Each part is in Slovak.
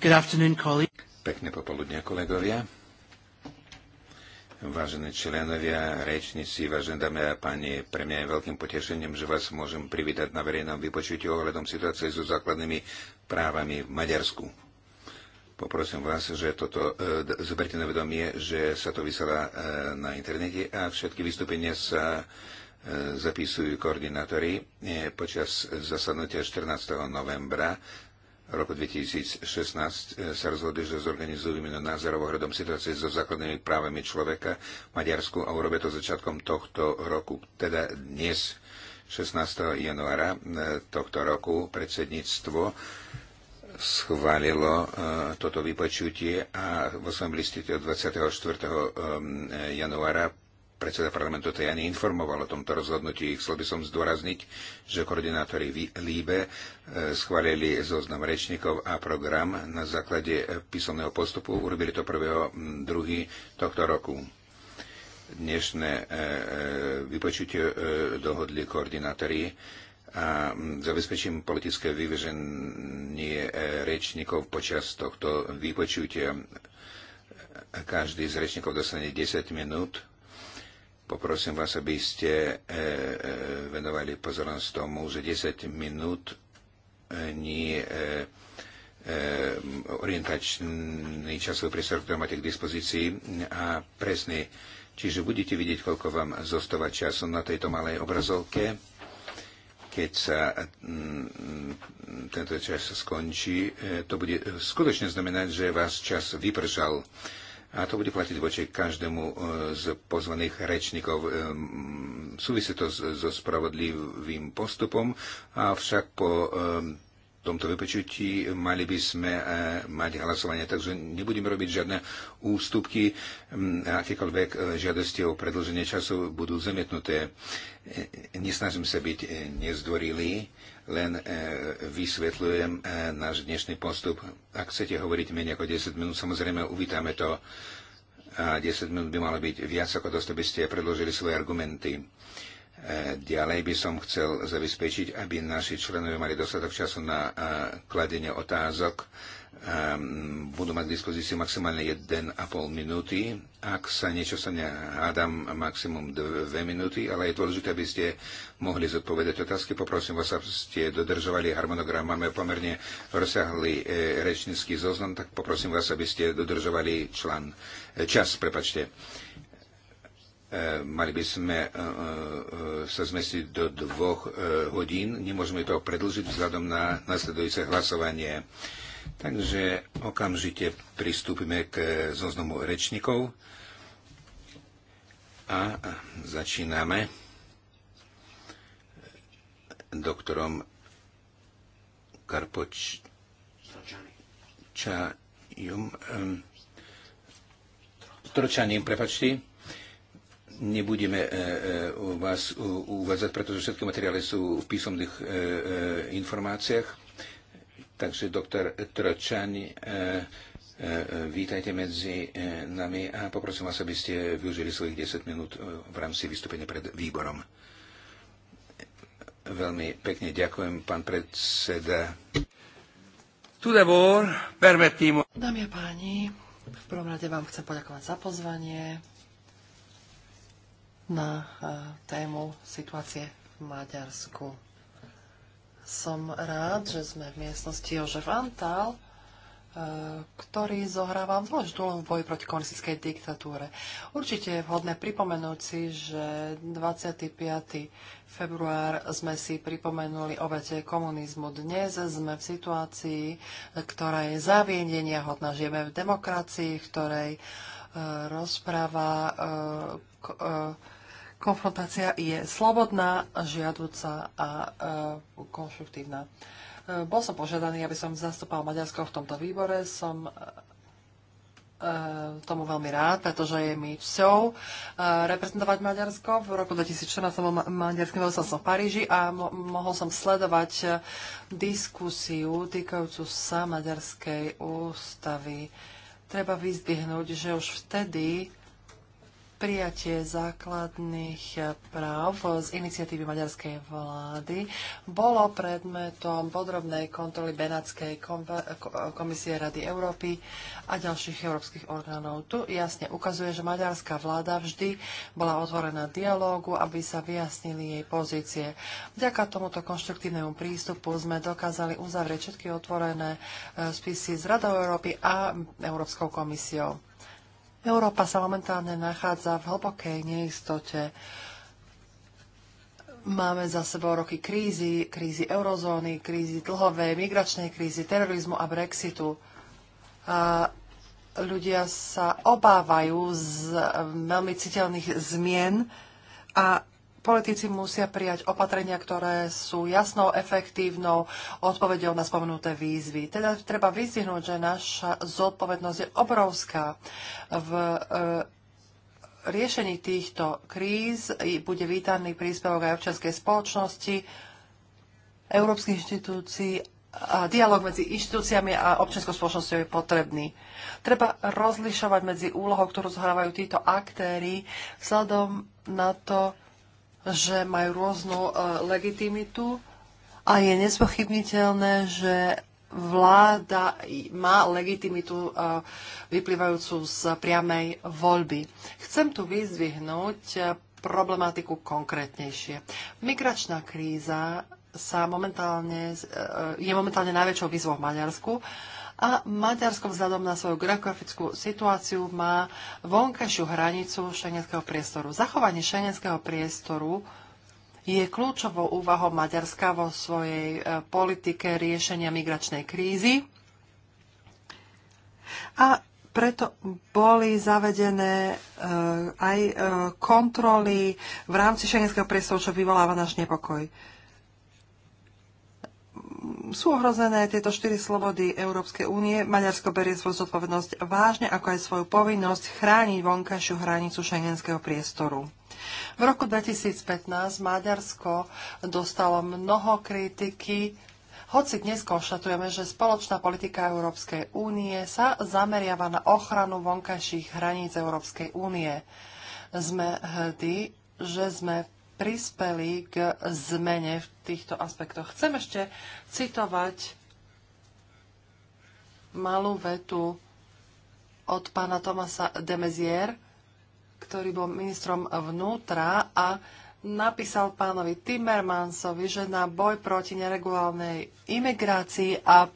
Good afternoon, colleague. Pekné popoludne, kolegovia. Vážení členovia, rečníci, vážené dámy a páni, pre mňa je veľkým potešením, že vás môžem privítať na verejnom vypočutí ohľadom situácie so základnými právami v Maďarsku. Poprosím vás, že toto e, zoberte na vedomie, že sa to vysiela e, na internete a všetky vystúpenia sa e, zapisujú koordinátori e, počas zasadnutia 14. novembra roku 2016 e, sa rozhodli, že zorganizujú na názorovo hradom situácie so základnými právami človeka v Maďarsku a urobia to začiatkom tohto roku, teda dnes, 16. januára e, tohto roku, predsedníctvo schválilo e, toto vypočutie a vo svojom liste 24. januára predseda parlamentu Tajani informoval o tomto rozhodnutí. Chcel by som zdôrazniť, že koordinátori Líbe e, schválili zoznam rečníkov a program na základe písomného postupu. Urobili to 1. 2. tohto roku. Dnešné e, e, vypočutie dohodli koordinátori a zabezpečím politické vyveženie rečníkov počas tohto vypočutia. Každý z rečníkov dostane 10 minút Poprosím vás, aby ste e, e, venovali pozornosť tomu, že 10 minút e, nie je orientačný časový priestor, ktorý máte k dispozícii a presný. Čiže budete vidieť, koľko vám zostáva času na tejto malej obrazovke. Keď sa mm, tento čas skončí, to bude skutočne znamenať, že vás čas vypršal. A to bude platiť voči každému e, z pozvaných rečníkov. E, súvisí to so spravodlivým postupom, avšak po e, tomto vypočutí mali by sme mať hlasovanie, takže nebudeme robiť žiadne ústupky, akékoľvek žiadosti o predlženie času budú zamietnuté. Nesnažím sa byť nezdvorilý len e, vysvetľujem e, náš dnešný postup. Ak chcete hovoriť menej ako 10 minút, samozrejme uvítame to. A 10 minút by malo byť viac ako dosť, aby ste predložili svoje argumenty. E, ďalej by som chcel zabezpečiť, aby naši členovia mali dostatok času na kladenie otázok Ehm, budú mať k dispozícii maximálne 1,5 minúty. Ak sa niečo sa nehádam, maximum 2 minúty, ale je dôležité, aby ste mohli zodpovedať otázky. Poprosím vás, aby ste dodržovali harmonogram. Máme pomerne rozsiahly e, rečnícky zoznam, tak poprosím vás, aby ste dodržovali člán, e, čas. Prepačte. E, mali by sme sa zmestiť do dvoch hodín. Nemôžeme to predlžiť vzhľadom na nasledujúce hlasovanie. Takže okamžite pristúpime k zoznamu rečníkov a začíname doktorom Karpoččajom. Ehm, Tročaním, prepačte. Nebudeme e, e, u vás e, uvádzať, pretože všetky materiály sú v písomných informáciách. Takže doktor Tročani, e, e, vítajte medzi e, nami a poprosím vás, aby ste využili svojich 10 minút v rámci vystúpenia pred výborom. Veľmi pekne ďakujem, pán predseda. Dámy a páni, v prvom rade vám chcem poďakovať za pozvanie na tému situácie v Maďarsku. Som rád, že sme v miestnosti Jožef Antal, e, ktorý zohráva dôležitú úlohu v boji proti komunistickej diktatúre. Určite je vhodné pripomenúť si, že 25. február sme si pripomenuli obete komunizmu. Dnes sme v situácii, ktorá je zaviedenia hodná. Žijeme v demokracii, v ktorej e, rozpráva e, Konfrontácia je slobodná, žiadúca a e, konštruktívna. E, bol som požiadaný, aby som zastupal Maďarsko v tomto výbore. Som e, tomu veľmi rád, pretože je mi čťou reprezentovať Maďarsko. V roku 2014 som bol ma maďarským veľvyslancom v Paríži a mo mohol som sledovať diskusiu týkajúcu sa maďarskej ústavy. Treba vyzdvihnúť, že už vtedy prijatie základných eh, práv z iniciatívy maďarskej vlády bolo predmetom podrobnej kontroly Benátskej eh, komisie Rady Európy a ďalších európskych orgánov. Tu jasne ukazuje, že maďarská vláda vždy bola otvorená dialógu, aby sa vyjasnili jej pozície. Vďaka tomuto konštruktívnemu prístupu sme dokázali uzavrieť všetky otvorené eh, spisy s Radou Európy a Európskou komisiou. Európa sa momentálne nachádza v hlbokej neistote. Máme za sebou roky krízy, krízy eurozóny, krízy dlhovej, migračnej krízy, terorizmu a Brexitu. A ľudia sa obávajú z e, veľmi citeľných zmien a Politici musia prijať opatrenia, ktoré sú jasnou, efektívnou odpovedou na spomenuté výzvy. Teda treba vyzdihnúť, že naša zodpovednosť je obrovská. V e, riešení týchto kríz bude vítaný príspevok aj občianskej spoločnosti, európskych inštitúcií a dialog medzi inštitúciami a občianskou spoločnosťou je potrebný. Treba rozlišovať medzi úlohou, ktorú zhrávajú títo aktéry vzhľadom na to, že majú rôznu e, legitimitu a je nespochybniteľné, že vláda má legitimitu e, vyplývajúcu z priamej voľby. Chcem tu vyzdvihnúť e, problematiku konkrétnejšie. Migračná kríza sa momentálne, je momentálne najväčšou výzvou v Maďarsku a Maďarsko vzhľadom na svoju geografickú situáciu má vonkajšiu hranicu šengenského priestoru. Zachovanie šengenského priestoru je kľúčovou úvahou Maďarska vo svojej e, politike riešenia migračnej krízy. A preto boli zavedené e, aj e, kontroly v rámci šengenského priestoru, čo vyvoláva náš nepokoj sú ohrozené tieto štyri slobody Európskej únie. Maďarsko berie svoju zodpovednosť vážne, ako aj svoju povinnosť chrániť vonkajšiu hranicu šengenského priestoru. V roku 2015 Maďarsko dostalo mnoho kritiky, hoci dnes konštatujeme, že spoločná politika Európskej únie sa zameriava na ochranu vonkajších hraníc Európskej únie. Sme hrdí, že sme prispeli k zmene v týchto aspektoch. Chcem ešte citovať malú vetu od pána Tomasa de Mezier, ktorý bol ministrom vnútra a napísal pánovi Timmermansovi, že na boj proti neregulálnej imigrácii a e,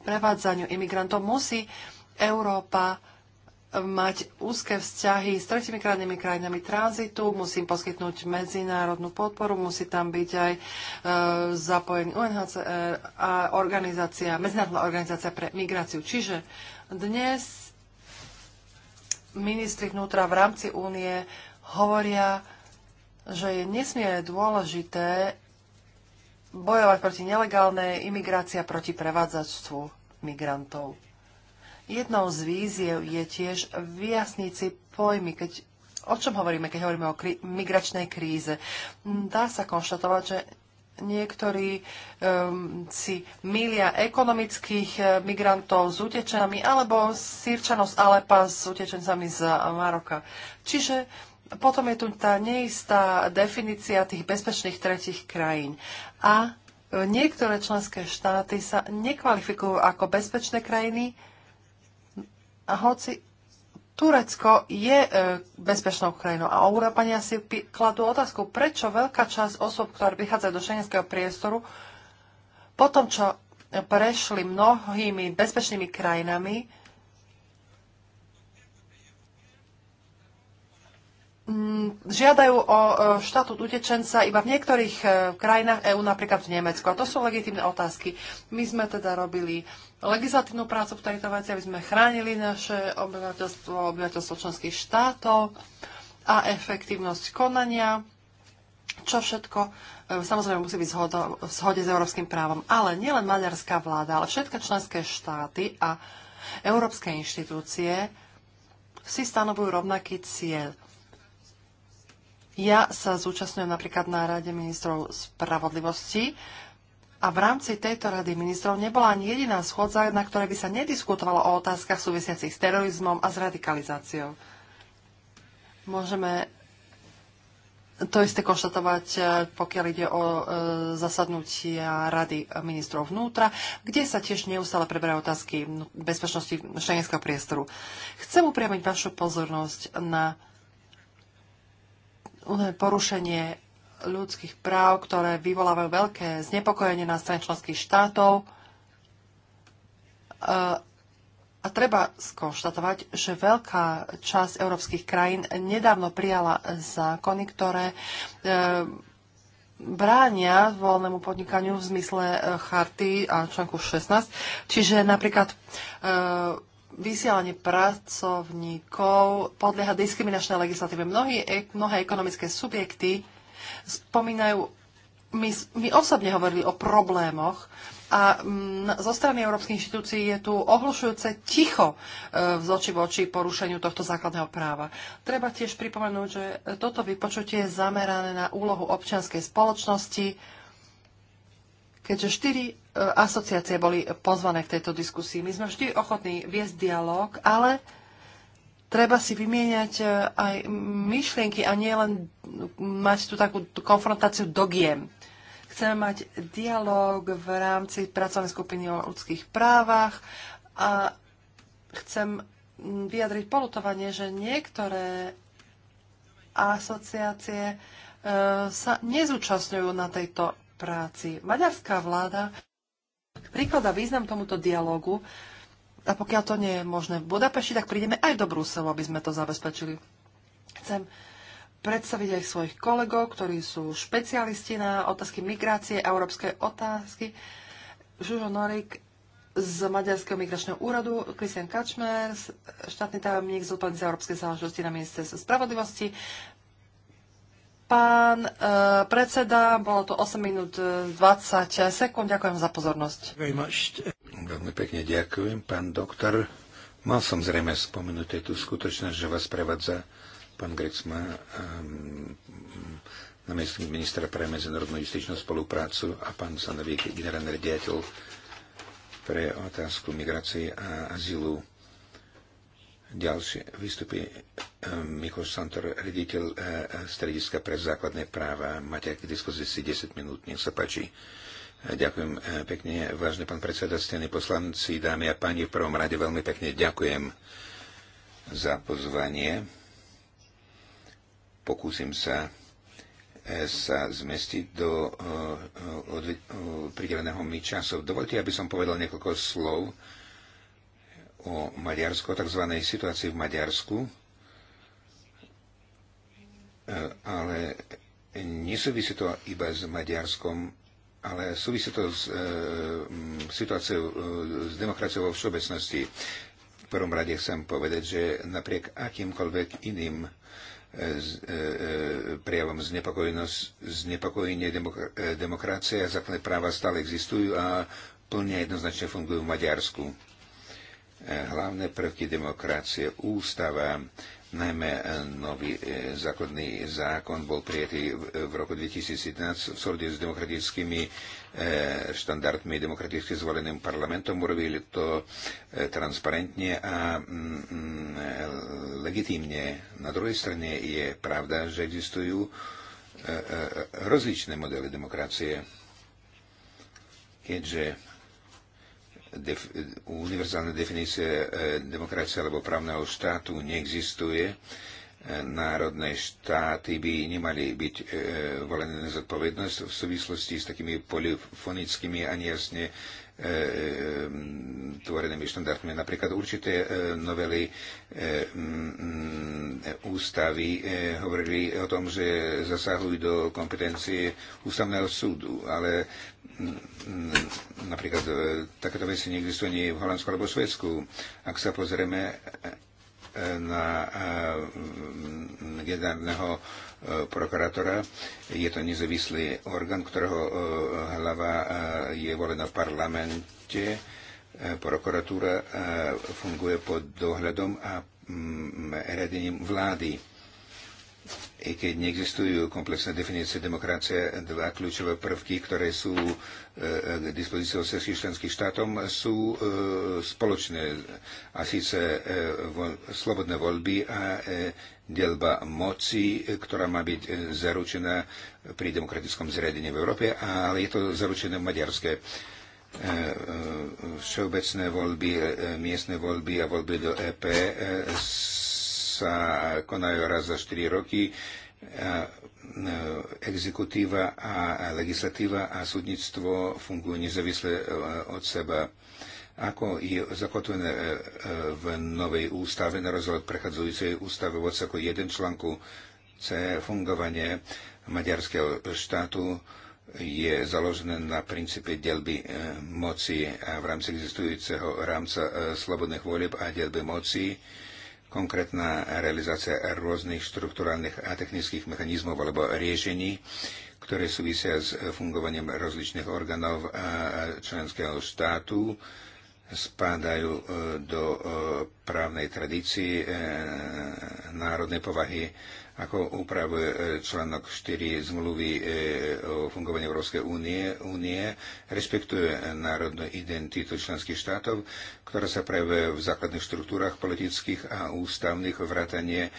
prevádzaniu imigrantov musí Európa mať úzke vzťahy s tretimi krajinami, krajinami tranzitu, musím poskytnúť medzinárodnú podporu, musí tam byť aj e, zapojený UNHCR a organizácia, medzinárodná organizácia pre migráciu. Čiže dnes ministri vnútra v rámci únie hovoria, že je nesmierne dôležité bojovať proti nelegálnej imigrácii a proti prevádzačstvu migrantov. Jednou z víziev je tiež vyjasniť si pojmy, keď o čom hovoríme, keď hovoríme o kri- migračnej kríze. Dá sa konštatovať, že niektorí um, si milia ekonomických eh, migrantov s utečenami alebo sírčanov z Alepa s utečencami z Maroka. Čiže potom je tu tá neistá definícia tých bezpečných tretich krajín. A eh, niektoré členské štáty sa nekvalifikujú ako bezpečné krajiny, a hoci Turecko je e, bezpečnou krajinou a Európania si kladú otázku, prečo veľká časť osob, ktoré prichádzajú do šengenského priestoru, po tom, čo prešli mnohými bezpečnými krajinami, žiadajú o e, štátu utečenca iba v niektorých e, krajinách EÚ, napríklad v Nemecku. A to sú legitimné otázky. My sme teda robili legislatívnu prácu v tejto veci, aby sme chránili naše obyvateľstvo, obyvateľstvo členských štátov a efektívnosť konania, čo všetko e, samozrejme musí byť v zhode s európskym právom. Ale nielen maďarská vláda, ale všetky členské štáty a európske inštitúcie si stanovujú rovnaký cieľ. Ja sa zúčastňujem napríklad na Rade ministrov spravodlivosti, a v rámci tejto rady ministrov nebola ani jediná schôdza, na ktorej by sa nediskutovalo o otázkach súvisiacich s terorizmom a s radikalizáciou. Môžeme to isté konštatovať, e, pokiaľ ide o e, zasadnutia Rady ministrov vnútra, kde sa tiež neustále preberajú otázky bezpečnosti šengenského priestoru. Chcem upriamiť vašu pozornosť na e, porušenie ľudských práv, ktoré vyvolávajú veľké znepokojenie na strane členských štátov. E, a treba skonštatovať, že veľká časť európskych krajín nedávno prijala zákony, ktoré e, bránia voľnému podnikaniu v zmysle e, charty a článku 16. Čiže napríklad vysielanie pracovníkov podlieha diskriminačnej legislatíve. Mnohí, mnohé ekonomické subjekty spomínajú, my, my osobne hovorili o problémoch, a mm, zo strany Európskej inštitúcií je tu ohlušujúce ticho e, v zoči voči porušeniu tohto základného práva. Treba tiež pripomenúť, že toto vypočutie je zamerané na úlohu občianskej spoločnosti, keďže štyri e, asociácie boli pozvané k tejto diskusii. My sme vždy ochotní viesť dialog, ale treba si vymieňať e, aj myšlienky a nie len mať tú takú konfrontáciu dogiem. Chceme mať dialog v rámci pracovnej skupiny o ľudských právach a chcem vyjadriť polutovanie, že niektoré asociácie e, sa nezúčastňujú na tejto práci. Maďarská vláda prikladá význam tomuto dialogu a pokiaľ to nie je možné v Budapešti, tak prídeme aj do Bruselu, aby sme to zabezpečili. Chcem predstaviť aj svojich kolegov, ktorí sú špecialisti na otázky migrácie, európske otázky. Žužo Norik z Maďarského migračného úradu, Christian Kačmer, štátny tajomník úplne z európskej záležitosti na ministerstve spravodlivosti, pán e, predseda. Bolo to 8 minút 20 e, sekúnd. Ďakujem za pozornosť. Veľmi pekne ďakujem, pán doktor. Mal som zrejme spomenúť tú skutočnosť, že vás prevádza pán Grecma, um, e, námestník ministra pre medzinárodnú justičnú spoluprácu a pán Sanovík, generálny riaditeľ pre otázku migrácie a azylu Ďalšie vystupí e, Mikuš Santor, rediteľ e, Strediska pre základné práva. Máte k dispozícii 10 minút, nech sa páči. E, ďakujem pekne, vážne pán predseda, stení poslanci, dámy a páni, v prvom rade veľmi pekne ďakujem za pozvanie. Pokúsim sa sa zmestiť do prideleného mi času. Dovolte, aby som povedal niekoľko slov o Maďarsku, o tzv. situácii v Maďarsku, e, ale nesúvisí to iba s Maďarskom, ale súvisí to s e, situáciou, e, s demokraciou vo všeobecnosti. V prvom rade chcem povedať, že napriek akýmkoľvek iným e, z, e, e, prejavom znepokojenie e, demokracie a základné práva stále existujú a plne jednoznačne fungujú v Maďarsku E, hlavné prvky demokracie, ústava, najmä e, nový e, základný zákon bol prijatý v roku 2017 v súlade s demokratickými štandardmi demokraticky zvoleným parlamentom. Urobili to transparentne a mm, legitímne. Na druhej strane je pravda, že existujú rozličné modely demokracie, keďže def- definície definícia demokracie alebo právneho štátu neexistuje. E, národné štáty by nemali byť e, volené na zodpovednosť v súvislosti s takými polifonickými a nejasne E, e, tvorenými štandardmi. Napríklad určité e, novely ústavy hovorili o tom, že zasahujú do kompetencie ústavného súdu, ale napríklad takéto veci neexistujú ani v Holandsku alebo v Švedsku. Ak sa pozrieme na eh, generálneho eh, prokurátora. Je to nezávislý orgán, ktorého eh, hlava je volená v parlamente. Prokuratúra funguje pod dohľadom a mm, riadením vlády i keď neexistujú komplexné definície demokracie, dva kľúčové prvky, ktoré sú e, e, k dispozícii všetkých členských štátom, sú e, spoločné, a síce slobodné voľby a delba moci, ktorá má byť zaručená pri demokratickom zriadení v Európe, ale je to zaručené v Maďarske všeobecné voľby, miestne voľby a voľby do EP sa konajú raz za 4 roky. E, e, exekutíva a legislatíva a súdnictvo fungujú nezávisle e, od seba. Ako je zakotvené v novej ústave, na rozdiel od prechádzajúcej ústave v odseku 1 článku C, fungovanie maďarského štátu je založené na princípe delby moci v rámci existujúceho rámca slobodných volieb a delby moci konkrétna realizácia rôznych štruktúrálnych a technických mechanizmov alebo riešení, ktoré súvisia s fungovaním rozličných orgánov a členského štátu, spadajú eh, do eh, právnej tradície eh, národnej povahy ako upravuje e, článok 4 zmluvy e, o fungovaní Európskej únie, únie respektuje národnú identitu členských štátov, ktorá sa prejavuje v základných štruktúrach politických a ústavných vrátanie e,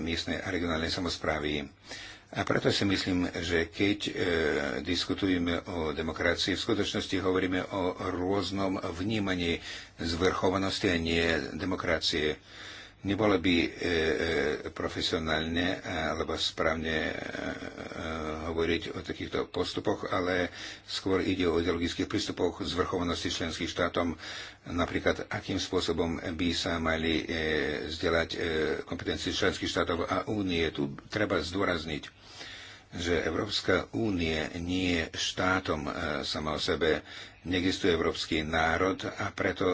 miestnej a regionálnej samozprávy. A preto si myslím, že keď e, diskutujeme o demokracii, v skutočnosti hovoríme o rôznom vnímaní zvrchovanosti a nie demokracie nebolo by e, e profesionálne e, alebo správne e, hovoriť o takýchto postupoch, ale skôr ide o ideologických prístupoch zvrchovanosti členských štátom, napríklad akým spôsobom by sa mali e, kompetencie členských štátov a únie. Tu treba zdôrazniť, že Európska únie nie je štátom e, sama o sebe, neexistuje európsky národ a preto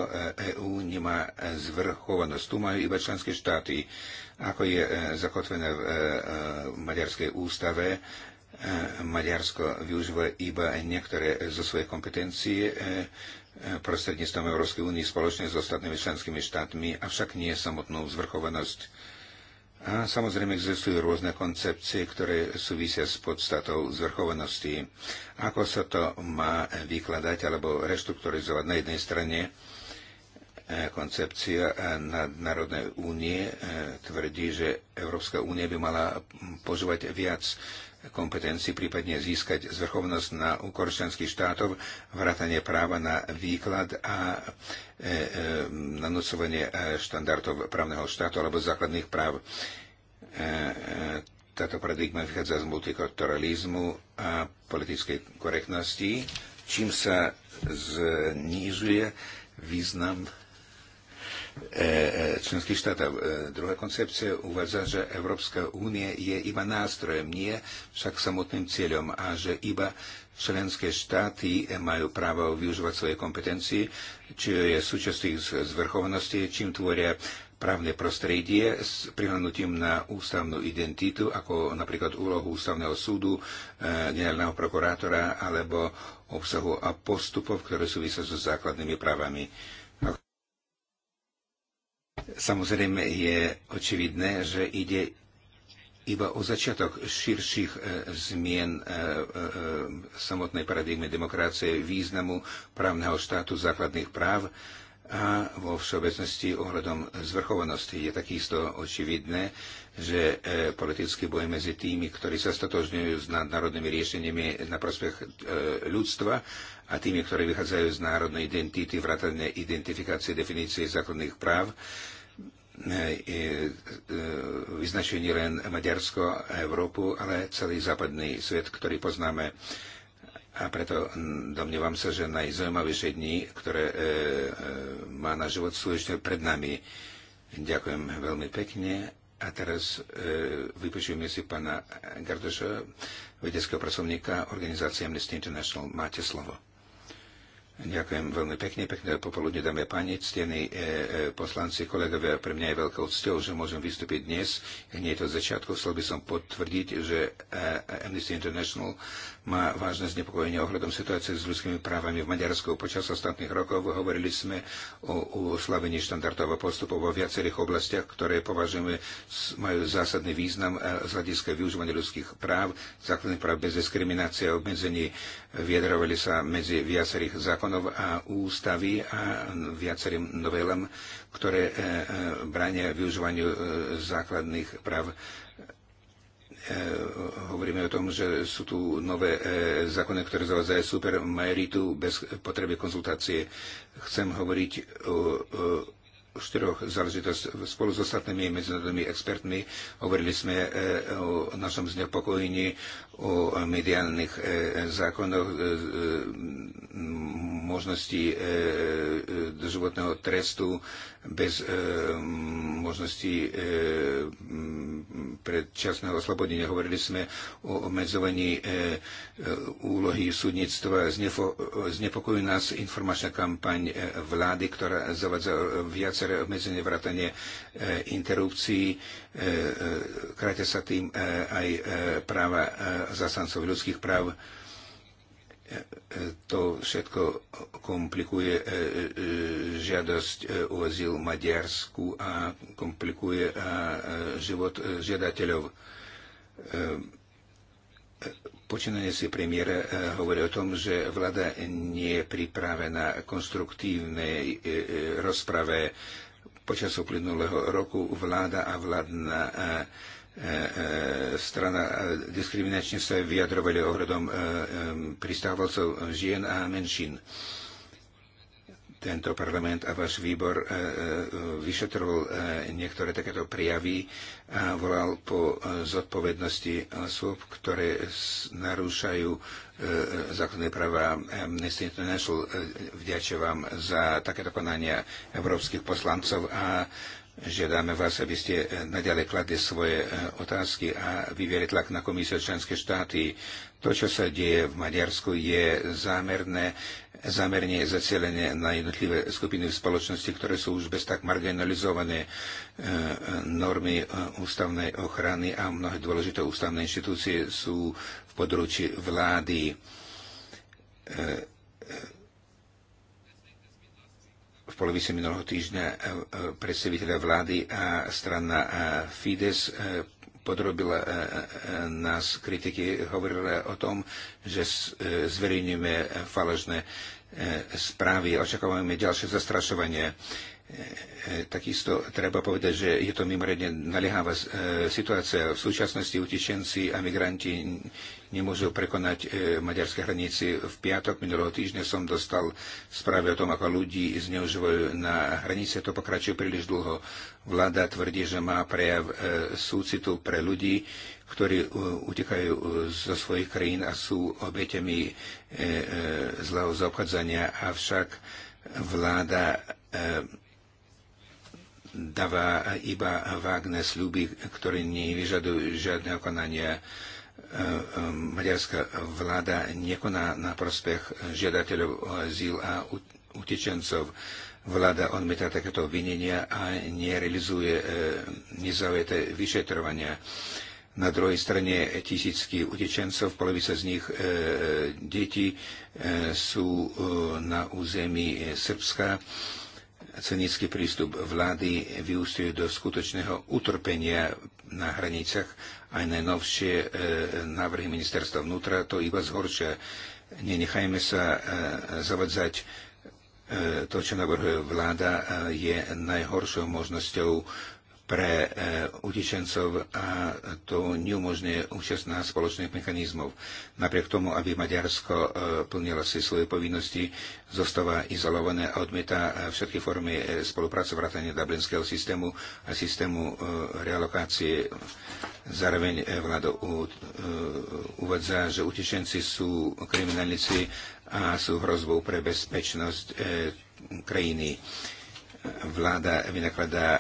EÚ e nemá zvrchovanosť. Tu majú iba členské štáty, ako je e, zakotvené v Maďarskej ústave. Maďarsko využíva iba niektoré zo svojej kompetencie prostredníctvom Európskej únie spoločne s ostatnými členskými štátmi, avšak nie samotnú zvrchovanosť a samozrejme existujú rôzne koncepcie, ktoré súvisia s podstatou zvrchovanosti. Ako sa to má vykladať alebo reštrukturizovať na jednej strane? Eh, koncepcia eh, Národnej únie eh, tvrdí, že Európska únia by mala hm, požívať viac kompetencií, prípadne získať zvrchovnosť na úkor členských štátov, vrátanie práva na výklad a e, e, nanúcovanie e, štandardov právneho štátu alebo základných práv. E, e, táto paradigma vychádza z multikulturalizmu a politickej korektnosti, čím sa znižuje význam E, e, členských štátov. E, druhá koncepcia uvádza, že Európska únie je iba nástrojem, nie však samotným cieľom a že iba členské štáty majú právo využívať svoje kompetencie, či je súčasť ich zvrchovanosti, čím tvoria právne prostredie s prihľadnutím na ústavnú identitu, ako napríklad úlohu ústavného súdu, generálneho prokurátora alebo obsahu a postupov, ktoré súvisia so základnými právami. Samozrejme je očividné, že ide iba o začiatok širších e, zmien e, e, samotnej paradigmy demokracie, významu právneho štátu základných práv a vo všeobecnosti ohľadom zvrchovanosti. Je takisto očividné, že politický boj medzi tými, ktorí sa statožňujú s národnými riešeniami na prospech ľudstva a tými, ktorí vychádzajú z národnej identity, vrátane identifikácie definície základných práv, E, e, vyznačuje nielen Maďarsko a Európu, ale celý západný svet, ktorý poznáme. A preto domnievam sa, že najzaujímavejšie dni, ktoré e, má na život, sú ešte pred nami. Ďakujem veľmi pekne. A teraz e, vypočujeme si pána Gardoša, vedeckého pracovníka organizácie Amnesty International. Máte slovo. Ďakujem veľmi pekne, pekné popoludne, dámy a páni, ctení e, e, poslanci, kolegovia, pre mňa je veľkou cťou, že môžem vystúpiť dnes. je od začiatku chcel by som potvrdiť, že e, e, Amnesty International má vážne znepokojenie ohľadom situácie s ľudskými právami v Maďarsku. Počas ostatných rokov hovorili sme o, oslavení štandardov a postupov vo viacerých oblastiach, ktoré považujeme majú zásadný význam e, z hľadiska využívania ľudských práv, základných práv bez diskriminácie a obmedzení. Vyjadrovali sa medzi viacerých zákonov zákonov a ústavy a viacerým novelám, ktoré e, e, bránia využívaniu e, základných práv. Hovoríme o tom, že sú tu nové zákony, ktoré zavádzajú super majoritu bez potreby konzultácie. Chcem hovoriť o, o štyroch záležitosť. Spolu s ostatnými medzinárodnými expertmi hovorili sme o našom znepokojení, o mediálnych e, zákonoch, e, možnosti e, doživotného trestu bez možnosti predčasného oslobodenia. Hovorili sme o obmedzovaní úlohy súdnictva. Znepokojí nás informačná kampaň vlády, ktorá zavádza viaceré obmedzenie vrátanie interrupcií E, e, kráťa sa tým e, aj práva zastancov ľudských práv. To všetko komplikuje žiadosť o azyl Maďarsku a komplikuje život žiadateľov. Počínanie si premiéra hovorí o tom, že vláda nie je pripravená konstruktívnej rozprave Počas uplynulého roku vláda a vládna e, e, e, strana diskriminačne sa vyjadrovali ohľadom pristahovalcov žien a menšín tento parlament a váš výbor e, e, vyšetroval e, niektoré takéto prijavy a volal po zodpovednosti osôb, ktoré narúšajú základné práva Amnesty International. Vďačujem vám za takéto konania európskych poslancov a Žiadame vás, aby ste naďalej kladli svoje otázky a vyvierali tlak na komisie členské štáty. To, čo sa deje v Maďarsku, je zámerné zamerne zacielenie na jednotlivé skupiny v spoločnosti, ktoré sú už bez tak marginalizované e, normy e, ústavnej ochrany a mnohé dôležité ústavné inštitúcie sú v područí vlády. E, v polovici minulého týždňa predstaviteľa vlády a strana Fides podrobila nás kritiky, hovorila o tom, že zverejňujeme falošné E, správy. Očakávame ďalšie zastrašovanie. E, e, takisto treba povedať, že je to mimoriadne naliehavá situácia. V súčasnosti utečenci a migranti nemôžu prekonať maďarské hranice. V piatok minulého týždňa som dostal správy o tom, ako ľudí zneužívajú na hranice. To pokračuje príliš dlho. Vláda tvrdí, že má prejav súcitu pre ľudí ktorí e, utekajú e, zo svojich krajín a sú obeťami e, zlého zaobchádzania, avšak vláda dáva iba vágne sľuby, ktoré nevyžadujú žiadne konania. Maďarská vláda nekoná na prospech žiadateľov o azyl a utečencov. Vláda odmieta takéto obvinenia a nerealizuje nezaujeté vyšetrovania na druhej strane tisícky utečencov, polovica z nich e, e, deti e, sú e, na území e, Srbska. Cenický prístup vlády vyústuje do skutočného utrpenia na hranicach. Aj najnovšie e, návrhy ministerstva vnútra to iba zhoršia. Nenechajme sa e, zavadzať. E, to, čo navrhuje vláda, e, je najhoršou možnosťou e, pre e, utečencov a to neumožňuje účasť na spoločných mechanizmov. Napriek tomu, aby Maďarsko e, plnilo si svoje povinnosti, zostáva izolované a odmieta e, všetky formy spolupráce vrátane dublinského systému a systému realokácie. Zároveň vláda uvádza, že utečenci sú kriminálnici a sú hrozbou pre bezpečnosť krajiny vláda vynakladá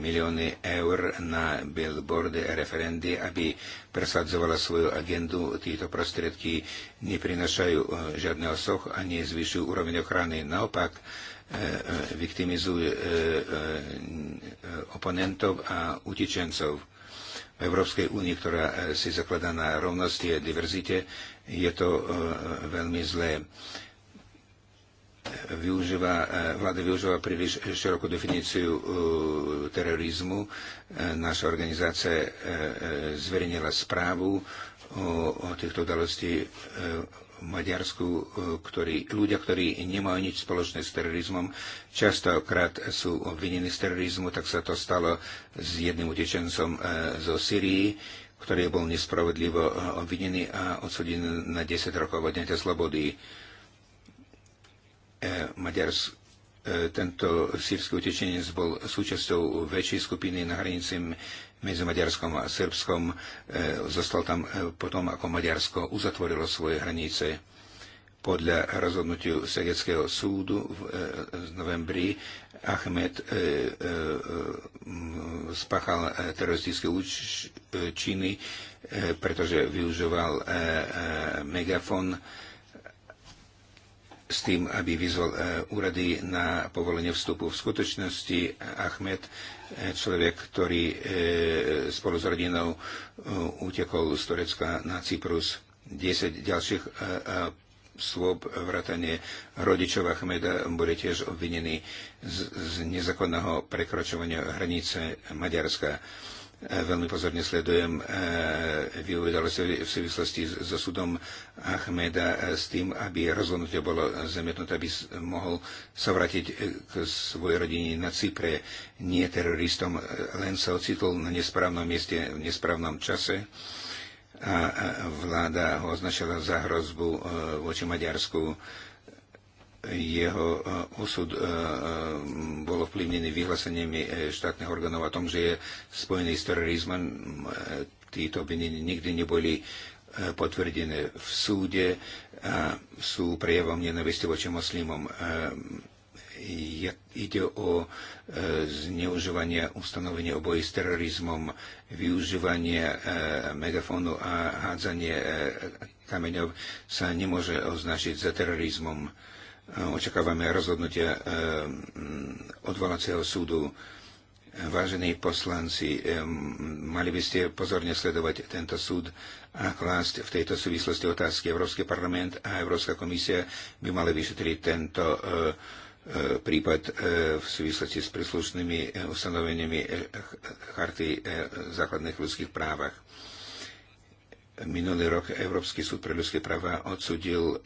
milióny eur na billboardy a referendy, aby presadzovala svoju agendu. Tieto prostriedky neprinašajú eh, žiadne osoch a nezvyšujú úroveň ochrany. Naopak, eh, eh, viktimizuje oponentov a utečencov. V Európskej únii, ktorá si zakladá na rovnosti a diverzite, je to veľmi zlé využíva, eh, vláda využíva príliš širokú definíciu eh, terorizmu. Eh, naša organizácia zverejnila správu o, o týchto udalosti v Maďarsku, ktorí, ľudia, ktorí nemajú nič spoločné s terorizmom, častokrát sú obvinení z terorizmu, tak sa to stalo s jedným utečencom zo Syrii, ktorý bol nespravodlivo obvinený a odsudený na 10 rokov odňatia slobody E, Maďarsk, e, tento sírsky utečenec bol súčasťou väčšej skupiny na hranici medzi Maďarskom a Srbskom. E, zostal tam potom, ako Maďarsko uzatvorilo svoje hranice. Podľa rozhodnutiu Segeckého súdu v novembri Ahmed spáchal teroristické činy, pretože využíval megafón s tým, aby vyzval e, úrady na povolenie vstupu. V skutočnosti e, Ahmed, e, človek, ktorý spolu s rodinou utekol z Turecka na Cyprus, 10 ďalších slob vratanie rodičov Ahmeda bude tiež obvinení z, z nezákonného prekročovania hranice Maďarska Veľmi pozorne sledujem e, vývoj v súvislosti so súdom Ahmeda e, s tým, aby rozhodnutie bolo zemietnuté, aby mohol sa vrátiť e, k svojej rodine na Cypre. Nie teroristom, len sa ocitol na nesprávnom mieste v nesprávnom čase a vláda ho označila za hrozbu voči Maďarsku jeho eh, osud eh, eh, bol ovplyvnený vyhláseniami štátnych orgánov o tom, že je spojený s terorizmom. Títo obvinenia nikdy neboli potvrdené v súde a sú prejavom nenavisti voči moslimom. Ide o zneužívanie ustanovenia o boji s terorizmom, využívanie megafónu a hádzanie kameňov sa nemôže označiť za terorizmom Očakávame rozhodnutia eh, mm, odvolacieho súdu. Vážení poslanci, eh, mali by ste pozorne sledovať tento súd a klásť v tejto súvislosti otázky. Európsky parlament a Európska komisia by mali vyšetriť tento eh, prípad v súvislosti s príslušnými ustanoveniami Charty základných ľudských právach. Minulý rok Európsky súd pre ľudské práva odsudil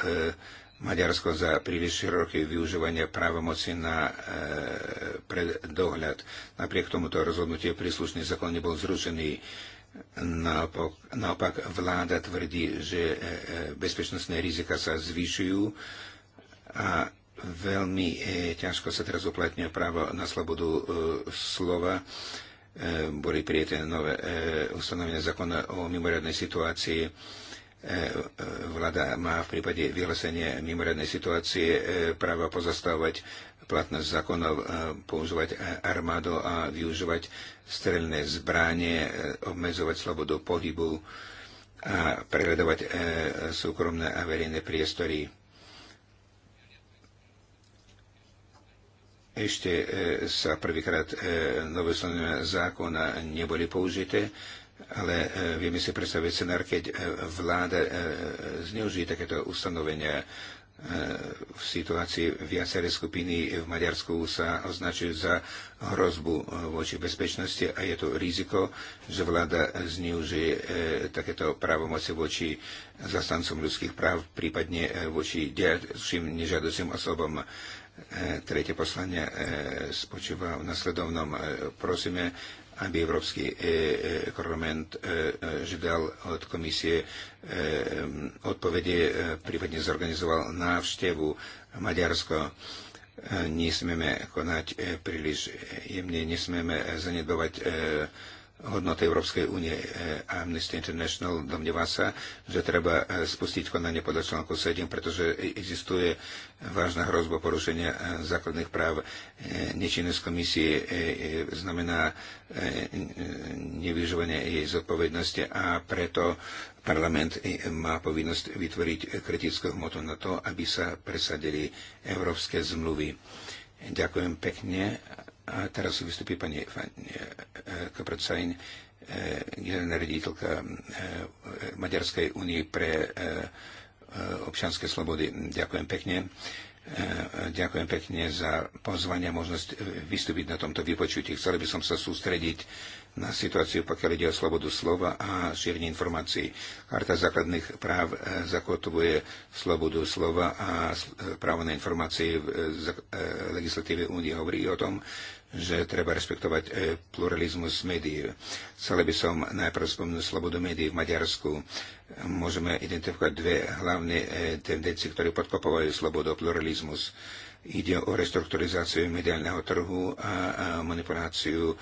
Maďarsko za príliš široké využívanie právomoci na e, pred dohľad. Napriek tomuto rozhodnutie príslušný zákon nebol zrušený. Naopak, naopak vláda tvrdí, že e, e bezpečnostné rizika sa zvyšujú a veľmi e, ťažko sa teraz uplatňuje právo na slobodu e, slova. E, boli prijaté nové e, ustanovenia zákona o mimoriadnej situácii. E, E, vláda má v prípade vyhlásenia mimoriadnej situácie e, právo pozastavovať platnosť zákonov, e, používať armádu a využívať strelné zbranie, obmedzovať slobodu pohybu a prehľadovať súkromné a verejné priestory. Ešte sa prvýkrát nové zákona neboli použité ale e, vieme si predstaviť scenár, keď e, vláda e, zneužije takéto ustanovenia v situácii viaceré skupiny v Maďarsku sa označujú za hrozbu voči bezpečnosti a je to riziko, že vláda zneužije takéto právomoci voči zastancom ľudských práv, prípadne voči ďalším nežiaducim osobom. Tretie poslanie spočíva v nasledovnom. Prosíme aby Európsky e, e, parlament e, žiadal od komisie odpovede, prípadne zorganizoval návštevu Maďarsko. Nesmieme konať príliš jemne, nesmieme zanedbovať hodnoty Európskej únie. Eh, Amnesty International domnieva sa, že treba eh, spustiť konanie podľa článku 7, pretože existuje vážna hrozba porušenia eh, základných práv. Nečinnosť komisie znamená nevyžovanie jej zodpovednosti a preto parlament má povinnosť vytvoriť kritickú hmotu na to, aby sa presadili európske zmluvy. Ďakujem pekne a teraz vystupí pani eh, eh, Kapracajn, eh, generálna rediteľka Maďarskej únie pre občanské slobody. Ďakujem pekne. Ďakujem pekne za pozvanie a možnosť vystúpiť na tomto vypočutí. Chcel by som sa sústrediť na situáciu, pokiaľ ide o slobodu slova a šírenie informácií. Karta základných práv zakotvuje slobodu slova a právo na informácie v legislatíve únie. Hovorí o tom, že treba respektovať e, pluralizmus médií. Chcel by som najprv spomenúť slobodu médií v Maďarsku. Môžeme identifikovať dve hlavné e, tendencie, ktoré podkopovajú slobodu a pluralizmus. Ide o restrukturizáciu mediálneho trhu a manipuláciu e,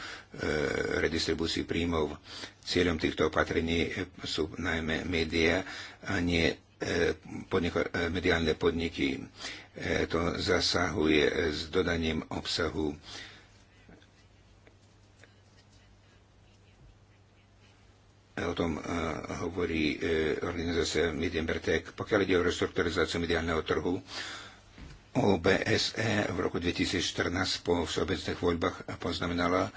redistribúcií príjmov. Cieľom týchto opatrení sú najmä médiá a nie mediálne podniky. To zasahuje s dodaním obsahu o tom e, hovorí e, organizácia Medienbertek. Pokiaľ ide o restrukturizáciu mediálneho trhu, OBSE v roku 2014 po všeobecných voľbách poznamenala,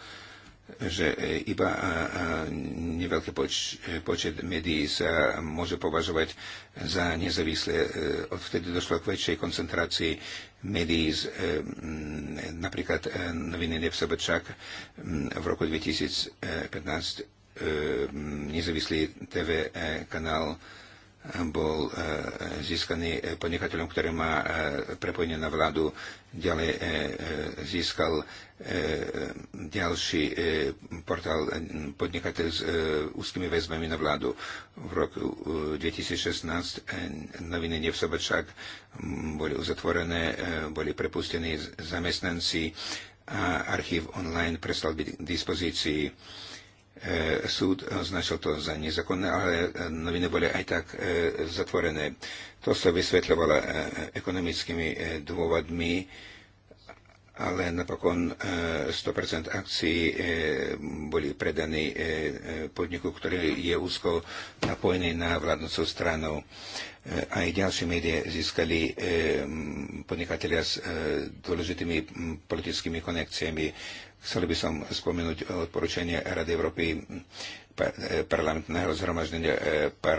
že e, iba neveľký poč- počet médií sa môže považovať za nezávislé. Odvtedy došlo k väčšej koncentrácii médií, z, napríklad noviny Nevsebečak v roku 2015 Ehm, nezávislý TV e, kanál e, bol e, získaný podnikateľom, ktorý má prepojenie na vládu. Ďalej získal ďalší portál podnikateľ s úzkými väzbami na vládu. V roku 2016 noviny Nevsoba však boli uzatvorené, boli prepustení zamestnanci a archív online prestal byť k dispozícii E, súd označil to za nezakonné, ale e, noviny boli aj tak e, zatvorené. To sa vysvetľovalo ekonomickými dôvodmi, ale napokon 100% akcií boli predaní podniku, ktorý je úzko napojený na vládnúcu stranu. Aj ďalšie médiá získali podnikatelia s dôležitými politickými konekciami. Chcel by som spomenúť odporúčanie Rady Európy eh, parlamentného zhromaždenia eh, eh,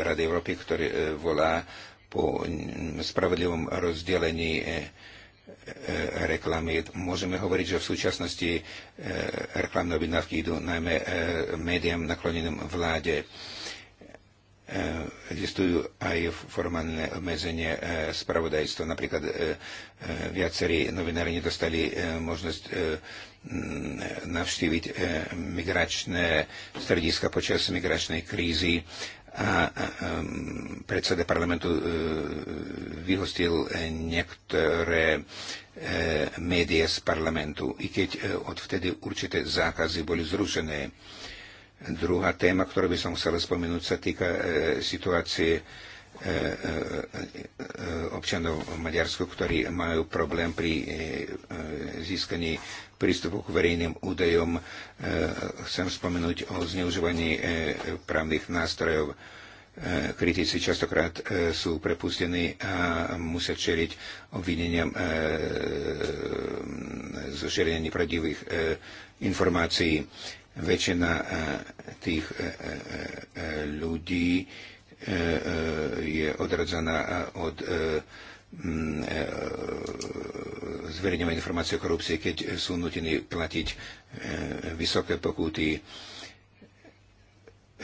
Rady Európy, ktorý volá po spravodlivom rozdelení reklamy. Môžeme hovoriť, že v súčasnosti reklamné objednávky idú najmä médiám nakloneným vláde. Existujú aj formálne obmedzenie spravodajstva. Napríklad viacerí novinári nedostali možnosť navštíviť e, migračné strediska počas migračnej krízy a predseda parlamentu e, vyhostil e, niektoré médiá z parlamentu, i keď odvtedy určité zákazy boli zrušené. Druhá téma, ktorú by som chcel spomenúť, sa týka situácie občanov v Maďarsku, ktorí majú problém pri získaní prístupu k verejným údajom. E, chcem spomenúť o zneužívaní e, právnych nástrojov. E, kritici častokrát sú prepustení a musia čeliť obvineniam zo šírenia nepravdivých informácií. Väčšina tých ľudí je odradzaná od Mm, e, e, zverejňovať informácie o korupcii, keď sú nutení platiť e, vysoké pokuty.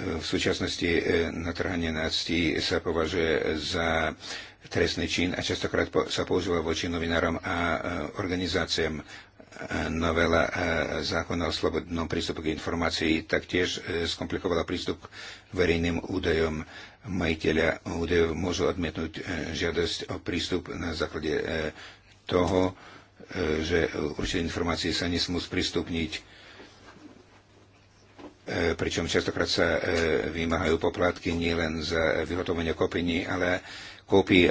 V súčasnosti natrhanie nácti sa považuje za trestný čin a častokrát sa používa voči novinárom a organizáciám novela e, zákona o slobodnom prístupu k informácii taktiež e, skomplikovala prístup k verejným údajom. Majiteľia údajov môžu odmietnúť e, žiadosť o prístup na základe toho, že určité informácie sa nesmú sprístupniť, pričom častokrát sa vymáhajú poplatky nielen za vyhotovenie kopii, ale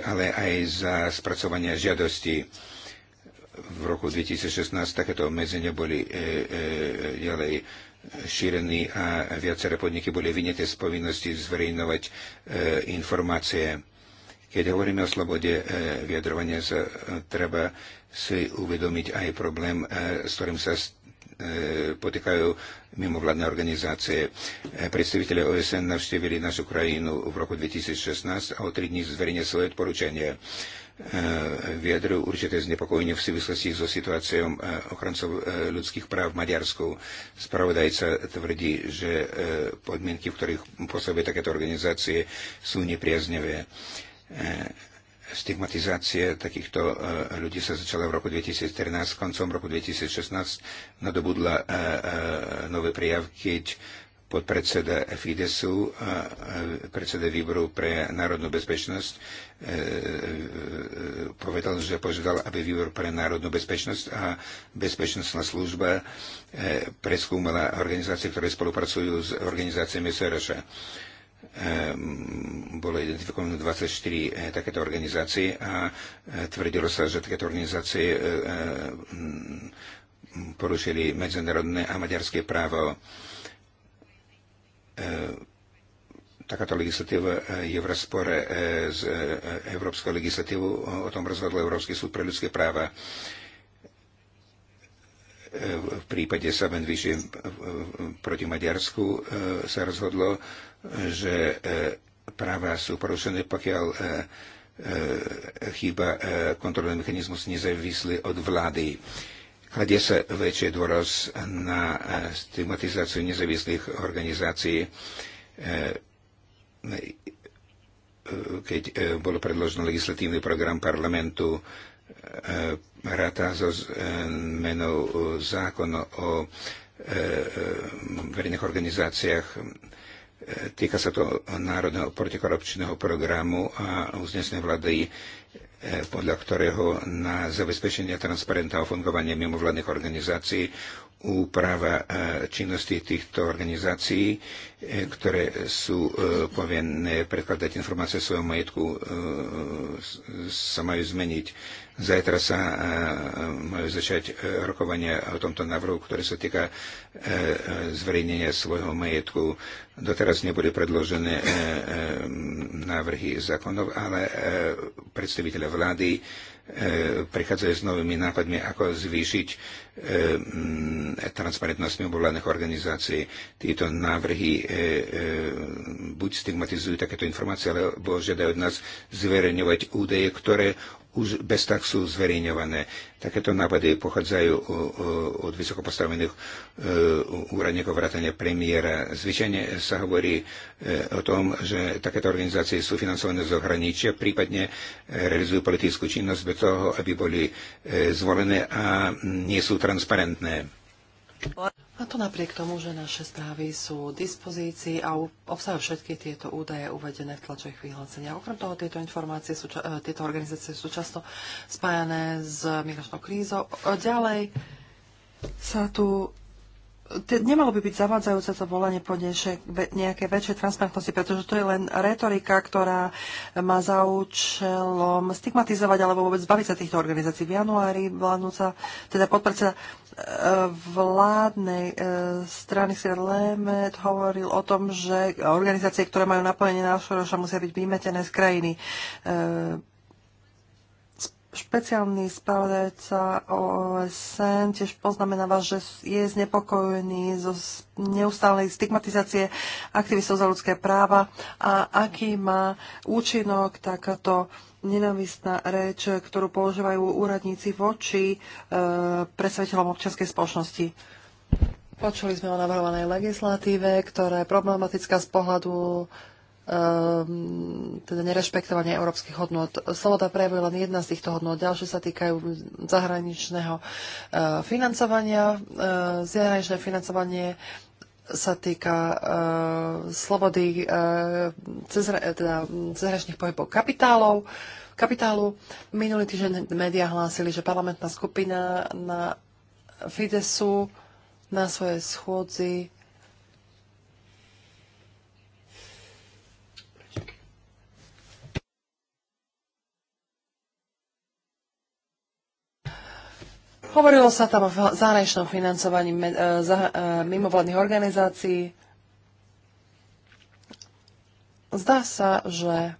ale aj za spracovanie žiadosti v roku 2016 takéto obmedzenia boli e, e, ďalej šírení a viaceré podniky boli vyneté z povinnosti zverejnovať e, informácie. Keď hovoríme o slobode vyjadrovania, treba si uvedomiť aj problém, s ktorým sa potýkajú mimovládne organizácie. Predstaviteľe OSN navštívili našu krajinu v roku 2016 a o tri dní zverejne svoje odporúčanie. Eh, vyjadrujú určité znepokojenie v súvislosti so situáciou eh, ochrancov eh, ľudských práv v Maďarsku. Spravodajca tvrdí, že podmienky, v ktorých pôsobia takéto organizácie, sú nepriaznevé. Stigmatizácia takýchto ľudí sa začala v roku 2013, koncom roku 2016 nadobudla nové prijav, keď podpredseda Fidesu, predseda výboru pre národnú bezpečnosť, E, e, e, povedal, že požiadal, aby výbor pre národnú bezpečnosť a bezpečnostná služba preskúmala organizácie, ktoré spolupracujú s organizáciami SRŠ. Bolo identifikované 24 takéto organizácie a tvrdilo sa, že takéto organizácie porušili medzinárodné a maďarské právo takáto legislatíva e, je v rozpore e, s e, európskou legislatívou. O tom rozhodol Európsky súd pre ľudské práva v prípade Saben Vyšie proti Maďarsku sa rozhodlo, že práva sú porušené, pokiaľ chýba kontrolný mechanizmus nezávislý od vlády. Kladie sa väčšie dôraz na stigmatizáciu nezávislých organizácií keď e, bol predložený legislatívny program parlamentu e, rata so e, menou zákon o verejných organizáciách. Týka sa to Národného protikorupčného programu a uznesenia vlády, podľa ktorého na zabezpečenie transparenta o fungovanie mimovládnych organizácií úprava e, činnosti týchto organizácií, e, ktoré sú e, povinné predkladať informácie o svojom majetku, sa majú zmeniť. Zajtra sa majú začať rokovania o tomto návrhu, ktoré sa týka zverejnenia svojho majetku. Doteraz neboli predložené návrhy zákonov, ale predstaviteľe vlády E, prichádzajú s novými nápadmi, ako zvýšiť e, transparentnosť mimovládnych organizácií. Tieto návrhy e, buď stigmatizujú takéto informácie, alebo žiadajú od nás zverejňovať údaje, ktoré už bez tak sú zverejňované. Takéto nápady pochádzajú od vysokopostavených e, úradníkov vrátania premiéra. Zvyčajne sa hovorí e, o tom, že takéto organizácie sú financované z hraničia, prípadne e, realizujú politickú činnosť bez toho, aby boli zvolené a nie sú transparentné. A to napriek tomu, že naše správy sú v dispozícii a obsahujú všetky tieto údaje uvedené v tlačových vyhláseniach. Okrem toho, tieto informácie sú, e, tieto organizácie sú často spájané s migračnou krízou. E, ďalej sa tu nemalo by byť zavádzajúce to volanie po nejaké väčšej transparentnosti, pretože to je len retorika, ktorá má za účelom stigmatizovať alebo vôbec zbaviť sa týchto organizácií. V januári vládnúca, teda podpredseda vládnej e, strany Sir Lemet hovoril o tom, že organizácie, ktoré majú napojenie na Soroša, musia byť vymetené z krajiny. E, špeciálny spravodajca OSN tiež poznamenáva, že je znepokojený zo neustálej stigmatizácie aktivistov za ľudské práva a aký má účinok takáto nenávistná reč, ktorú používajú úradníci voči e, predstaviteľom občianskej spoločnosti. Počuli sme o navrhovanej legislatíve, ktorá je problematická z pohľadu ehm, teda nerešpektovanie európskych hodnot. Sloboda prejavu je len jedna z týchto hodnot. Ďalšie sa týkajú zahraničného e, financovania. E, zahraničné financovanie sa týka uh, slobody uh, eh, cez, teda, hm, cezhraničných pohybov kapitálov, kapitálu. Minulý týždeň médiá hlásili, že parlamentná skupina na Fidesu na svojej schôdzi Hovorilo sa tam o zahraničnom financovaní e, e, mimovládnych organizácií. Zdá sa, že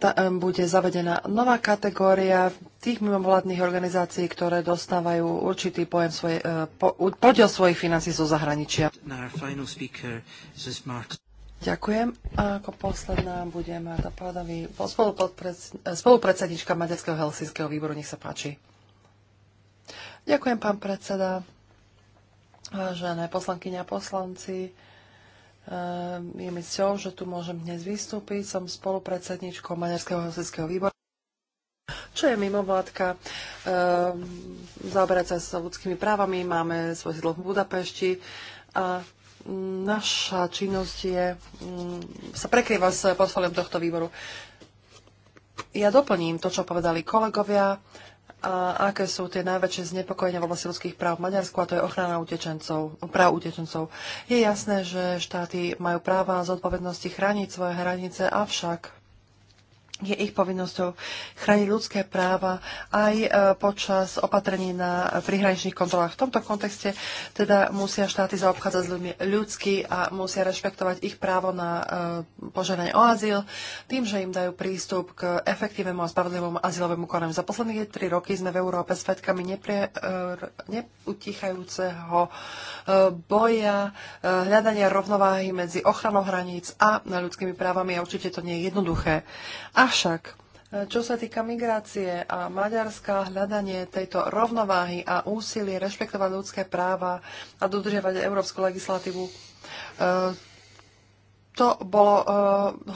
e, bude zavedená nová kategória tých mimovládnych organizácií, ktoré dostávajú určitý pojem svoje, po, podiel svojich financí zo zahraničia. Ďakujem. A ako posledná bude Marta Pádavi, eh, spolupredsednička Maďarského helsinského výboru. Nech sa páči. Ďakujem, pán predseda. Vážené poslankyne a poslanci, eh, je mi cťou, že tu môžem dnes vystúpiť. Som spolupredsedničkou Maďarského helsinského výboru čo je mimovládka, e, eh, zaoberať sa s ľudskými právami, máme svoj sídlo v Budapešti a naša činnosť je, mm, sa prekrýva s portfóliom tohto výboru. Ja doplním to, čo povedali kolegovia a aké sú tie najväčšie znepokojenia v oblasti ľudských práv v Maďarsku, a to je ochrana utečencov, práv utečencov. Je jasné, že štáty majú práva a zodpovednosti chrániť svoje hranice, avšak je ich povinnosťou chrániť ľudské práva aj e, počas opatrení na prihraničných kontrolách. V tomto kontexte teda musia štáty zaobchádzať s ľuďmi ľudsky a musia rešpektovať ich právo na e, požiadanie o azyl tým, že im dajú prístup k efektívnemu a spravodlivému azylovému konaniu. Za posledné tri roky sme v Európe svetkami e, neutichajúceho boja, hľadania rovnováhy medzi ochranou hraníc a ľudskými právami a určite to nie je jednoduché. A Avšak, e, čo sa týka migrácie a Maďarska, hľadanie tejto rovnováhy a úsilie rešpektovať ľudské práva a dodržiavať európsku legislatívu, e, to bolo uh, e,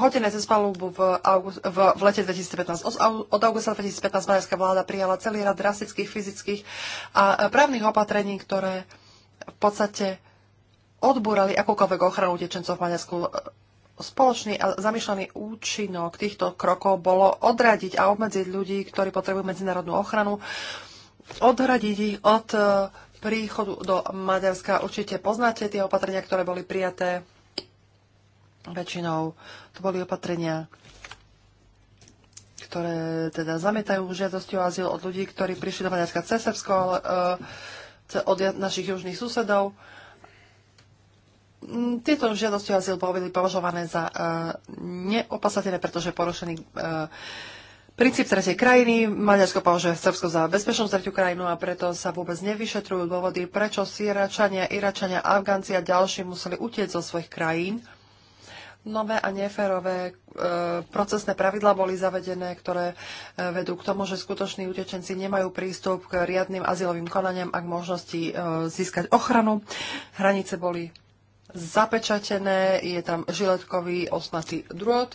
hodené cez palubu v, august, v, v lete 2015. Od, od augusta 2015 maďarská vláda prijala celý rad drastických fyzických a právnych opatrení, ktoré v podstate odbúrali akúkoľvek ochranu utečencov v Maďarsku spoločný a zamýšľaný účinok týchto krokov bolo odradiť a obmedziť ľudí, ktorí potrebujú medzinárodnú ochranu, odradiť ich od e, príchodu do Maďarska. Určite poznáte tie opatrenia, ktoré boli prijaté. Väčšinou to boli opatrenia, ktoré teda zamietajú žiadosti o azyl od ľudí, ktorí prišli do Maďarska cez Srbsko, e, od našich južných susedov. Mm, tieto žiadosti o azyl boli považované za e, neopasateľné, pretože porušený e, Princíp tretej krajiny, Maďarsko považuje Srbsko za bezpečnú tretiu krajinu a preto sa vôbec nevyšetrujú dôvody, prečo Sieračania, Iračania, Afgánci a ďalší museli utieť zo svojich krajín. Nové a neférové e, procesné pravidlá boli zavedené, ktoré e, vedú k tomu, že skutoční utečenci nemajú prístup k riadnym azylovým konaniam a k možnosti e, získať ochranu. Hranice boli zapečatené, je tam žiletkový osnatý drôt.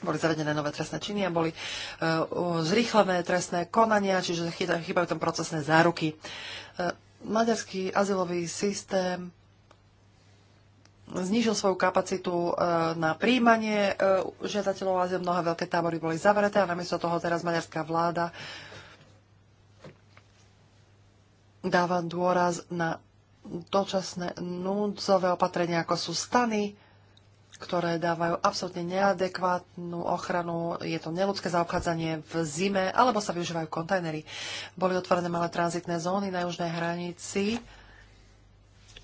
Boli zavedené nové trestné činy a boli uh, zrýchlené trestné konania, čiže chýbajú tam procesné záruky. Uh, maďarský azylový systém znížil svoju kapacitu eh, na príjmanie žiadateľov azyl. Mnohé veľké tábory boli zavreté a namiesto toho teraz maďarská vláda dáva dôraz na dočasné núdzové opatrenia, ako sú stany, ktoré dávajú absolútne neadekvátnu ochranu, je to neludské zaobchádzanie v zime, alebo sa využívajú kontajnery. Boli otvorené malé tranzitné zóny na južnej hranici,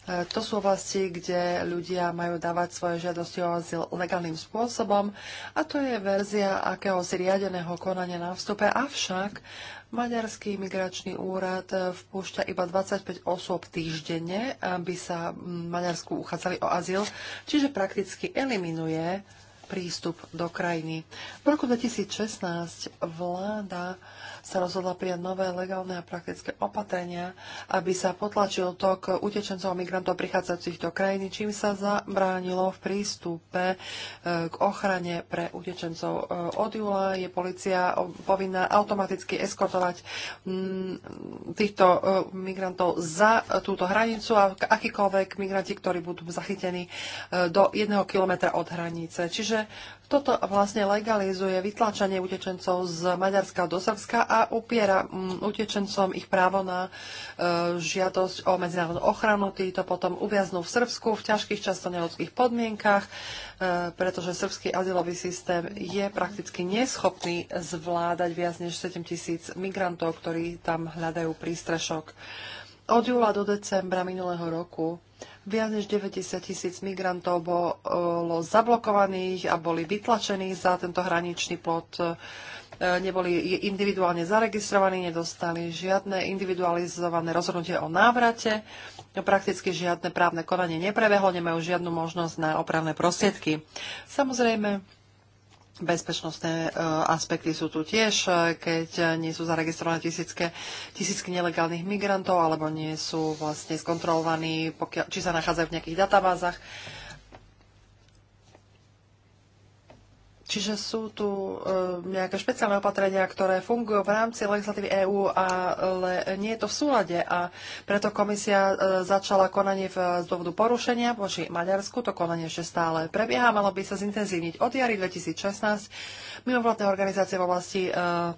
to sú oblasti, kde ľudia majú dávať svoje žiadosti o azyl legálnym spôsobom a to je verzia akého riadeného konania na vstupe. Avšak Maďarský migračný úrad vpúšťa iba 25 osôb týždenne, aby sa Maďarsku uchádzali o azyl, čiže prakticky eliminuje prístup do krajiny. V roku 2016 vláda sa rozhodla prijať nové legálne a praktické opatrenia, aby sa potlačil tok utečencov a migrantov prichádzajúcich do krajiny, čím sa zabránilo v prístupe e, k ochrane pre utečencov. E, od júla je policia povinná automaticky eskortovať mm, týchto e, migrantov za túto hranicu a akýkoľvek migranti, ktorí budú zachytení do jedného kilometra od hranice. Čiže Takže toto vlastne legalizuje vytlačanie utečencov z Maďarska do Srbska a upiera mm, utečencom ich právo na e, žiadosť o medzinárodnú ochranu. Títo potom uviaznú v Srbsku v ťažkých, často neľudských podmienkach, e, pretože srbský azylový systém je prakticky neschopný zvládať viac než 7 tisíc migrantov, ktorí tam hľadajú prístrešok. Od júla do decembra minulého roku Viac než 90 tisíc migrantov bolo zablokovaných a boli vytlačení za tento hraničný plot. E, neboli individuálne zaregistrovaní, nedostali žiadne individualizované rozhodnutie o návrate. Prakticky žiadne právne konanie neprebehlo, nemajú žiadnu možnosť na opravné prostriedky. Samozrejme, Bezpečnostné e, aspekty sú tu tiež, e, keď e, nie sú zaregistrované tisícky tisícky nelegálnych migrantov alebo nie sú vlastne skontrolovaní, pokiaľ, či sa nachádzajú v nejakých databázach. Čiže sú tu e, nejaké špeciálne opatrenia, ktoré fungujú v rámci legislatívy EÚ, ale nie je to v súlade. A preto komisia e, začala konanie v, z dôvodu porušenia voči Maďarsku. To konanie ešte stále prebieha. Malo by sa zintenzívniť od jary 2016. Mimovládne organizácie v oblasti e,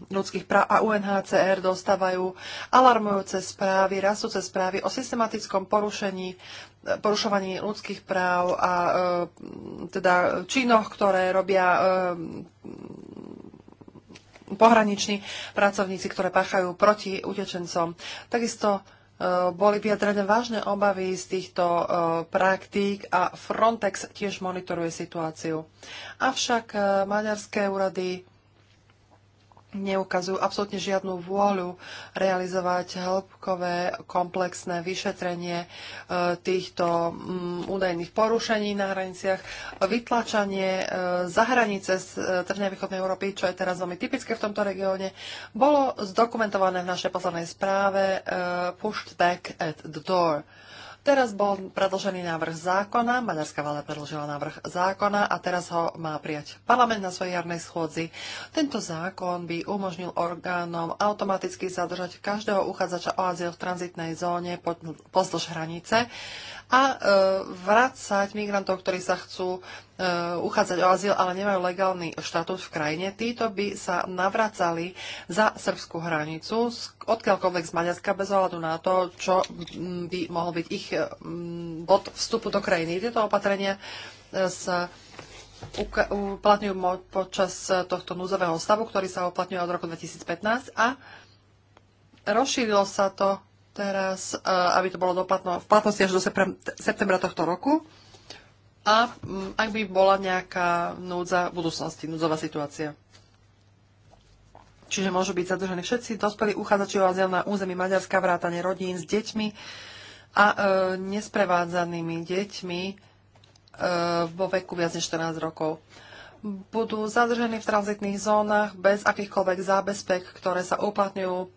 ľudských práv a UNHCR dostávajú alarmujúce správy, rastúce správy o systematickom porušení porušovaní ľudských práv a e, teda činoch, ktoré robia e, pohraniční pracovníci, ktoré páchajú proti utečencom. Takisto e, boli vyjadrené vážne obavy z týchto e, praktík a Frontex tiež monitoruje situáciu. Avšak e, maďarské úrady neukazujú absolútne žiadnu vôľu realizovať hĺbkové, komplexné vyšetrenie e, týchto mm, údajných porušení na hraniciach, vytlačanie e, za hranice z e, tržnej východnej Európy, čo je teraz veľmi typické v tomto regióne, bolo zdokumentované v našej poslednej správe Pushed Back at the Door Teraz bol predložený návrh zákona, maďarská vláda predložila návrh zákona a teraz ho má prijať parlament na svojej jarnej schôdzi. Tento zákon by umožnil orgánom automaticky zadržať každého uchádzača o azyl v tranzitnej zóne pozdĺž hranice a e, vrácať migrantov, ktorí sa chcú e, uchádzať o azyl, ale nemajú legálny štatút v krajine. Títo by sa navracali za srbskú hranicu, odkiaľkoľvek z Maďarska, bez ohľadu na to, čo by mohol byť ich e, bod vstupu do krajiny. Tieto opatrenia e, sa uplatňujú počas tohto núzového stavu, ktorý sa uplatňuje od roku 2015 a rozšírilo sa to teraz, e, aby to bolo doplatno v platnosti až do septembra tohto roku. A mm, ak by bola nejaká núdza v budúcnosti, núdzová situácia. Čiže môžu byť zadržaní všetci dospelí uchádzači o azyl na území Maďarska, vrátane rodín s deťmi a e, nesprevádzanými deťmi e, vo veku viac než 14 rokov budú zadržení v tranzitných zónach bez akýchkoľvek zábezpek, ktoré sa uplatňujú e,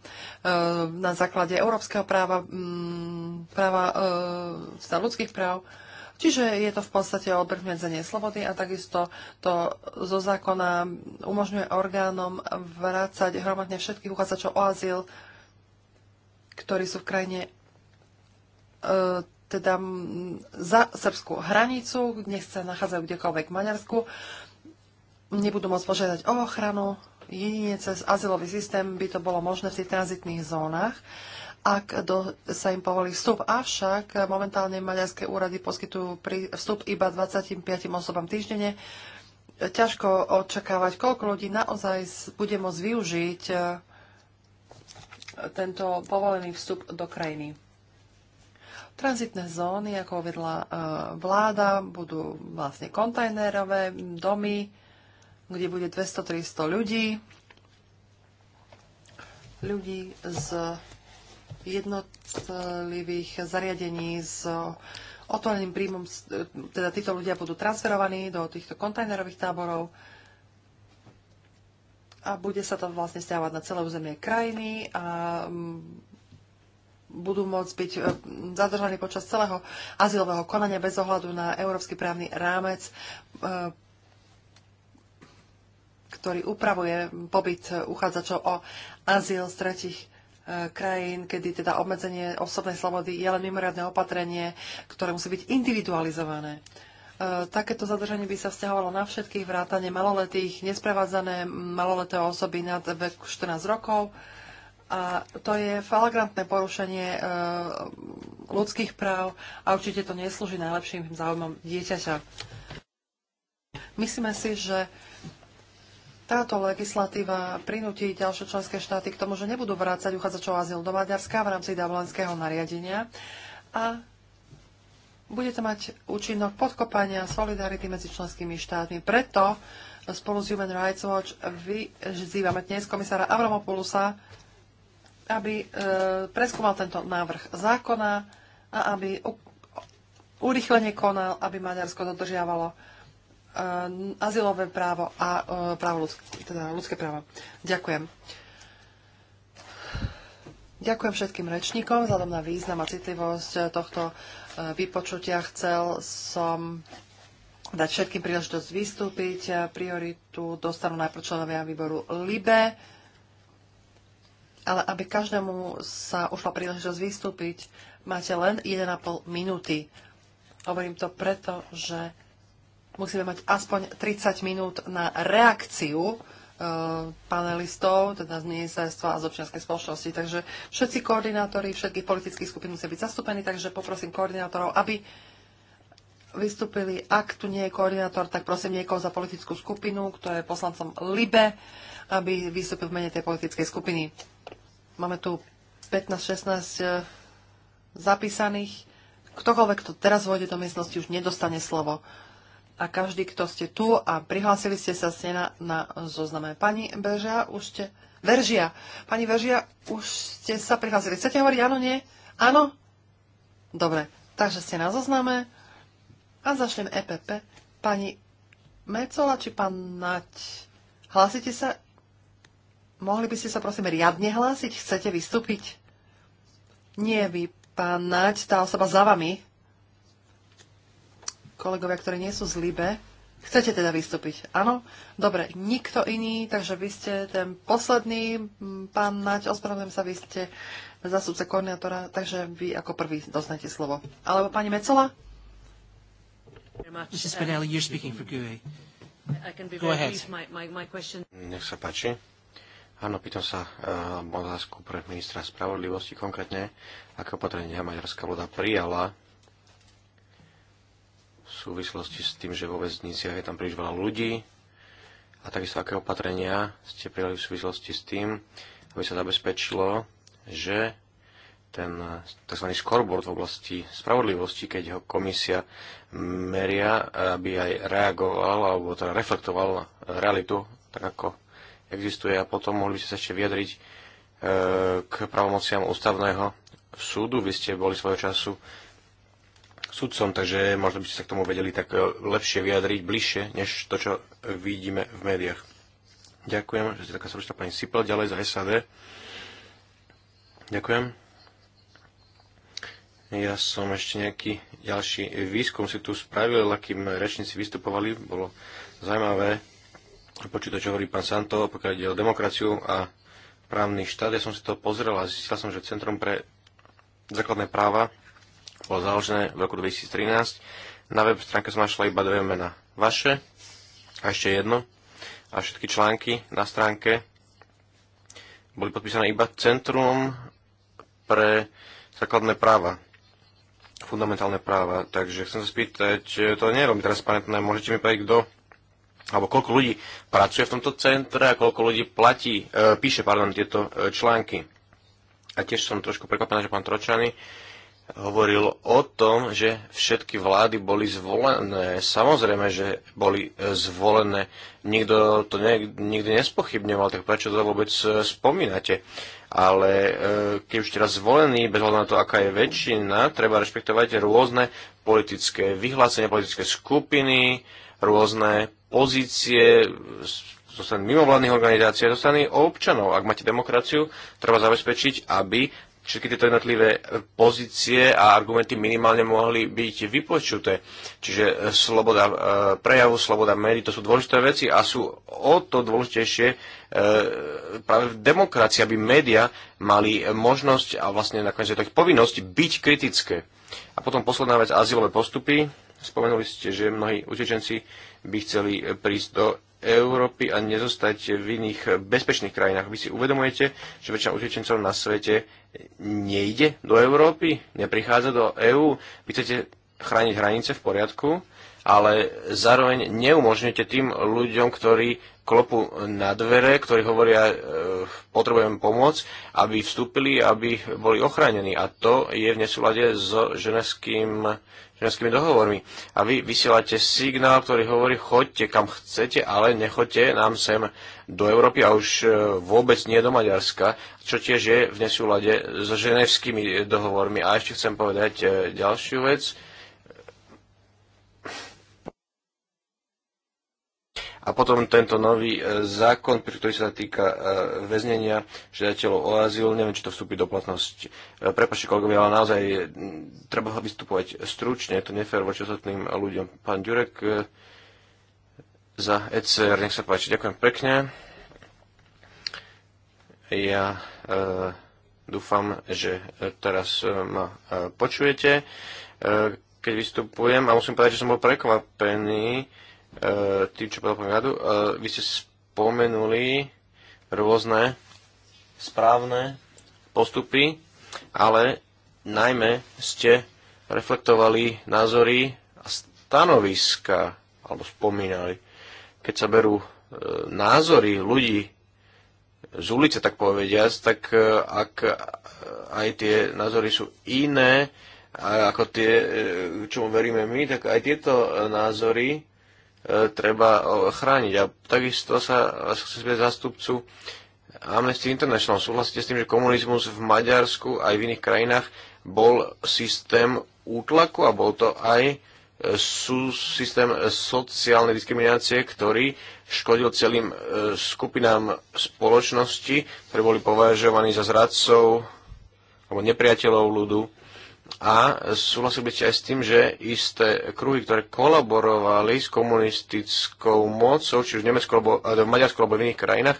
na základe európskeho práva, mm, práva e, ľudských práv. Čiže je to v podstate obmedzenie slobody a takisto to zo zákona umožňuje orgánom vrácať hromadne všetkých uchádzačov o azyl, ktorí sú v krajine e, teda za srbskú hranicu, nech sa nachádzajú kdekoľvek v Maďarsku nebudú môcť požiadať o ochranu. Jedine cez azylový systém by to bolo možné v tých tranzitných zónach, ak do, sa im povolí vstup. Avšak momentálne maďarské úrady poskytujú vstup iba 25 osobám týždenne. Ťažko očakávať, koľko ľudí naozaj bude môcť využiť e, tento povolený vstup do krajiny. Tranzitné zóny, ako uvedla e, vláda, budú vlastne kontajnerové domy, kde bude 200-300 ľudí, ľudí z jednotlivých zariadení s otvoreným príjmom, teda títo ľudia budú transferovaní do týchto kontajnerových táborov a bude sa to vlastne stiavať na celé územie krajiny a mm, budú môcť byť e, zadržaní počas celého azylového konania bez ohľadu na európsky právny rámec e, ktorý upravuje pobyt uchádzačov o azyl z tretich e, krajín, kedy teda obmedzenie osobnej slobody je len mimoriadne opatrenie, ktoré musí byť individualizované. E, takéto zadržanie by sa vzťahovalo na všetkých vrátane maloletých, nesprevádzané maloleté osoby nad vek 14 rokov. A to je flagrantné porušenie e, ľudských práv a určite to neslúži najlepším záujmom dieťaťa. Myslíme si, že táto legislatíva prinúti ďalšie členské štáty k tomu, že nebudú vrácať uchádzačov azyl do Maďarska v rámci dublinského nariadenia a bude to mať účinok podkopania solidarity medzi členskými štátmi. Preto spolu s Human Rights Watch vyzývame dnes komisára Avramopoulosa, aby e, preskúmal tento návrh zákona a aby u, urychlene konal, aby Maďarsko dodržiavalo Eh, azylové právo a eh, právo ľudské, teda ľudské práva. Ďakujem. Ďakujem všetkým rečníkom za na význam a citlivosť eh, tohto vypočutia. Chcel som dať všetkým príležitosť vystúpiť. Prioritu dostanú najprv členovia výboru LIBE, ale aby každému sa ušla príležitosť vystúpiť, máte len 1,5 minúty. Hovorím to preto, že musíme mať aspoň 30 minút na reakciu e, panelistov, teda z ministerstva a z občianskej spoločnosti. Takže všetci koordinátori všetkých politických skupín musia byť zastúpení, takže poprosím koordinátorov, aby vystúpili, ak tu nie je koordinátor, tak prosím niekoho za politickú skupinu, ktorá je poslancom LIBE, aby vystúpil v mene tej politickej skupiny. Máme tu 15-16 e, zapísaných. Ktokoľvek, kto teraz vôjde do miestnosti, už nedostane slovo a každý, kto ste tu a prihlásili ste sa ste na, na zozname. Pani Beržia, už ste... Veržia. Pani Veržia, už ste sa prihlásili. Chcete hovoriť áno, nie? Áno? Dobre, takže ste na zozname a zašlem EPP. Pani Mecola či pán Nať, hlásite sa? Mohli by ste sa prosím riadne hlásiť? Chcete vystúpiť? Nie vy, pán Nať, tá osoba za vami kolegovia, ktorí nie sú z Libe. Chcete teda vystúpiť? Áno? Dobre, nikto iný, takže vy ste ten posledný, pán Naď, ospravedlňujem sa, vy ste zastupca koordinátora, takže vy ako prvý dostanete slovo. Alebo pani Mecola? Nech sa páči. Áno, pýtam sa uh, otázku pre ministra spravodlivosti konkrétne, aké opatrenia maďarská vláda prijala súvislosti s tým, že vo väzniciach je tam príliš veľa ľudí a takisto aké opatrenia ste prijali v súvislosti s tým, aby sa zabezpečilo, že ten tzv. scoreboard v oblasti spravodlivosti, keď ho komisia meria, aby aj reagoval alebo teda reflektoval realitu, tak ako existuje. A potom mohli by ste sa ešte vyjadriť e, k pravomociam ústavného súdu. Vy ste boli svojho času k sudcom, takže možno by ste sa k tomu vedeli tak e, lepšie vyjadriť, bližšie, než to, čo vidíme v médiách. Ďakujem, že ste taká sručná pani Sipel, ďalej za SAD. Ďakujem. Ja som ešte nejaký ďalší výskum si tu spravil, akým rečníci vystupovali. Bolo zaujímavé počuť to, čo hovorí pán Santo, pokiaľ ide o demokraciu a právny štát. Ja som si to pozrel a zistil som, že Centrum pre základné práva bolo založené v roku 2013. Na web stránke som našla iba dve mená. Vaše a ešte jedno. A všetky články na stránke boli podpísané iba Centrum pre základné práva fundamentálne práva. Takže chcem sa spýtať, to nie je veľmi transparentné, môžete mi povedať, kto alebo koľko ľudí pracuje v tomto centre a koľko ľudí platí, e, píše pardon, tieto e, články. A tiež som trošku prekvapená, že pán Tročany e, hovoril o tom, že všetky vlády boli zvolené. Samozrejme, že boli e, zvolené. Nikto to ne, nikdy nespochybňoval, tak prečo to vôbec e, spomínate? Ale e, keď už teraz zvolený, bez hľadu na to, aká je väčšina, treba rešpektovať rôzne politické vyhlásenia, politické skupiny, rôzne pozície zo strany mimovládnych organizácií a zo strany občanov. Ak máte demokraciu, treba zabezpečiť, aby všetky tieto jednotlivé pozície a argumenty minimálne mohli byť vypočuté. Čiže e, sloboda e, prejavu, sloboda médií, to sú dôležité veci a sú o to dôležitejšie e, práve v demokracii, aby médiá mali možnosť a vlastne nakoniec je to ich povinnosť byť kritické. A potom posledná vec, azylové postupy. Spomenuli ste, že mnohí utečenci by chceli prísť do Európy a nezostať v iných bezpečných krajinách. Vy si uvedomujete, že väčšina utečencov na svete nejde do Európy, neprichádza do EÚ, vy chcete chrániť hranice v poriadku, ale zároveň neumožňujete tým ľuďom, ktorí klopu na dvere, ktorí hovoria, e, potrebujem pomoc, aby vstúpili, aby boli ochránení. A to je v nesúlade s ženevským ženskými dohovormi. A vy vysielate signál, ktorý hovorí, choďte kam chcete, ale nechoďte nám sem do Európy a už e, vôbec nie do Maďarska, čo tiež je v nesúlade s ženevskými dohovormi. A ešte chcem povedať e, ďalšiu vec A potom tento nový e, zákon, pri ktorý sa týka e, väznenia žiadateľov o azyl, neviem, či to vstúpi do platnosti. E, Prepašte kolegovia, ale naozaj treba vystupovať stručne, je to nefér voči ostatným ľuďom. Pán Ďurek za ECR, nech sa páči, ďakujem pekne. Ja e, dúfam, že teraz ma e, počujete, e, keď vystupujem. A musím povedať, že som bol prekvapený, e, E, tým, čo povedal pán Radu. E, vy ste spomenuli rôzne správne postupy, ale najmä ste reflektovali názory a stanoviska, alebo spomínali. Keď sa berú e, názory ľudí z ulice, tak povediať, tak ak aj tie názory sú iné, ako tie, čomu veríme my, tak aj tieto názory E, treba chrániť. A takisto sa chcem spýtať zástupcu Amnesty International. Súhlasíte s tým, že komunizmus v Maďarsku aj v iných krajinách bol systém útlaku a bol to aj e, sú systém sociálnej diskriminácie, ktorý škodil celým e, skupinám spoločnosti, ktorí boli považovaní za zradcov alebo nepriateľov ľudu a súhlasil by ste aj s tým, že isté kruhy, ktoré kolaborovali s komunistickou mocou, či už v Nemecku, alebo eh, v Maďarsku, alebo v iných krajinách,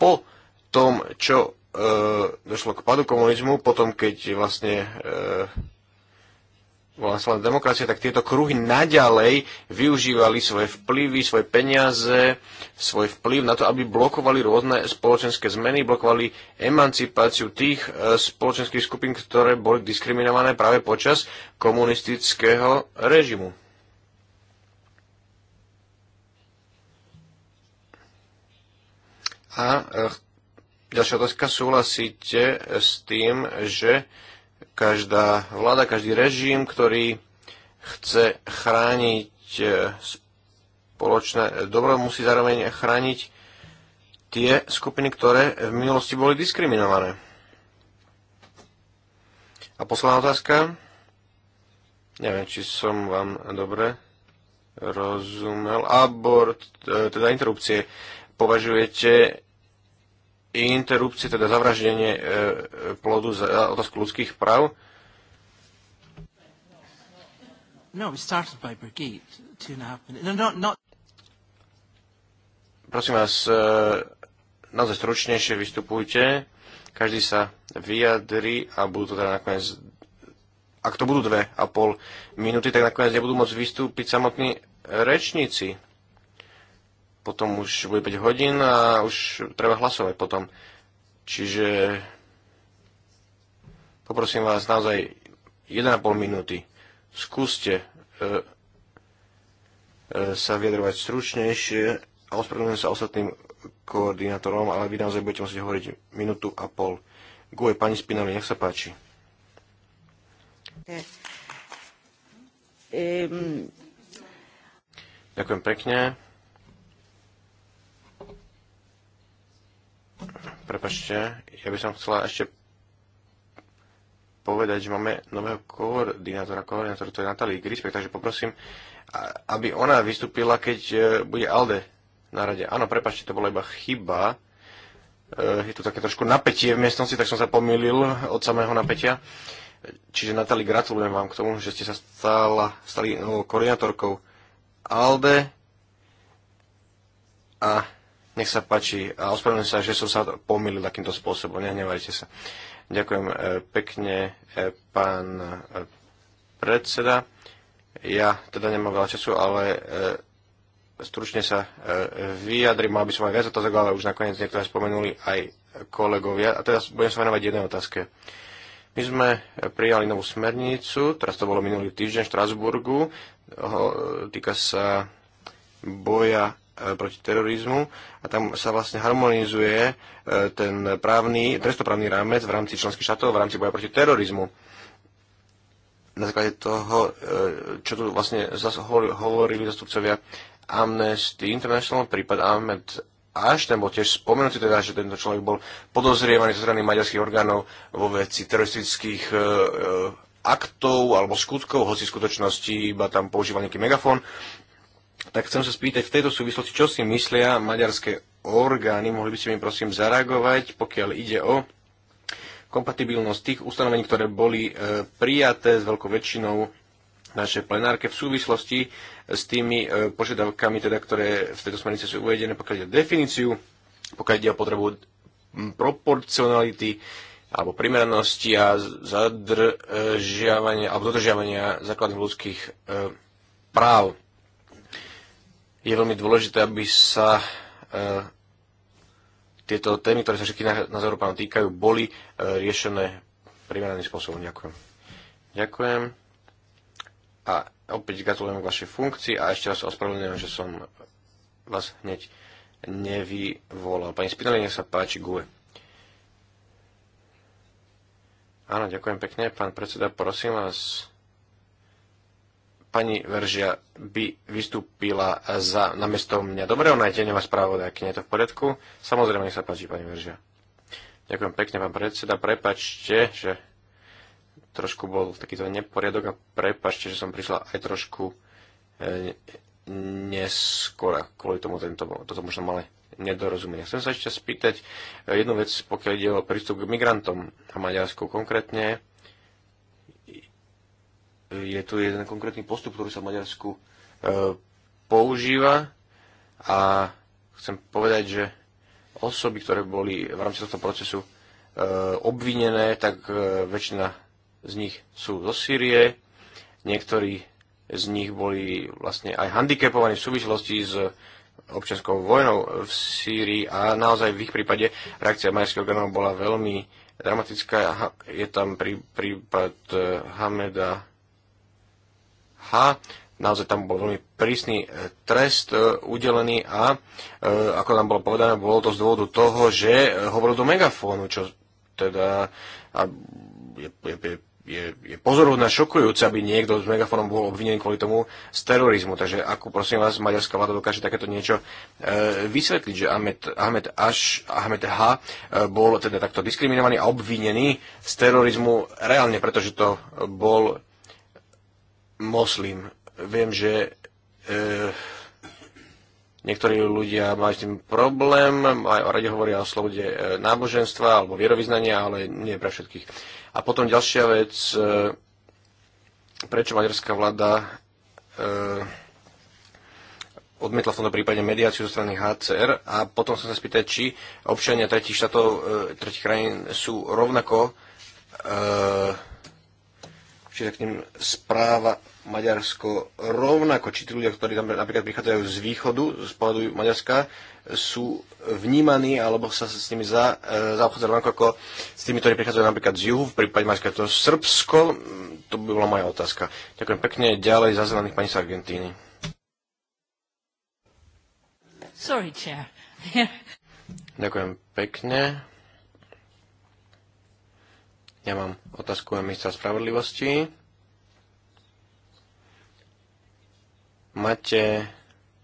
po tom, čo e, došlo k padu komunizmu, potom keď vlastne e, vlastne demokracie, tak tieto kruhy naďalej využívali svoje vplyvy, svoje peniaze, svoj vplyv na to, aby blokovali rôzne spoločenské zmeny, blokovali emancipáciu tých e, spoločenských skupín, ktoré boli diskriminované práve počas komunistického režimu. A e, ďalšia otázka, súhlasíte s tým, že každá vláda, každý režim, ktorý chce chrániť e, spoločné dobro, musí zároveň chrániť tie skupiny, ktoré v minulosti boli diskriminované. A posledná otázka. Neviem, či som vám dobre rozumel. Abort, e, teda interrupcie, považujete interrupcie, teda zavraždenie e, e, plodu za otázku ľudských práv? No, we started by two and a half minutes. No, not... Prosím vás, e, naozaj stručnejšie vystupujte. Každý sa vyjadri a budú to teda nakoniec ak to budú dve a pol minúty, tak nakoniec nebudú môcť vystúpiť samotní rečníci potom už bude 5 hodín a už treba hlasovať potom. Čiže poprosím vás naozaj 1,5 minúty. Skúste e, e, sa vyjadrovať stručnejšie a ospravedlňujem sa ostatným koordinátorom, ale vy naozaj budete musieť hovoriť minútu a pol. Guje, pani Spinali, nech sa páči. Ďakujem pekne. Prepačte, ja by som chcela ešte povedať, že máme nového koordinátora, koordinátor to je Natália Grispek, takže poprosím, aby ona vystúpila, keď e, bude Alde na rade. Áno, prepačte, to bola iba chyba. E, je tu také trošku napätie v miestnosti, tak som sa pomýlil od samého napätia. Čiže Natali, gratulujem vám k tomu, že ste sa stala, stali koordinátorkou ALDE a nech sa páči a ospravedlňujem sa, že som sa pomýlil takýmto spôsobom. Nehnevajte sa. Ďakujem e, pekne, e, pán e, predseda. Ja teda nemám veľa času, ale stručne sa vyjadrím. Mal by som aj viac otázok, ale už nakoniec niektoré spomenuli aj kolegovia. A teraz budem sa venovať jednej otázke. My sme prijali novú smernicu, teraz to bolo minulý týždeň v Štrasburgu, týka sa boja E, proti terorizmu a tam sa vlastne harmonizuje e, ten právny, trestoprávny rámec v rámci členských štátov, v rámci boja proti terorizmu. Na základe toho, e, čo tu vlastne hovorili zastupcovia Amnesty International, prípad Ahmed až ten bol tiež spomenutý, teda, že tento človek bol podozrievaný zo strany maďarských orgánov vo veci teroristických e, aktov alebo skutkov, hoci v skutočnosti iba tam používal nejaký megafón tak chcem sa spýtať v tejto súvislosti, čo si myslia maďarské orgány, mohli by ste mi prosím zareagovať, pokiaľ ide o kompatibilnosť tých ustanovení, ktoré boli e, prijaté s veľkou väčšinou našej plenárke v súvislosti s tými e, požiadavkami, teda, ktoré v tejto smernici sú uvedené, pokiaľ ide o definíciu, pokiaľ ide o potrebu proporcionality alebo primeranosti a zadržiavania alebo dodržiavania základných ľudských e, práv je veľmi dôležité, aby sa e, tieto témy, ktoré sa všetky na na Európanov týkajú, boli e, riešené primeraným spôsobom. Ďakujem. Ďakujem. A opäť gratulujem k vašej funkcii a ešte raz ospravedlňujem, že som vás hneď nevyvolal. Pani Spinelli, nech sa páči, GUE. Áno, ďakujem pekne. Pán predseda, prosím vás, pani Veržia by vystúpila za namiesto mňa. Dobre, ona je tieňová nie je to v poriadku? Samozrejme, nech sa páči, pani Veržia. Ďakujem pekne, pán predseda. Prepačte, že trošku bol takýto neporiadok a prepačte, že som prišla aj trošku e, neskôr kvôli tomu tento, toto možno malé nedorozumenie. Chcem sa ešte spýtať e, jednu vec, pokiaľ ide o prístup k migrantom a Maďarsku konkrétne je tu jeden konkrétny postup, ktorý sa v Maďarsku e, používa a chcem povedať, že osoby, ktoré boli v rámci tohto procesu e, obvinené, tak e, väčšina z nich sú zo Sýrie, niektorí z nich boli vlastne aj handicapovaní v súvislosti s občianskou vojnou v Sýrii a naozaj v ich prípade reakcia maďarských orgánov bola veľmi dramatická. Je tam prípad e, Hameda H. Naozaj tam bol veľmi prísny e, trest e, udelený a, e, ako nám bolo povedané, bolo to z dôvodu toho, že hovoril do megafónu, čo teda a je, je, je je, je pozorovná šokujúce, aby niekto s megafónom bol obvinený kvôli tomu z terorizmu. Takže ako prosím vás, maďarská vláda dokáže takéto niečo e, vysvetliť, že Ahmed, Ahmed, Aš, Ahmed H. bol teda takto diskriminovaný a obvinený z terorizmu reálne, pretože to bol moslim. Viem, že e, niektorí ľudia majú s tým problém, aj radi hovoria o slobode e, náboženstva alebo vierovýznania, ale nie pre všetkých. A potom ďalšia vec, e, prečo maďarská vláda e, odmietla v tomto prípade mediáciu zo strany HCR a potom som sa spýtať, či občania tretich štátov, e, tretich krajín sú rovnako e, či k ním správa Maďarsko rovnako, či tí ľudia, ktorí tam napríklad prichádzajú z východu, z pohľadu Maďarska, sú vnímaní alebo sa s nimi za, e, zaobchádza rovnako ako s tými, ktorí prichádzajú napríklad z juhu, v prípade Maďarska to Srbsko, to by bola moja otázka. Ďakujem pekne, ďalej za zelených pani z Argentíny. Sorry, chair. Ďakujem pekne. Ja mám otázku na ministra spravodlivosti. Máte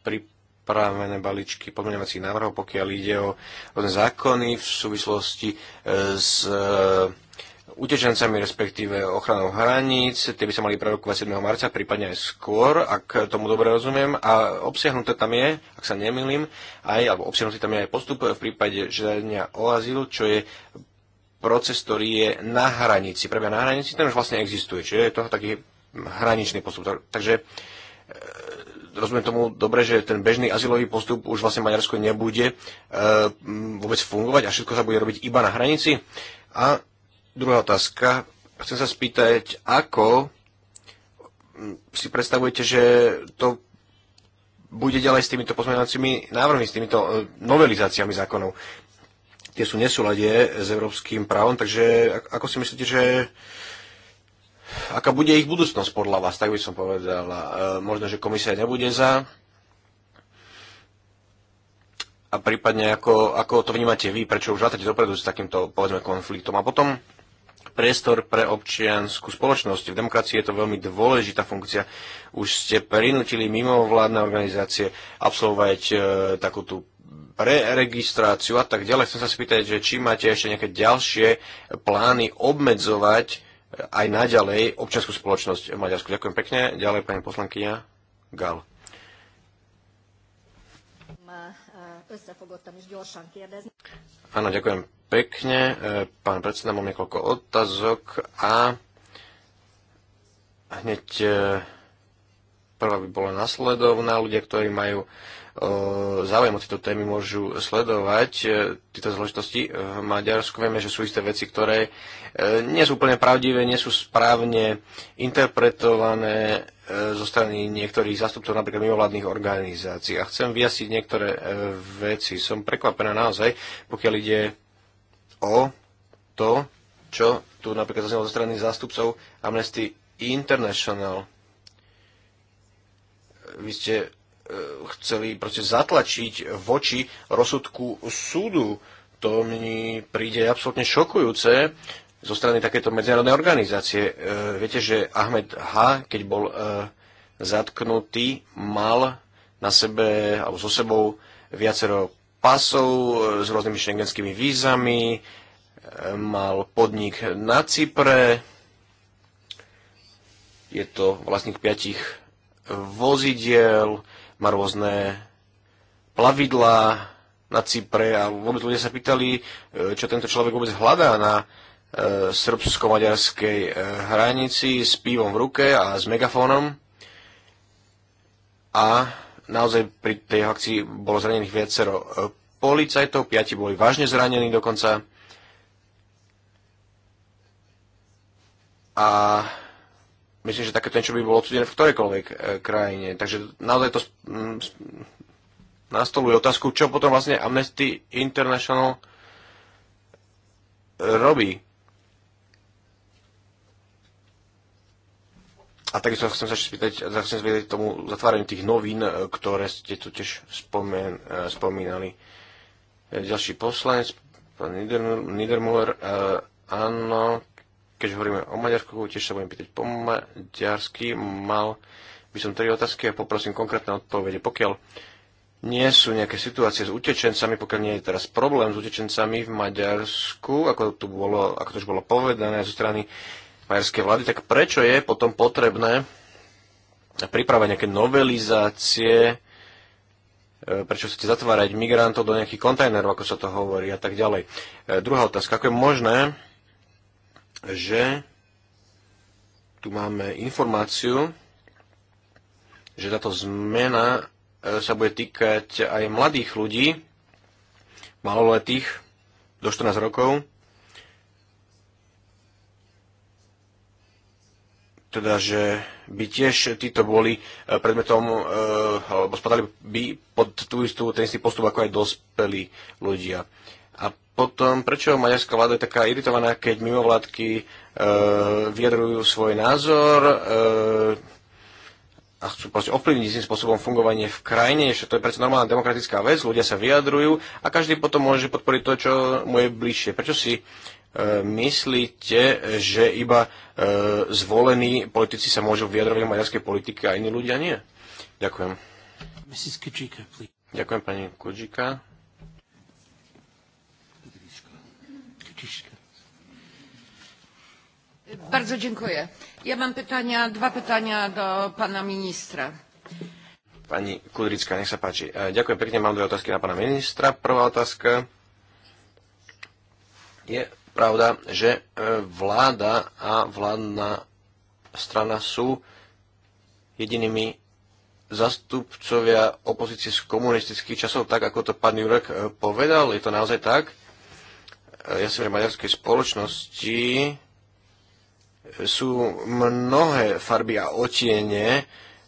pripravené balíčky podmenovacích návrhov, pokiaľ ide o, zákony v súvislosti e, s e, utečencami, respektíve ochranou hraníc. Tie by sa mali prerokovať 7. marca, prípadne aj skôr, ak tomu dobre rozumiem. A obsiahnuté tam je, ak sa nemýlim, aj, alebo obsiahnuté tam je aj postup v prípade žiadania o azyl, čo je proces, ktorý je na hranici. Prebieha na hranici, ten už vlastne existuje. Čiže je to taký hraničný postup. Takže e, rozumiem tomu dobre, že ten bežný azylový postup už vlastne Maďarsko nebude e, vôbec fungovať a všetko sa bude robiť iba na hranici. A druhá otázka, chcem sa spýtať, ako si predstavujete, že to bude ďalej s týmito pozmeňovacími návrhmi, s týmito e, novelizáciami zákonov tie sú nesúladie s európskym právom, takže ako si myslíte, že aká bude ich budúcnosť podľa vás, tak by som povedal, možno, že komisia nebude za a prípadne ako, ako to vnímate vy, prečo už rátate dopredu s takýmto, povedzme, konfliktom. A potom priestor pre občianskú spoločnosť. V demokracii je to veľmi dôležitá funkcia. Už ste prinútili mimovládne organizácie absolvovať e, takúto preregistráciu a tak ďalej. Chcem sa spýtať, že či máte ešte nejaké ďalšie plány obmedzovať eh, aj naďalej občianskú spoločnosť v Maďarsku. Ďakujem pekne. Ďalej pani poslankyňa Gal. Eh, Áno, ďakujem pekne. Eh, pán predseda, mám niekoľko otázok a hneď prvá by bola nasledovná. Ľudia, ktorí majú záujem o tieto témy môžu sledovať e, tieto zložitosti e, v Maďarsku. Vieme, že sú isté veci, ktoré e, nie sú úplne pravdivé, nie sú správne interpretované zo strany niektorých zástupcov napríklad mimovládnych organizácií. A chcem vyjasniť niektoré veci. Som prekvapená naozaj, pokiaľ ide o to, čo tu napríklad zaznelo zo strany zástupcov Amnesty International. Vy ste E, chceli proste zatlačiť voči rozsudku súdu. To mi príde absolútne šokujúce zo strany takéto medzinárodnej organizácie. E, viete, že Ahmed H., keď bol e, zatknutý, mal na sebe alebo so sebou viacero pasov e, s rôznymi šengenskými vízami, e, mal podnik na Cypre, je to vlastník piatich vozidiel, má rôzne plavidlá na Cypre a vôbec ľudia sa pýtali, e, čo tento človek vôbec hľadá na e, srbsko-maďarskej e, hranici s pívom v ruke a s megafónom. A naozaj pri tej akcii bolo zranených viacero policajtov, piati boli vážne zranení dokonca. A myslím, že takéto niečo by bolo odsudené v ktorejkoľvek e, krajine. Takže naozaj to nastoluje otázku, čo potom vlastne Amnesty International e, robí. A takisto chcem sa ešte spýtať, chcem spýtať tomu zatváraniu tých novín, e, ktoré ste tu tiež spomen, spomínali. Ďalší poslanec, pán Niedermuller, áno, keď hovoríme o Maďarsku, tiež sa budem pýtať po maďarsky. Mal by som tri otázky a poprosím konkrétne odpovede. Pokiaľ nie sú nejaké situácie s utečencami, pokiaľ nie je teraz problém s utečencami v Maďarsku, ako, tu bolo, ako to už bolo povedané zo strany maďarskej vlády, tak prečo je potom potrebné pripravať nejaké novelizácie, e, prečo chcete zatvárať migrantov do nejakých kontajnerov, ako sa to hovorí a tak ďalej. E, druhá otázka, ako je možné, že tu máme informáciu, že táto zmena e, sa bude týkať aj mladých ľudí, maloletých do 14 rokov. Teda, že by tiež títo boli e, predmetom, e, alebo spadali by pod tú istú ten istý postup ako aj dospelí ľudia potom, prečo maďarská vláda je taká iritovaná, keď mimovládky e, vyjadrujú svoj názor e, a chcú proste ovplyvniť tým spôsobom fungovanie v krajine, že to je predsa normálna demokratická vec, ľudia sa vyjadrujú a každý potom môže podporiť to, čo mu je bližšie. Prečo si e, myslíte, že iba e, zvolení politici sa môžu vyjadrovať o maďarskej politike a iní ľudia nie? Ďakujem. Mrs. Kudžika, Ďakujem pani Kudžika. Bardzo dziękuję. Ja mam pytania, dwa pytania do pana ministra. Pani Kudrická, nech sa páči. E, ďakujem pekne, mám dve otázky na pána ministra. Prvá otázka. Je pravda, že e, vláda a vládna strana sú jedinými zastupcovia opozície z komunistických časov, tak ako to pán Jurek e, povedal. Je to naozaj tak? E, ja som v maďarskej spoločnosti sú mnohé farby a otiene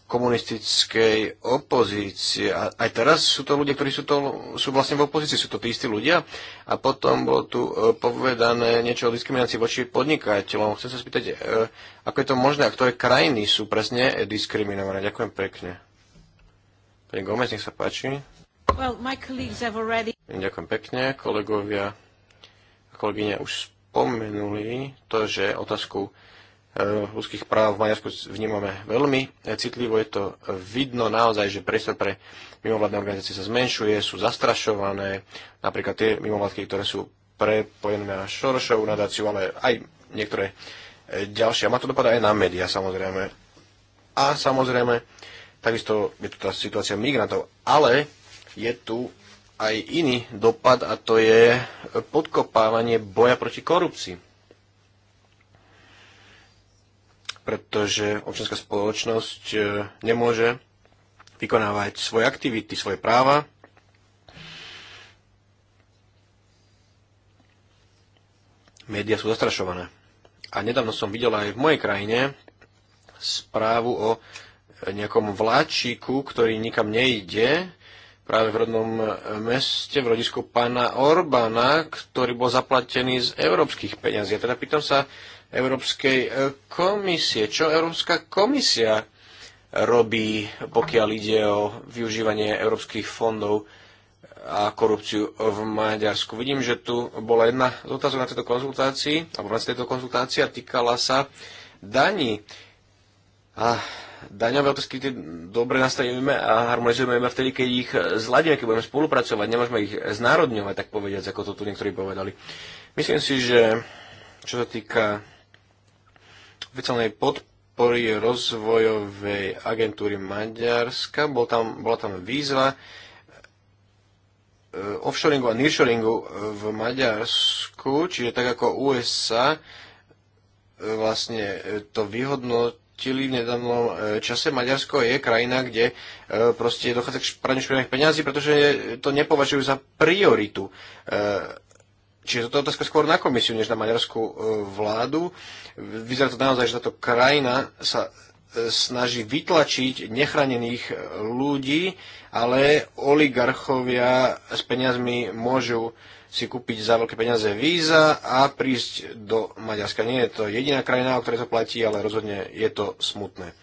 komunistickej opozície. A aj teraz sú to ľudia, ktorí sú, to, sú vlastne v opozícii, sú to tí istí ľudia. A potom bolo tu e, povedané niečo o diskriminácii voči podnikateľom. Chcem sa spýtať, e, ako je to možné a ktoré krajiny sú presne diskriminované. Ďakujem pekne. Pani Gomez, nech sa páči. Well, already... Ďakujem pekne, kolegovia kolegyne už spomenuli to, že otázku e, ľudských práv v Maďarsku vnímame veľmi e, citlivo. Je to vidno naozaj, že priestor pre mimovládne organizácie sa zmenšuje, sú zastrašované, napríklad tie mimovládky, ktoré sú prepojené na Šorošovú nadáciu, ale aj niektoré e, ďalšie. A má to dopadá aj na médiá samozrejme. A samozrejme, takisto je tu tá situácia migrantov, ale je tu aj iný dopad a to je podkopávanie boja proti korupcii. Pretože občianská spoločnosť e, nemôže vykonávať svoje aktivity, svoje práva. Média sú zastrašované. A nedávno som videl aj v mojej krajine správu o nejakom vláčiku, ktorý nikam nejde, práve v rodnom e, meste, v rodisku pána Orbána, ktorý bol zaplatený z európskych peňazí. Ja teda pýtam sa Európskej e, komisie, čo Európska komisia robí, pokiaľ ide o využívanie európskych fondov a korupciu v Maďarsku. Vidím, že tu bola jedna z otázok na tejto konzultácii, alebo na tejto konzultácii a týkala sa daní. A daňové otázky tie dobre nastavíme a harmonizujeme iba vtedy, keď ich zladia, keď budeme spolupracovať, nemôžeme ich znárodňovať, tak povediať, ako to tu niektorí povedali. Myslím si, že čo sa týka oficiálnej podpory rozvojovej agentúry Maďarska, bol tam, bola tam výzva e, offshoringu a nearshoringu v Maďarsku, čiže tak ako USA e, vlastne e, to vyhodnotí zistili v nedávnom e, čase, Maďarsko je krajina, kde e, proste dochádza k praniu špinavých peňazí, pretože to nepovažujú za prioritu. E, čiže toto je otázka skôr na komisiu, než na maďarskú vládu. Vyzerá to naozaj, že táto krajina sa snaží vytlačiť nechránených ľudí, ale oligarchovia s peniazmi môžu si kúpiť za veľké peniaze víza a prísť do Maďarska. Nie je to jediná krajina, o ktorej to platí, ale rozhodne je to smutné.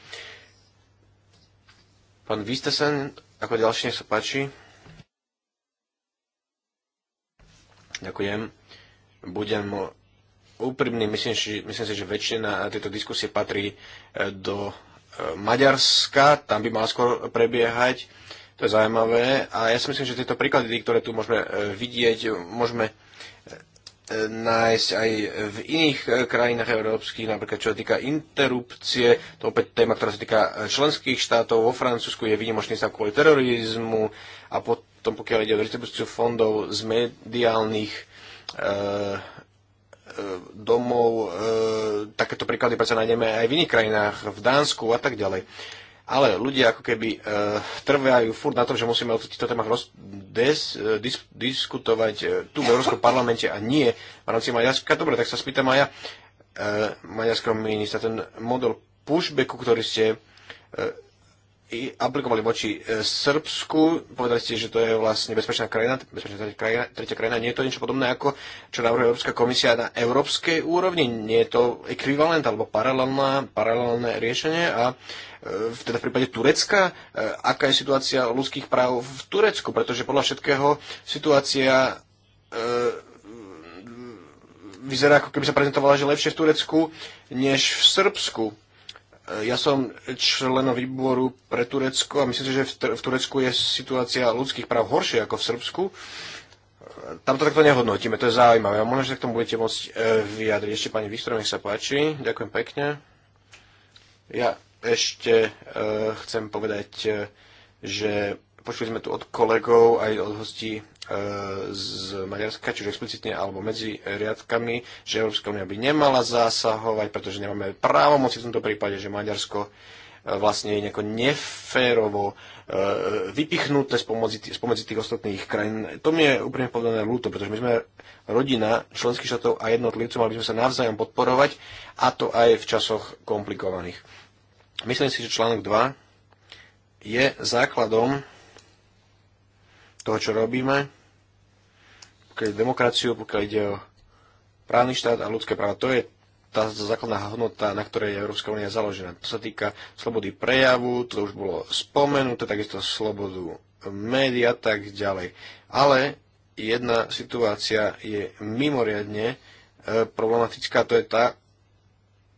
Pán Vistesen, ako ďalšie, nech sa páči. Ďakujem. Budem úprimný, myslím, si, myslím si, že väčšina tejto diskusie patrí eh, do eh, Maďarska, tam by mal skôr prebiehať to je zaujímavé a ja si myslím, že tieto príklady, ktoré tu môžeme e, vidieť, môžeme e, nájsť aj v iných e, krajinách európskych, napríklad čo sa týka interrupcie, to opäť téma, ktorá sa týka členských štátov, vo Francúzsku je výnimočný stav kvôli terorizmu a potom pokiaľ ide o distribúciu fondov z mediálnych e, domov, e, takéto príklady sa nájdeme aj v iných krajinách, v Dánsku a tak ďalej ale ľudia ako keby e, trvajú furt na tom, že musíme o týchto témach roz, des, e, dis, diskutovať e, tu v Európskom parlamente a nie v rámci Maďarska. Dobre, tak sa spýtam aj ja, e, maďarského ministra, ten model pushbacku, ktorý ste e, aplikovali voči e, Srbsku, povedali ste, že to je vlastne bezpečná krajina, bezpečná krajina, tretia krajina, nie je to niečo podobné ako čo navrhuje Európska komisia na európskej úrovni, nie je to ekvivalent alebo paralelná, paralelné riešenie a v, teda v prípade Turecka, e, aká je situácia ľudských práv v Turecku, pretože podľa všetkého situácia e, vyzerá, ako keby sa prezentovala, že lepšie v Turecku, než v Srbsku. E, ja som členom výboru pre Turecko a myslím si, že v Turecku je situácia ľudských práv horšia ako v Srbsku. Tam to takto nehodnotíme, to je zaujímavé. A možno, že k tomu budete môcť vyjadriť. Ešte pani Viktor, nech sa páči. Ďakujem pekne. Ja ešte e, chcem povedať, e, že počuli sme tu od kolegov aj od hostí e, z Maďarska, čiže explicitne alebo medzi riadkami, že Európska únia by nemala zásahovať, pretože nemáme právomoci v tomto prípade, že Maďarsko vlastne je nejako neférovo vypichnuté spomedzi, tých ostatných krajín. To mi je úplne povedané ľúto, pretože my sme rodina členských štátov a jednotlivcov, mali by sme sa navzájom podporovať a to aj v časoch komplikovaných. Myslím si, že článok 2 je základom toho, čo robíme, pokiaľ ide demokraciu, pokiaľ ide o právny štát a ľudské práva. To je tá základná hodnota, na ktorej je Európska únia založená. To sa týka slobody prejavu, to už bolo spomenuté, takisto slobodu médií a tak ďalej. Ale jedna situácia je mimoriadne eh, problematická, to je tá,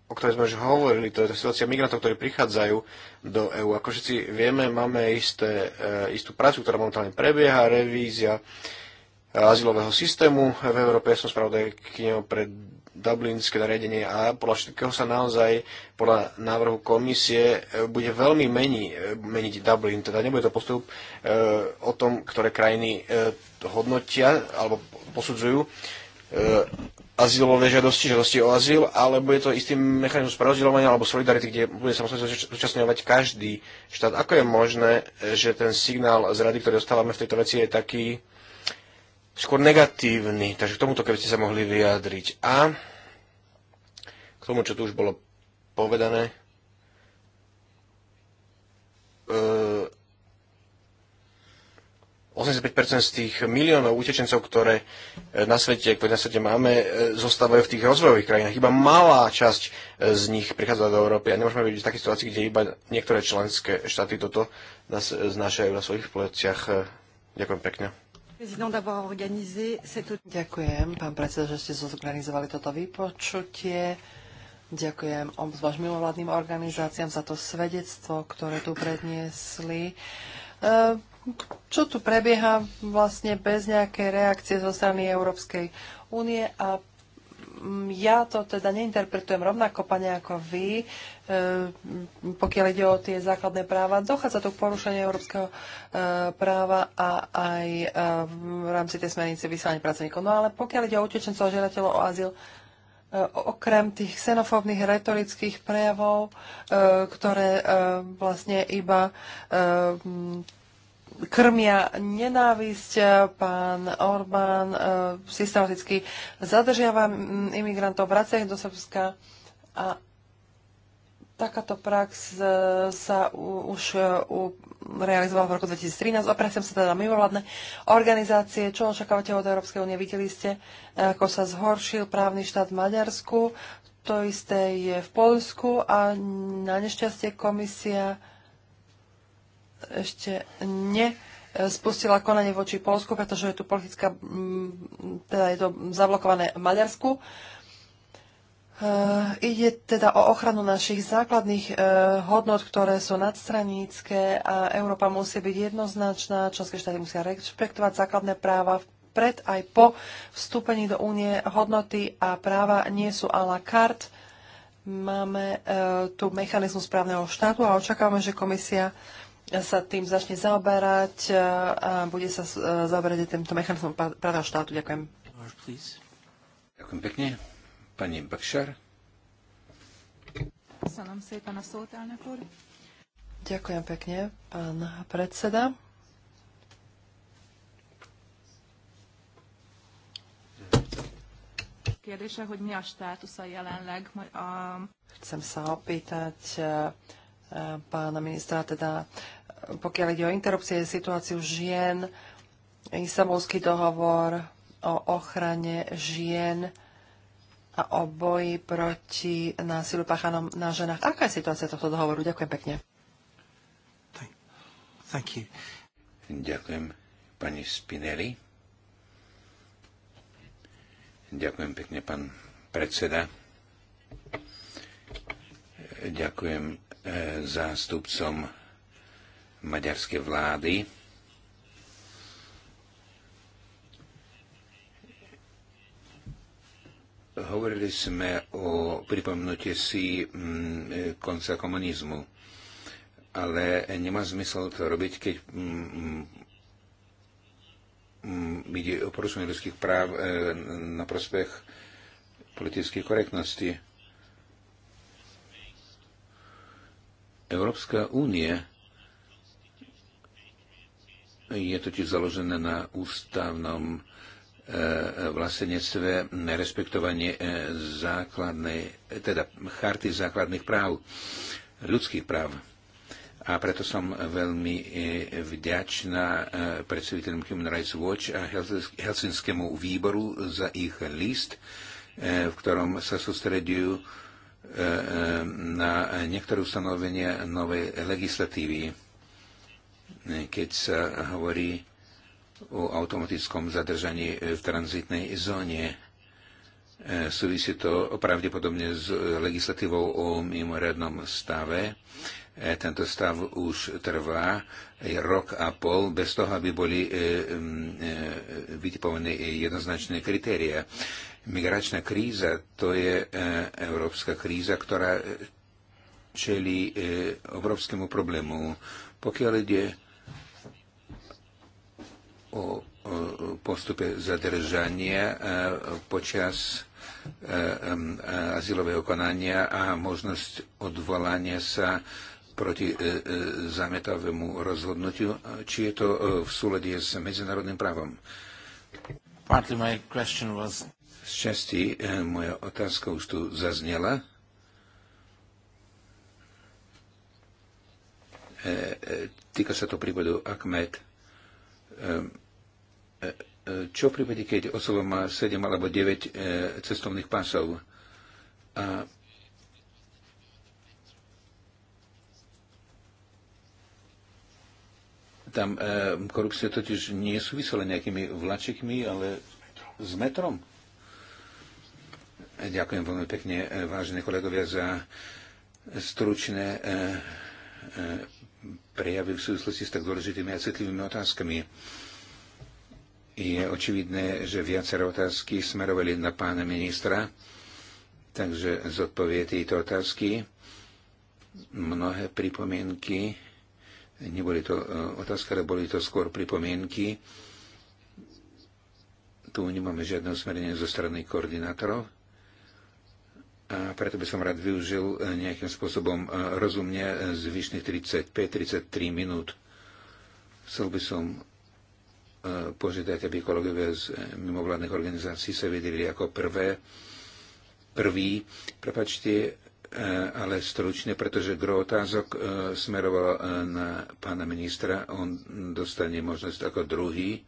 o ktorej sme už hovorili, to je tá situácia migrantov, ktorí prichádzajú do EÚ. Ako všetci vieme, máme isté, e, istú prácu, ktorá momentálne prebieha, revízia e, azylového systému v Európe. Ja som nemu pre Dublinské nariadenie a podľa všetkého sa naozaj podľa návrhu komisie e, bude veľmi meni, e, meniť Dublin. Teda nebude to postup e, o tom, ktoré krajiny e, hodnotia alebo posudzujú azylové žiadosti, žiadosti o azyl, alebo je to istý mechanizmus prerozdeľovania alebo solidarity, kde bude sa musieť zúčastňovať každý štát. Ako je možné, že ten signál z rady, ktorý dostávame v tejto veci, je taký skôr negatívny? Takže k tomuto, keby ste sa mohli vyjadriť. A k tomu, čo tu už bolo povedané, e, 85% z tých miliónov utečencov, ktoré e, na svete, ktoré na svete máme, e, zostávajú v tých rozvojových krajinách. Iba malá časť e, z nich prichádza do Európy. A nemôžeme vidieť v takej situácii, kde iba niektoré členské štáty toto znášajú na svojich pleciach. Ďakujem pekne. Ďakujem, pán predseda, že ste zorganizovali toto vypočutie. Ďakujem obzvlášť mimovládnym organizáciám za to svedectvo, ktoré tu predniesli čo tu prebieha vlastne bez nejakej reakcie zo strany Európskej únie a mm, ja to teda neinterpretujem rovnako, pane, ako vy, e, pokiaľ ide o tie základné práva. Dochádza tu k porušeniu európskeho e, práva a aj e, v rámci tej smernice vysielania pracovníkov. No ale pokiaľ ide o utečencov a žiadateľov o azyl, okrem tých xenofóbnych retorických prejavov, ktoré vlastne iba krmia nenávisť. Pán Orbán eh, systematicky zadržiava mm, imigrantov, vracia ich do Srbska a takáto prax eh, sa už eh, realizovala v roku 2013. Opracujem sa teda na mimovládne organizácie. Čo očakávate od Európskej únie? Videli ste, ako sa zhoršil právny štát v Maďarsku. To isté je v Polsku a na nešťastie komisia ešte ne spustila konanie voči Polsku, pretože je tu politická, teda je to zablokované Maďarsku. E, ide teda o ochranu našich základných e, hodnot, ktoré sú nadstranícké a Európa musí byť jednoznačná, členské štáty musia rešpektovať základné práva pred aj po vstúpení do únie. Hodnoty a práva nie sú a la carte. Máme e, tu mechanizmus správneho štátu a očakávame, že komisia sa tým začne zaoberať e, a bude sa e, zaoberať aj týmto mechanizmom práva štátu. Ďakujem. Ďakujem pekne. Pani Bakšar. Ďakujem pekne, pán predseda. Chcem sa opýtať e, pána ministra, teda pokiaľ ide o interrupcie, situáciu žien, Istanbulský dohovor o ochrane žien a o boji proti násilu páchanom na ženách. Aká je situácia tohto dohovoru? Ďakujem pekne. Thank you. Ďakujem pani Spinelli. Ďakujem pekne, pán predseda. Ďakujem eh, zástupcom maďarské vlády. Hovorili sme o pripomnutie si mm, konca komunizmu, ale nemá zmysel to robiť, keď mm, mm, ide o porušenie ľudských práv e, na prospech politickej korektnosti. Európska únie je totiž založené na ústavnom e, e, vlastenectve nerespektovanie e, základnej, teda charty základných práv, ľudských práv. A preto som veľmi vďačná predstaviteľom Human Rights Watch a Helsinskému výboru za ich list, v ktorom sa sústredujú na niektoré ustanovenia novej legislatívy keď sa hovorí o automatickom zadržaní e, v tranzitnej zóne. E, súvisí to pravdepodobne s e, legislatívou o mimoriadnom stave. Tento stav už trvá rok a pol bez toho, aby boli vytipované jednoznačné kritéria. Migračná kríza to je európska kríza, ktorá čeli obrovskému problému. Pokiaľ ide o postupe zadržania e, počas e, e, azylového konania a možnosť odvolania sa proti zametavému rozhodnutiu, či je to v súlade s medzinárodným právom. my was... Z časti moja otázka už tu zaznela. Týka sa to prípadu Akmet. Ehm, e, e, čo v prípade, keď osoba má 7 alebo 9 e, cestovných pásov? a tam korupcia totiž nie súvisela nejakými vlačikmi, ale s metrom. Ďakujem veľmi pekne, vážení kolegovia, za stručné prejavy v súvislosti s tak dôležitými a citlivými otázkami. Je očividné, že viaceré otázky smerovali na pána ministra, takže zodpovie tieto otázky. Mnohé pripomienky, neboli to e, otázky, ale boli to skôr pripomienky. Tu nemáme žiadne usmerenie zo strany koordinátorov. A preto by som rád využil e, nejakým spôsobom e, rozumne e, zvyšných 35-33 minút. Chcel by som požiadať, aby kolegovia z mimovládnych organizácií sa vedeli ako prvé, prvý, prepačte, ale stručne, pretože gro otázok smeroval na pána ministra. On dostane možnosť ako druhý,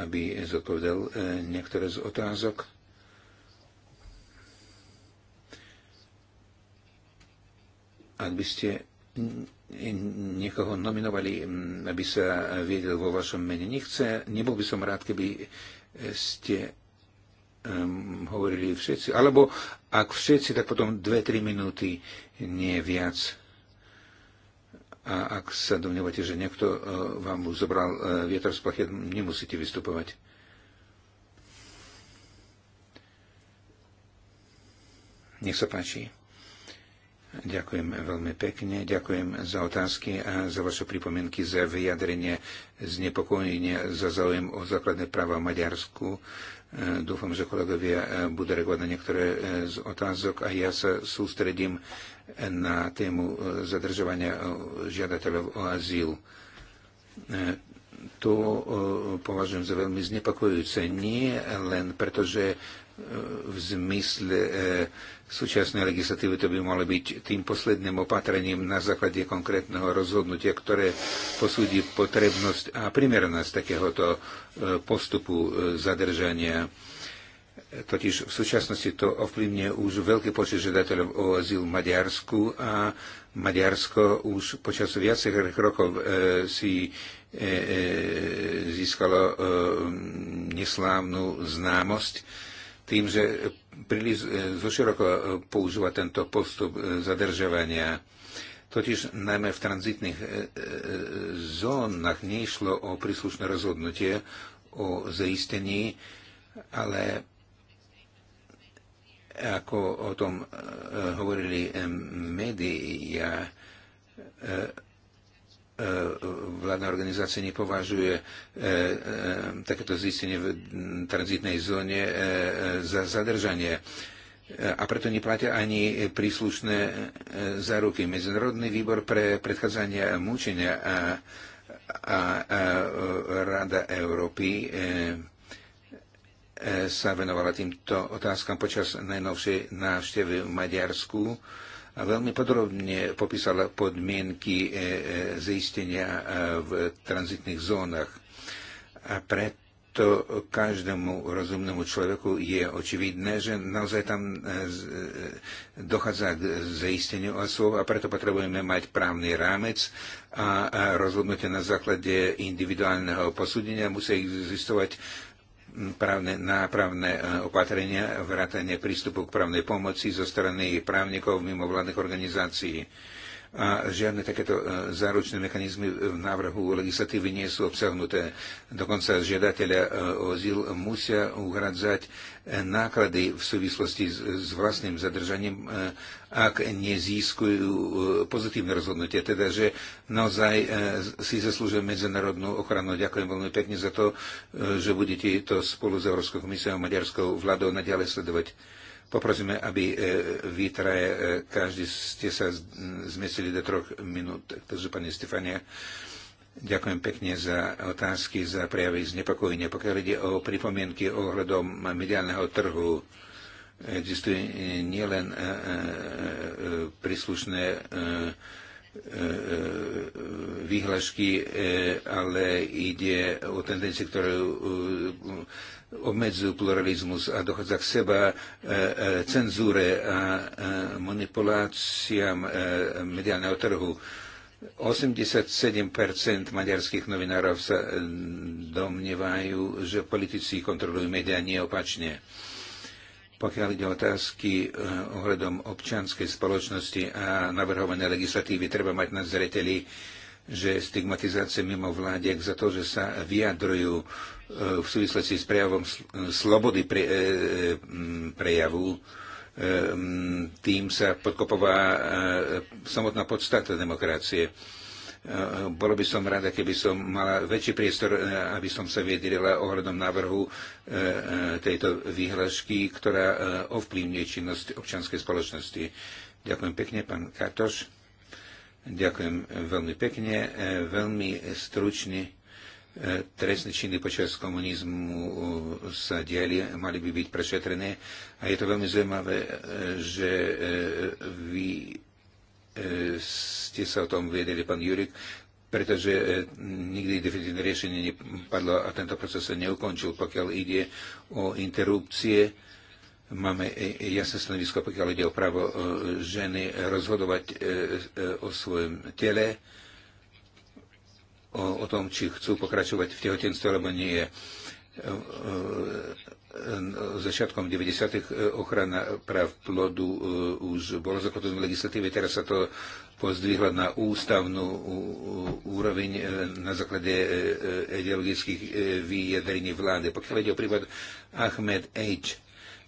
aby zodpovedal niektoré z otázok. Ak by ste niekoho nominovali, aby sa viedel vo vašom mene. Nechce, nebol by som rád, keby ste um, hovorili všetci. Alebo ak všetci, tak potom 2-3 minúty, nie viac. A ak sa domnievate, že niekto uh, vám už zobral uh, vietor z plachet, nemusíte vystupovať. Nech sa páči. Ďakujem veľmi pekne, ďakujem za otázky a za vaše pripomienky, za vyjadrenie znepokojenia, za záujem o základné práva v Maďarsku. E, dúfam, že kolegovia e, budú reagovať na niektoré e, z otázok a ja sa sústredím na tému zadržovania žiadateľov o azyl. To považujem za veľmi znepokojujúce. Nie len preto, že v zmysle súčasnej legislatívy. To by malo byť tým posledným opatrením na základe konkrétneho rozhodnutia, ktoré posúdi potrebnosť a primernosť takéhoto e, postupu e, zadržania. Totiž v súčasnosti to ovplyvňuje už veľký počet žiadateľov o azyl v Maďarsku a Maďarsko už počas viacerých rokov e, si e, e, získalo e, neslávnu známosť tým, že príliš e, zoširoko e, používa tento postup e, zadržovania. Totiž najmä v tranzitných zónach nešlo o príslušné rozhodnutie o zaistení, ale ako o tom hovorili médiá, E, vládna organizácia nepovažuje e, e, takéto zistenie v tranzitnej zóne za zadržanie a preto neplatia ani príslušné záruky. Medzinárodný výbor pre predchádzanie mučenia a, a, a Rada Európy sa venovala týmto otázkam počas najnovšej návštevy v Maďarsku a veľmi podrobne popísala podmienky e, e, zistenia e, v tranzitných zónach. A preto každému rozumnému človeku je očividné, že naozaj tam dochádza k zisteniu osôb a preto potrebujeme mať právny rámec a rozhodnutie na základe individuálneho posúdenia musí existovať právne nápravné e, opatrenia, vrátanie prístupu k právnej pomoci zo strany právnikov mimovládnych organizácií a žiadne takéto e, záručné mechanizmy v návrhu legislatívy nie sú obsahnuté. Dokonca žiadateľa e, o azyl musia uhradzať e, náklady v súvislosti s vlastným zadržaním, ak nezískujú pozitívne rozhodnutie. Teda, že naozaj si zaslúžia medzinárodnú ochranu. Ďakujem veľmi pekne za to, že budete to spolu s Európskou komisiou a maďarskou vládou naďalej sledovať. Poprosíme, aby e, vy traje, e, každý ste sa zmestili do troch minút. Takže, pani Stefania, ďakujem pekne za otázky, za prejavy znepokojenia. Pokiaľ ide o pripomienky ohľadom mediálneho trhu, existuje nielen e, príslušné vyhlášky, ale ide o tendencie, ktorú obmedzujú pluralizmus a dochádza k seba e, e, cenzúre a e, manipuláciám mediálneho trhu. 87% maďarských novinárov sa domnievajú, že politici kontrolujú médiá neopačne. Pokiaľ ide o otázky ohľadom občianskej spoločnosti a navrhované legislatívy, treba mať na zreteli, že mimo vládiek za to, že sa vyjadrujú v súvislosti s prejavom slobody pre, e, e, prejavu, e, tým sa podkopová samotná podstata demokracie. Bolo by som rada, keby som mala väčší priestor, aby som sa viedrila ohľadom návrhu tejto výhľašky, ktorá ovplyvňuje činnosť občianskej spoločnosti. Ďakujem pekne, pán Katoš. Ďakujem veľmi pekne, veľmi stručne E, trestné činy počas komunizmu e, sa diali, mali by byť prešetrené. A je to veľmi zaujímavé, e, že vy ste sa o tom vedeli, pán Jurik, pretože nikdy definitívne riešenie nepadlo a tento proces sa neukončil, pokiaľ ide o interrupcie. Máme jasné stanovisko, pokiaľ ide o právo ženy rozhodovať o svojom tele o, o tom, či chcú pokračovať v tehotenstve alebo nie. E, e, začiatkom 90. E, ochrana práv plodu už bola zakotvená v legislatíve, teraz sa to pozdvihla na ústavnú úroveň na základe ideologických vyjadrení vlády. Pokiaľ ide o prípad Ahmed H.,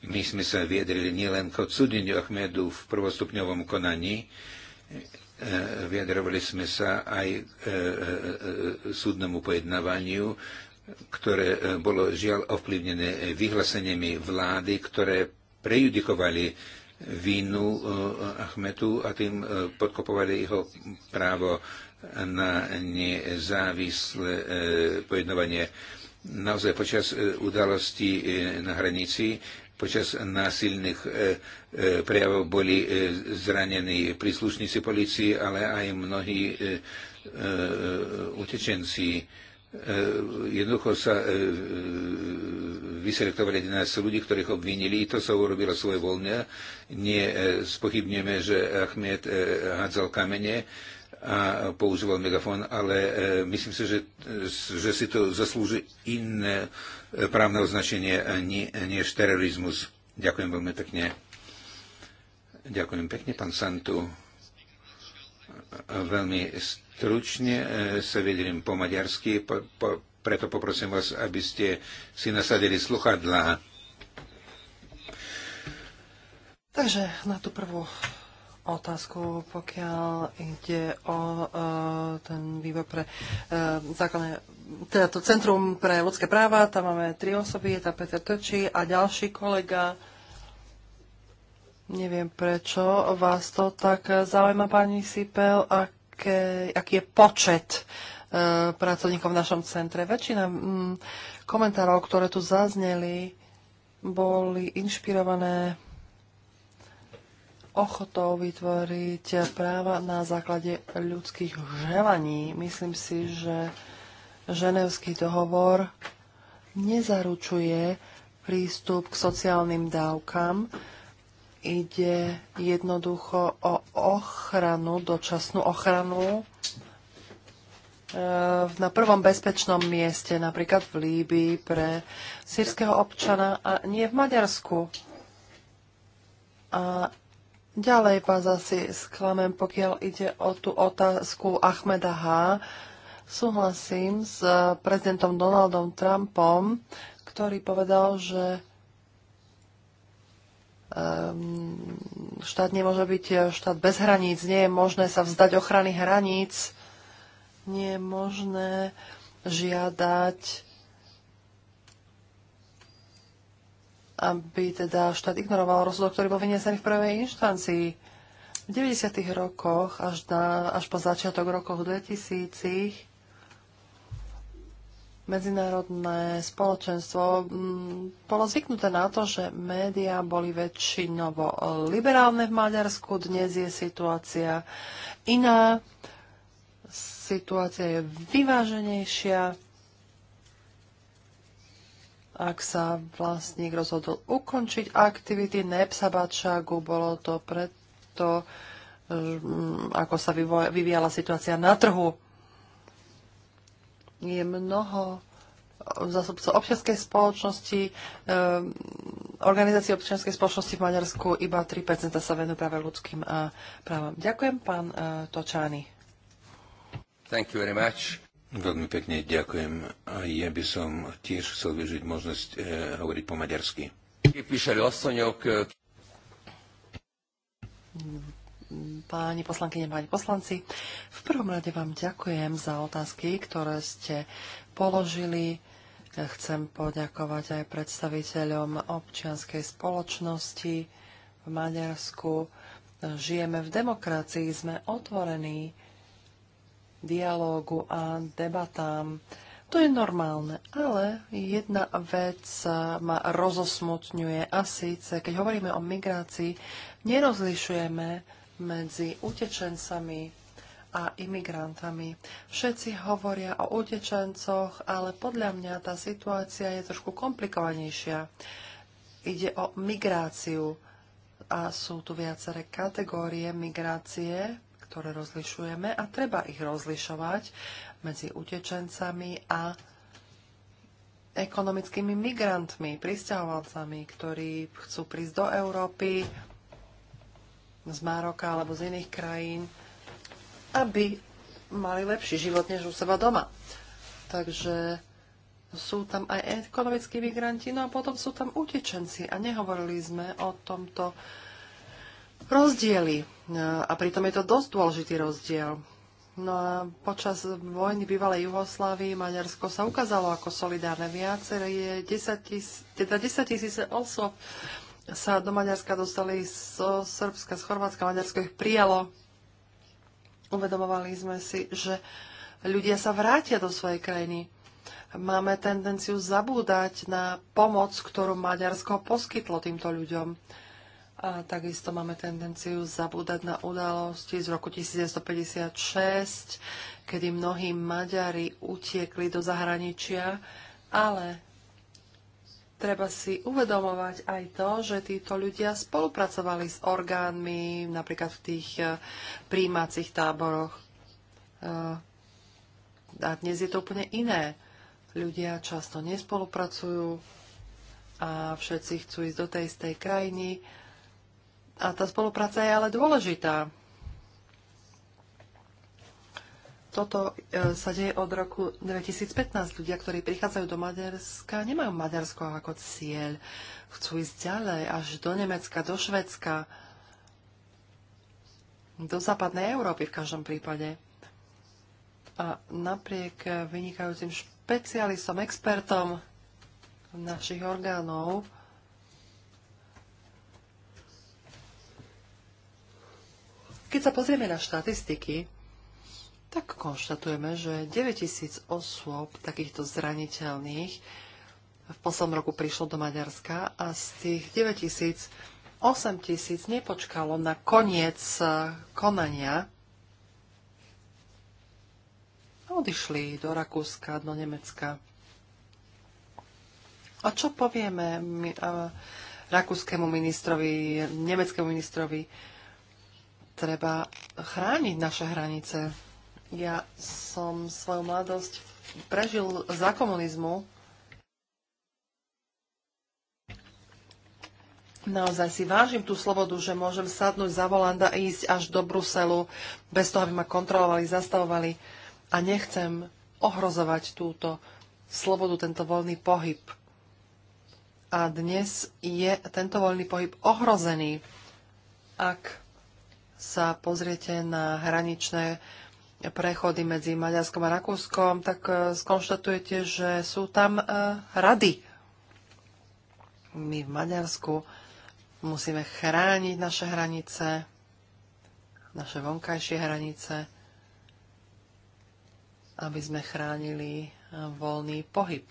my sme sa vyjadrili nielen k odsúdeniu Ahmedu v prvostupňovom konaní, E, vyjadrovali sme sa aj e, e, súdnemu pojednávaniu, ktoré bolo žiaľ ovplyvnené vyhláseniami vlády, ktoré prejudikovali vínu Achmetu a tým podkopovali jeho právo na nezávislé pojednovanie. Naozaj počas udalosti na hranici Počas násilných e, e, prejavov boli e, zranení príslušníci policie, ale aj mnohí utečenci. Jednoducho sa vyselektovali 11 ľudí, ktorých obvinili. To sa urobilo svoje voľne. Nie spochybneme, že Ahmed hádzal kamene a používal megafón, ale e, myslím si, že, e, že si to zaslúži iné e, právne označenie nie, než terorizmus. Ďakujem veľmi pekne. Ďakujem pekne, pán Santu. Veľmi stručne e, sa vedelím po maďarsky, po, po, preto poprosím vás, aby ste si nasadili sluchadla. Takže na tú prvú otázku, pokiaľ ide o uh, ten výbor pre uh, základné, teda to Centrum pre ľudské práva, tam máme tri osoby, je tam Peter Trčí a ďalší kolega. Neviem prečo vás to tak zaujíma, pani Sipel, aké, aký je počet uh, pracovníkov v našom centre. Väčšina mm, komentárov, ktoré tu zazneli, boli inšpirované ochotou vytvoriť práva na základe ľudských želaní. Myslím si, že ženevský dohovor nezaručuje prístup k sociálnym dávkam. Ide jednoducho o ochranu, dočasnú ochranu e, na prvom bezpečnom mieste, napríklad v Líbii pre sírskeho občana a nie v Maďarsku. A Ďalej vás asi sklamem, pokiaľ ide o tú otázku Ahmeda H. Súhlasím s eh, prezidentom Donaldom Trumpom, ktorý povedal, že ehm, štát nemôže byť eh, štát bez hraníc, nie je možné sa vzdať ochrany hraníc, nie je možné žiadať aby teda štát ignoroval rozsudok, ktorý bol vyniesený v prvej inštancii. V 90. rokoch až, na, až po začiatok rokov 2000 medzinárodné spoločenstvo mm, bolo zvyknuté na to, že médiá boli väčšinovo liberálne v Maďarsku. Dnes je situácia iná. Situácia je vyváženejšia ak sa vlastník rozhodol ukončiť aktivity Nepsa Bačagu, bolo to preto, mm, ako sa vyvíjala situácia na trhu. Je mnoho zástupcov občianskej spoločnosti, eh, organizácie občianskej spoločnosti v Maďarsku iba 3% sa venujú práve ľudským eh, právam. Ďakujem, pán eh, Točány. Thank you very much. Veľmi pekne ďakujem. A ja by som tiež chcel využiť možnosť e, hovoriť po maďarsky. E, páni poslankyne, páni poslanci, v prvom rade vám ďakujem za otázky, ktoré ste položili. Chcem poďakovať aj predstaviteľom občianskej spoločnosti v Maďarsku. Žijeme v demokracii, sme otvorení dialógu a debatám. To je normálne, ale jedna vec ma rozosmutňuje a síce, keď hovoríme o migrácii, nerozlišujeme medzi utečencami a imigrantami. Všetci hovoria o utečencoch, ale podľa mňa tá situácia je trošku komplikovanejšia. Ide o migráciu a sú tu viaceré kategórie migrácie ktoré rozlišujeme a treba ich rozlišovať medzi utečencami a ekonomickými migrantmi, pristahovalcami, ktorí chcú prísť do Európy z Maroka alebo z iných krajín, aby mali lepší život než u seba doma. Takže sú tam aj ekonomickí migranti, no a potom sú tam utečenci. A nehovorili sme o tomto uh, rozdiely. E, a pritom je to dosť dôležitý rozdiel. No a počas vojny bývalej Juhoslavy, Maďarsko sa ukázalo ako solidárne. Viaceré 10 tisíc, teda 10 tisíce osob sa do Maďarska dostali zo Srbska, z Chorvátska. Maďarsko ich prijalo. Uvedomovali sme si, že ľudia sa vrátia do svojej krajiny. Máme tendenciu zabúdať na pomoc, ktorú Maďarsko poskytlo týmto ľuďom. A takisto máme tendenciu zabúdať na udalosti z roku 1956, kedy mnohí Maďari utiekli do zahraničia, ale treba si uvedomovať aj to, že títo ľudia spolupracovali s orgánmi, napríklad v tých e, príjímacích táboroch. E, a dnes je to úplne iné. Ľudia často nespolupracujú a všetci chcú ísť do tej istej krajiny, a tá spolupráca je ale dôležitá. Toto e, sa deje od roku 2015. Ľudia, ktorí prichádzajú do Maďarska, nemajú Maďarsko ako cieľ. Chcú ísť ďalej, až do Nemecka, do Švedska, do západnej Európy v každom prípade. A napriek vynikajúcim špecialistom, expertom našich orgánov, Keď sa pozrieme na štatistiky, tak konštatujeme, že 9000 osôb takýchto zraniteľných v poslednom roku prišlo do Maďarska a z tých 9000 8000 nepočkalo na koniec eh, konania odišli do Rakúska, do Nemecka. A čo povieme mi, eh, rakúskému ministrovi, nemeckému ministrovi treba chrániť naše hranice. Ja som svoju mladosť prežil za komunizmu. Naozaj si vážim tú slobodu, že môžem sadnúť za volant a ísť až do Bruselu bez toho, aby ma kontrolovali, zastavovali. A nechcem ohrozovať túto slobodu, tento voľný pohyb. A dnes je tento voľný pohyb ohrozený, ak sa pozriete na hraničné prechody medzi Maďarskom a Rakúskom, tak e, skonštatujete, že sú tam e, rady. My v Maďarsku musíme chrániť naše hranice, naše vonkajšie hranice, aby sme chránili e, voľný pohyb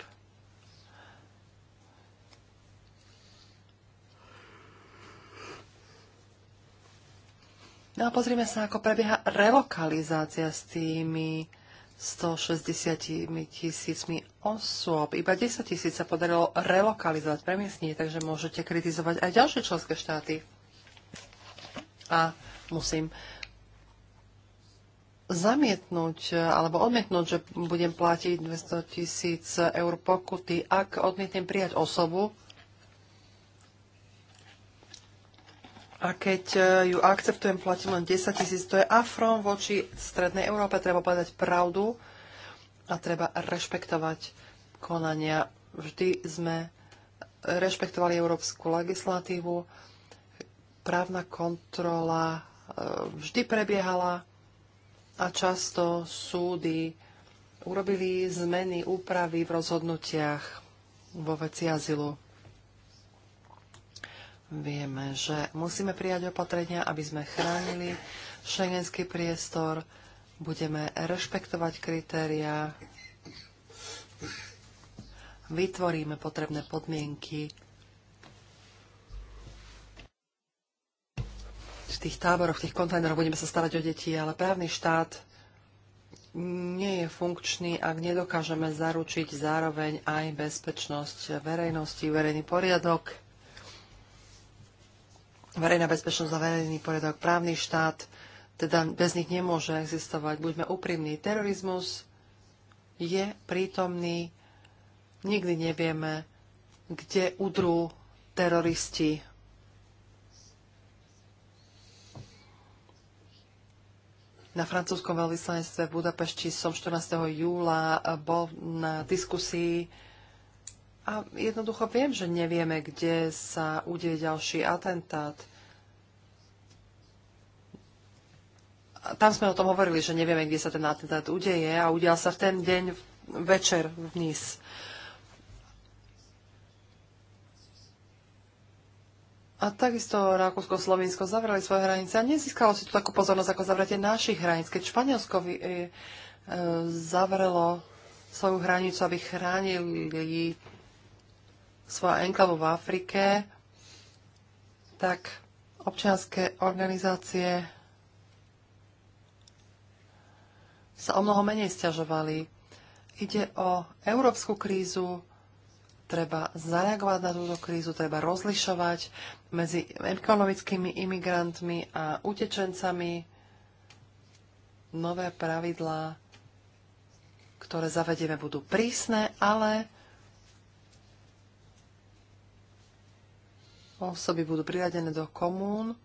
No a pozrime sa, ako prebieha relokalizácia s tými 160 tisícmi osôb. Iba 10 tisíc sa podarilo relokalizovať, premiestniť, takže môžete kritizovať aj ďalšie členské štáty. A musím zamietnúť alebo odmietnúť, že budem platiť 200 tisíc eur pokuty, ak odmietnem prijať osobu, A keď e, ju akceptujem, platím len 10 tisíc. To je afrom voči Strednej Európe. Treba povedať pravdu a treba rešpektovať konania. Vždy sme rešpektovali európsku legislatívu. Právna kontrola e, vždy prebiehala a často súdy urobili zmeny, úpravy v rozhodnutiach vo veci azylu. Vieme, že musíme prijať opatrenia, aby sme chránili šengenský priestor, budeme rešpektovať kritériá, vytvoríme potrebné podmienky v tých táboroch, v tých kontajneroch budeme sa starať o deti, ale právny štát nie je funkčný, ak nedokážeme zaručiť zároveň aj bezpečnosť verejnosti, verejný poriadok verejná bezpečnosť a verejný poriadok, právny štát, teda bez nich nemôže existovať. Buďme úprimní, terorizmus je prítomný, nikdy nevieme, kde udrú teroristi. Na francúzskom veľvyslanectve v Budapešti som 14. júla bol na diskusii a jednoducho viem, že nevieme, kde sa udeje ďalší atentát. A tam sme o tom hovorili, že nevieme, kde sa ten atentát udeje a udial sa v ten deň večer v Nice. A takisto Rakúsko, Slovinsko zavreli svoje hranice a nezískalo si tu takú pozornosť ako zavretie našich hraníc. Keď Španielsko vy, e, e, zavrelo svoju hranicu, aby chránili svoja enklavu v Afrike, tak občianské organizácie sa o mnoho menej stiažovali. Ide o európsku krízu, treba zareagovať na túto krízu, treba rozlišovať medzi ekonomickými imigrantmi a utečencami nové pravidlá, ktoré zavedieme, budú prísne, ale Osoby budú priradené do komún,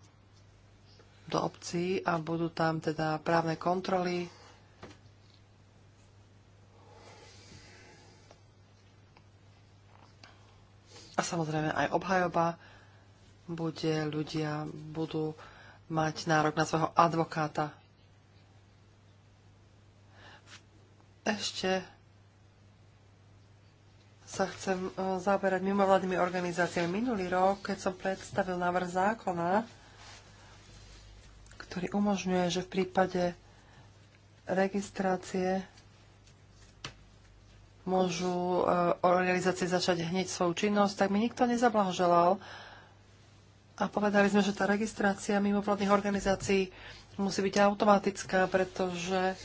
do obcí a budú tam teda právne kontroly. A samozrejme aj obhajoba bude, ľudia budú mať nárok na svojho advokáta. Ešte sa chcem e, zaoberať mimovládnymi organizáciami. Minulý rok, keď som predstavil návrh zákona, ktorý umožňuje, že v prípade registrácie môžu e, organizácie začať hneď svoju činnosť, tak mi nikto nezablahoželal. A povedali sme, že tá registrácia mimovládnych organizácií musí byť automatická, pretože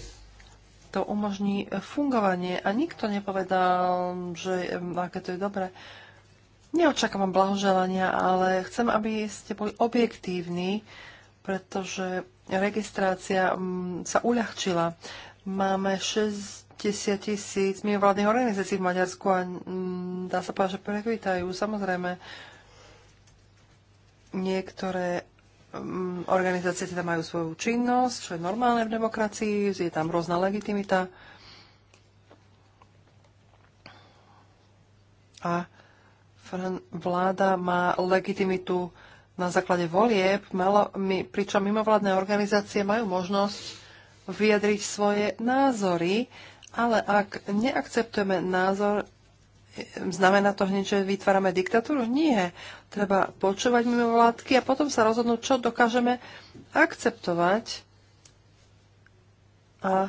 to umožní eh, fungovanie. A nikto nepovedal, že aké to je dobré. Neočakávam blahoželania, ale chcem, aby ste boli objektívni, pretože registrácia mm, sa uľahčila. Máme 60 tisíc mimovládnych organizácií v Maďarsku a mm, dá sa povedať, že prekvitajú. Samozrejme, niektoré Mm, organizácie teda majú svoju činnosť, čo je normálne v demokracii, je tam rôzna legitimita. A vláda má legitimitu na základe volieb, pričom mimovládne organizácie majú možnosť vyjadriť svoje názory, ale ak neakceptujeme názor znamená to hneď, že vytvárame diktatúru? Nie. Treba počúvať mimo vládky a potom sa rozhodnúť, čo dokážeme akceptovať. A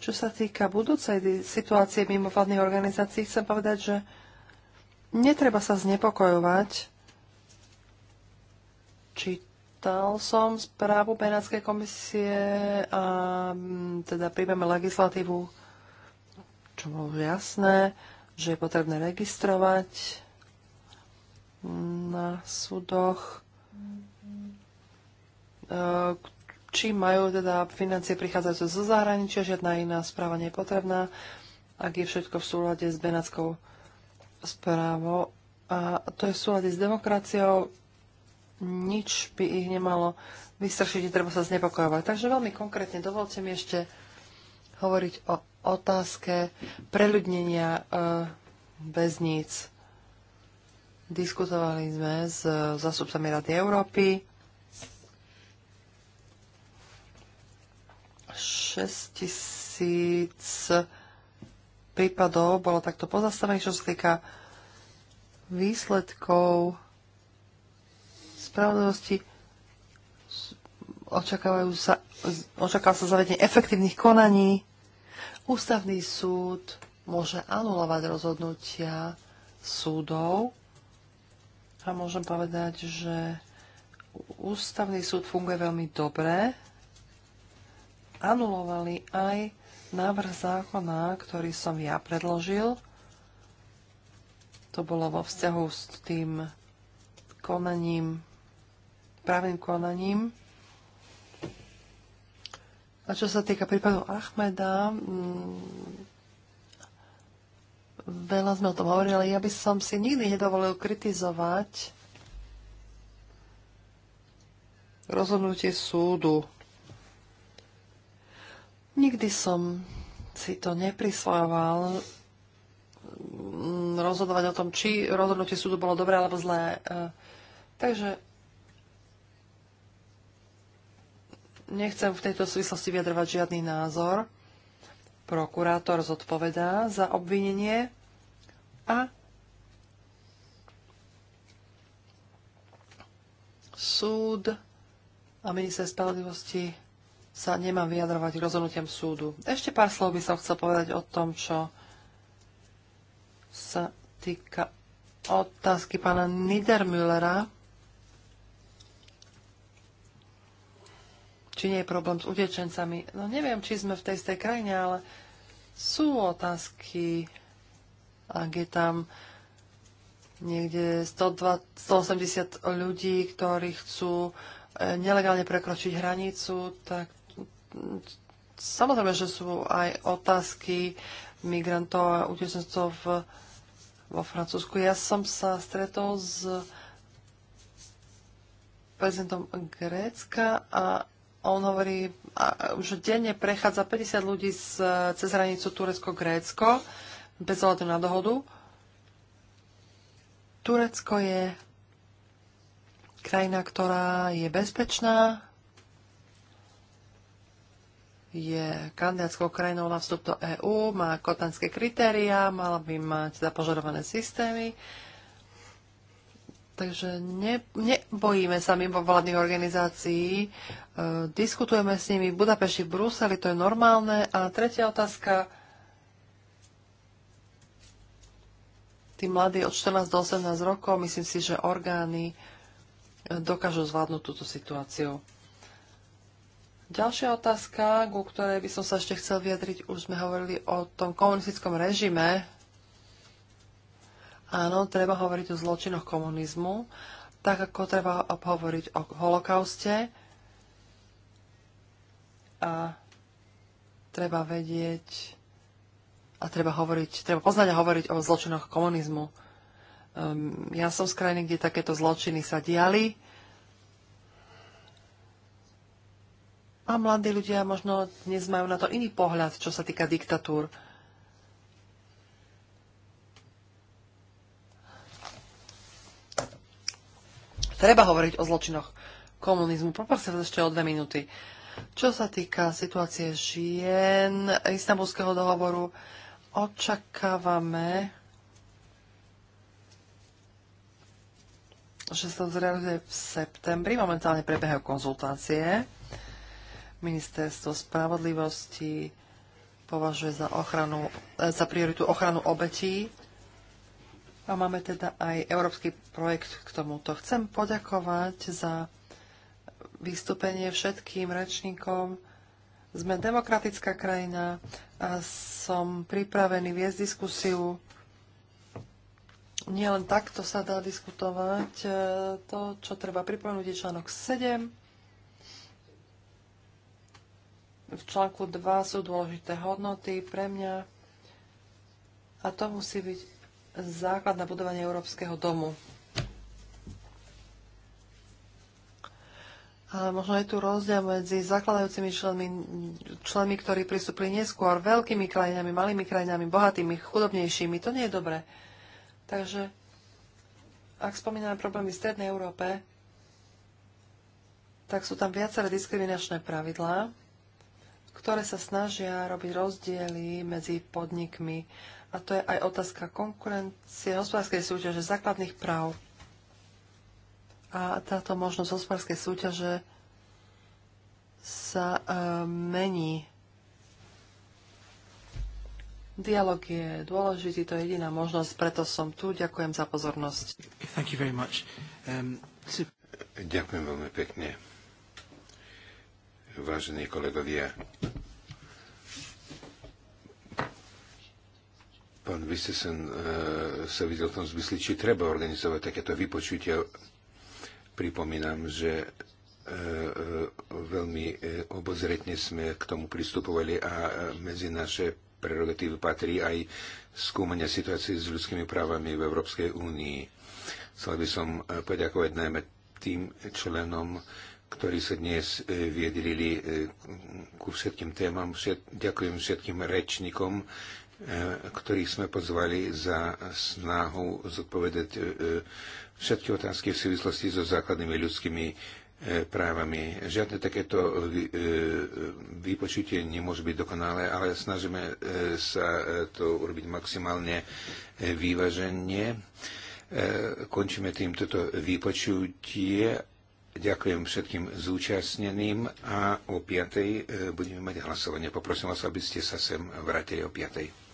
čo sa týka budúcej situácie mimovládnych organizácií, chcem povedať, že netreba sa znepokojovať. Čítal som správu Benátskej komisie a mm, teda príjmeme legislatívu čo bolo jasné, že je potrebné registrovať na súdoch, eh, či majú teda financie prichádzajúce zo zahraničia, žiadna iná správa nie je potrebná, ak je všetko v súlade s Benackou správou. A to je v súlade s demokraciou, nič by ich nemalo vystrašiť, treba sa znepokojovať. Takže veľmi konkrétne dovolte mi ešte hovoriť o otázke preľudnenia väzníc. E, Diskutovali sme s zastupcami Rady Európy. 6 prípadov bolo takto pozastavených, čo sa týka výsledkov spravodlivosti očakávajú sa, očakáva sa zavedenie efektívnych konaní Ústavný súd môže anulovať rozhodnutia súdov a môžem povedať, že ústavný súd funguje veľmi dobre. Anulovali aj návrh zákona, ktorý som ja predložil. To bolo vo vzťahu s tým konaním, právnym konaním. A čo sa týka prípadu Achmeda, mm, veľa sme o tom hovorili, ja by som si nikdy nedovolil kritizovať rozhodnutie súdu. Nikdy som si to neprislával mm, rozhodovať o tom, či rozhodnutie súdu bolo dobré alebo zlé. E, takže nechcem v tejto súvislosti vyjadrovať žiadny názor. Prokurátor zodpovedá za obvinenie a súd a minister spravodlivosti sa nemá vyjadrovať k rozhodnutiam súdu. Ešte pár slov by som chcel povedať o tom, čo sa týka otázky pána Niedermüllera. či nie je problém s utečencami. No neviem, či sme v tej istej krajine, ale sú otázky, ak je tam niekde 180 ľudí, ktorí chcú e, nelegálne prekročiť hranicu, tak samozrejme, že sú aj otázky migrantov a utečencov vo Francúzsku. Ja som sa stretol s prezidentom Grécka a on hovorí, že denne prechádza 50 ľudí z, cez hranicu Turecko-Grécko bez ohľadu na dohodu. Turecko je krajina, ktorá je bezpečná, je kandidátskou krajinou na vstup do EÚ, má kotanské kritériá, mala by mať zapožadované systémy Takže ne, nebojíme sa mimo vládnych organizácií, e, diskutujeme s nimi v Budapešti, v Bruseli, to je normálne. A tretia otázka. Tí mladí od 14 do 18 rokov, myslím si, že orgány e, dokážu zvládnuť túto situáciu. Ďalšia otázka, ku ktorej by som sa ešte chcel vyjadriť, už sme hovorili o tom komunistickom režime, Áno, treba hovoriť o zločinoch komunizmu, tak ako treba hovoriť o holokauste. A treba vedieť a treba hovoriť, treba poznať a hovoriť o zločinoch komunizmu. Um, ja som z krajiny, kde takéto zločiny sa diali. A mladí ľudia možno dnes majú na to iný pohľad, čo sa týka diktatúr. Treba hovoriť o zločinoch komunizmu. Poprosím vás ešte o dve minúty. Čo sa týka situácie žien, istambulského dohovoru, očakávame, že sa to zrealizuje v septembri. Momentálne prebiehajú konzultácie. Ministerstvo spravodlivosti považuje za, ochranu, za prioritu ochranu obetí a máme teda aj európsky projekt k tomuto. Chcem poďakovať za vystúpenie všetkým rečníkom. Sme demokratická krajina a som pripravený viesť diskusiu. Nie len takto sa dá diskutovať. E, to, čo treba pripomenúť, je článok 7. V článku 2 sú dôležité hodnoty pre mňa a to musí byť základ na budovanie Európskeho domu. Ale možno je tu rozdiel medzi zakladajúcimi členmi, členmi, ktorí pristúpili neskôr, veľkými krajinami, malými krajinami, bohatými, chudobnejšími. To nie je dobré. Takže ak spomíname problémy v Strednej Európe, tak sú tam viaceré diskriminačné pravidlá, ktoré sa snažia robiť rozdiely medzi podnikmi a to je aj otázka konkurencie, hospodárskej súťaže, základných práv. A táto možnosť hospodárskej súťaže sa uh, mení. Dialóg je dôležitý, to je jediná možnosť, preto som tu. Ďakujem za pozornosť. Thank you very much. Um, to... Ďakujem veľmi pekne. Vážení kolegovia, Pán Vistesen e, sa videl v tom zmysli, či treba organizovať takéto vypočutie. Pripomínam, že e, e, veľmi e, obozretne sme k tomu pristupovali a e, medzi naše prerogatívy patrí aj skúmania situácie s ľudskými právami v Európskej únii. Chcel by som e, poďakovať najmä tým členom, ktorí sa dnes viedrili ku všetkým témam. Všet, ďakujem všetkým rečníkom, Eh, ktorých sme pozvali za snahu zodpovedať eh, všetky otázky v súvislosti so základnými ľudskými eh, právami. Žiadne takéto vypočutie nemôže byť dokonalé, ale snažíme sa to urobiť maximálne vyváženie. Končíme tým toto vypočutie. Ďakujem všetkým zúčastneným a o 5. budeme mať hlasovanie. Poprosím vás, aby ste sa sem vrátili o 5.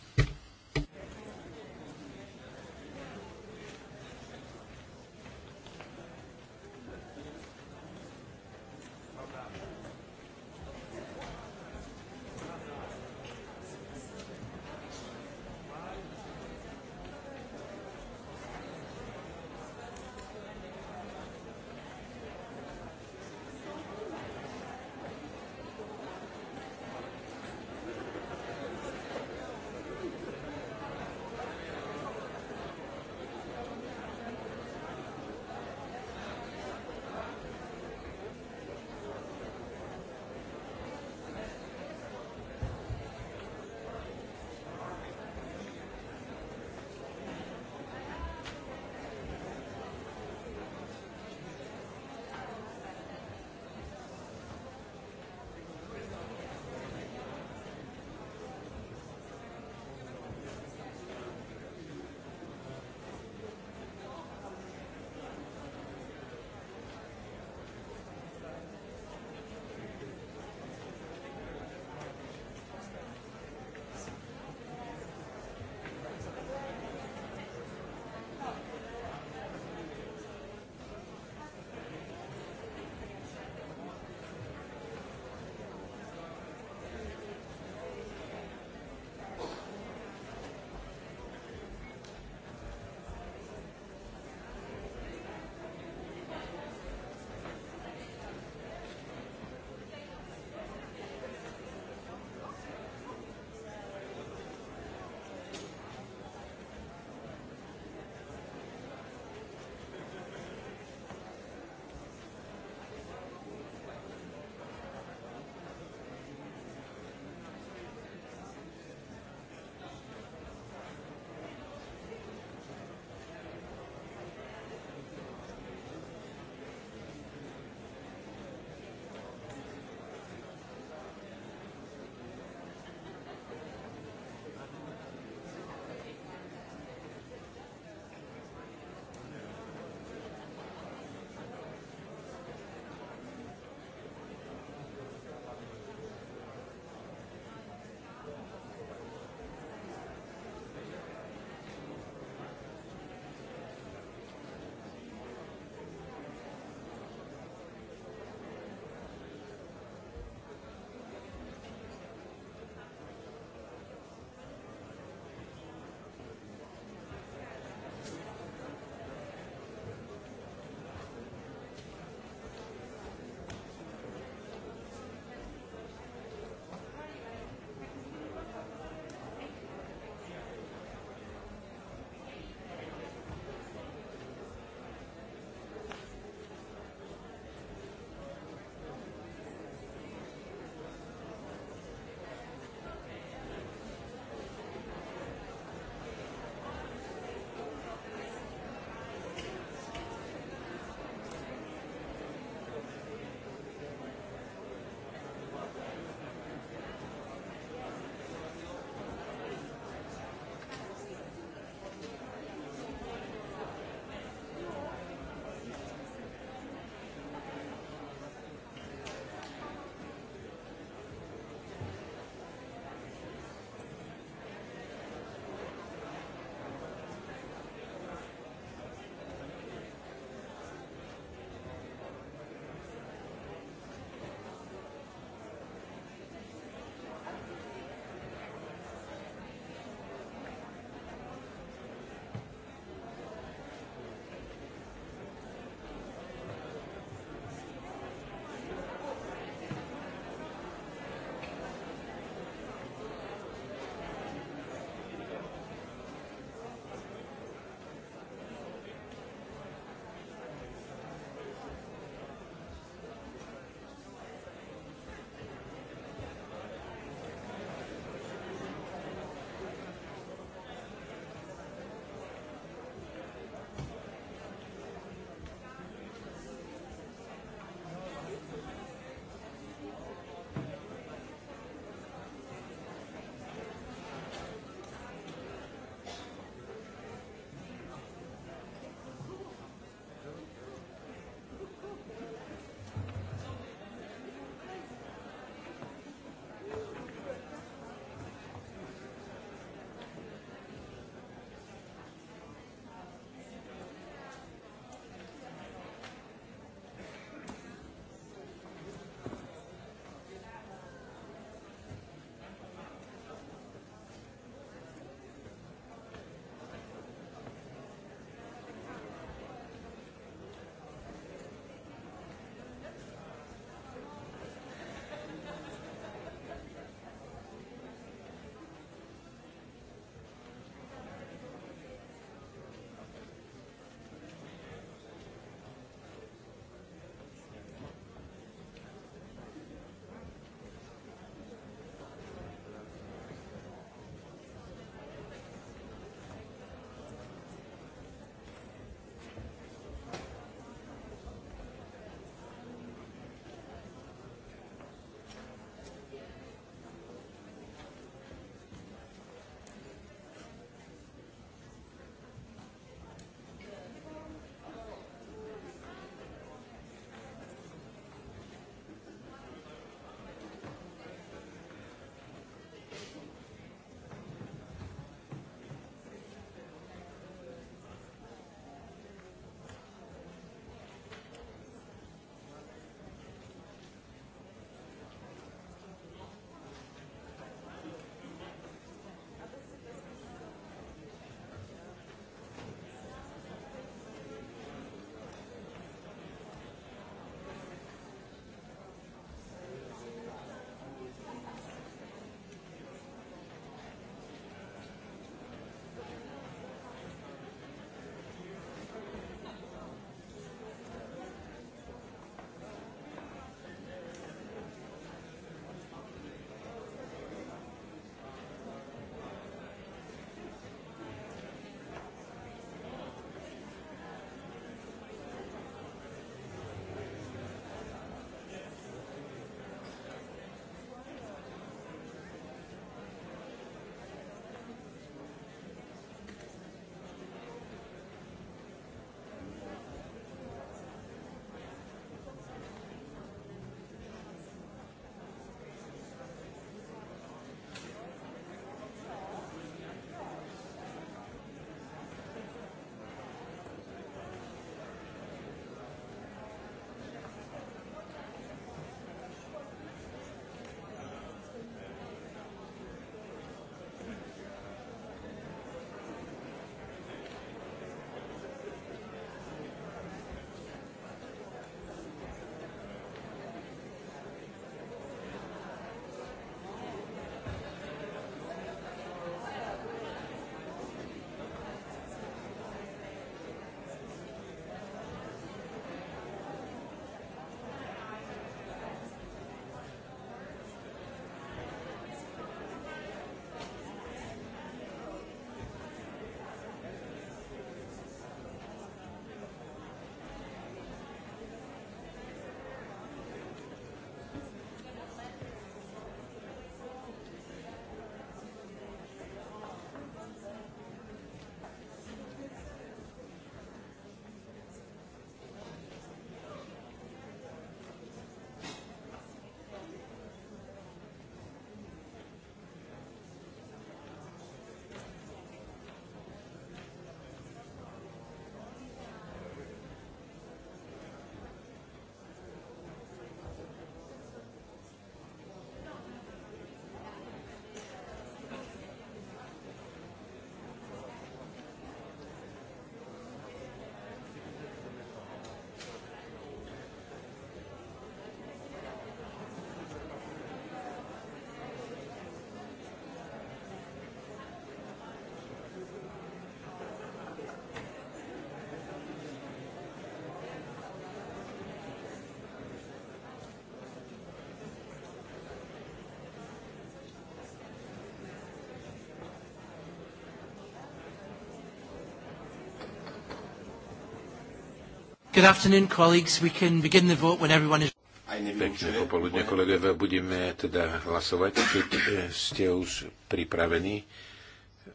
Good afternoon, colleagues. We can begin the vote when everyone is... Pekne popoludne, kolegovia. Budeme teda hlasovať, keď eh, ste už pripravení.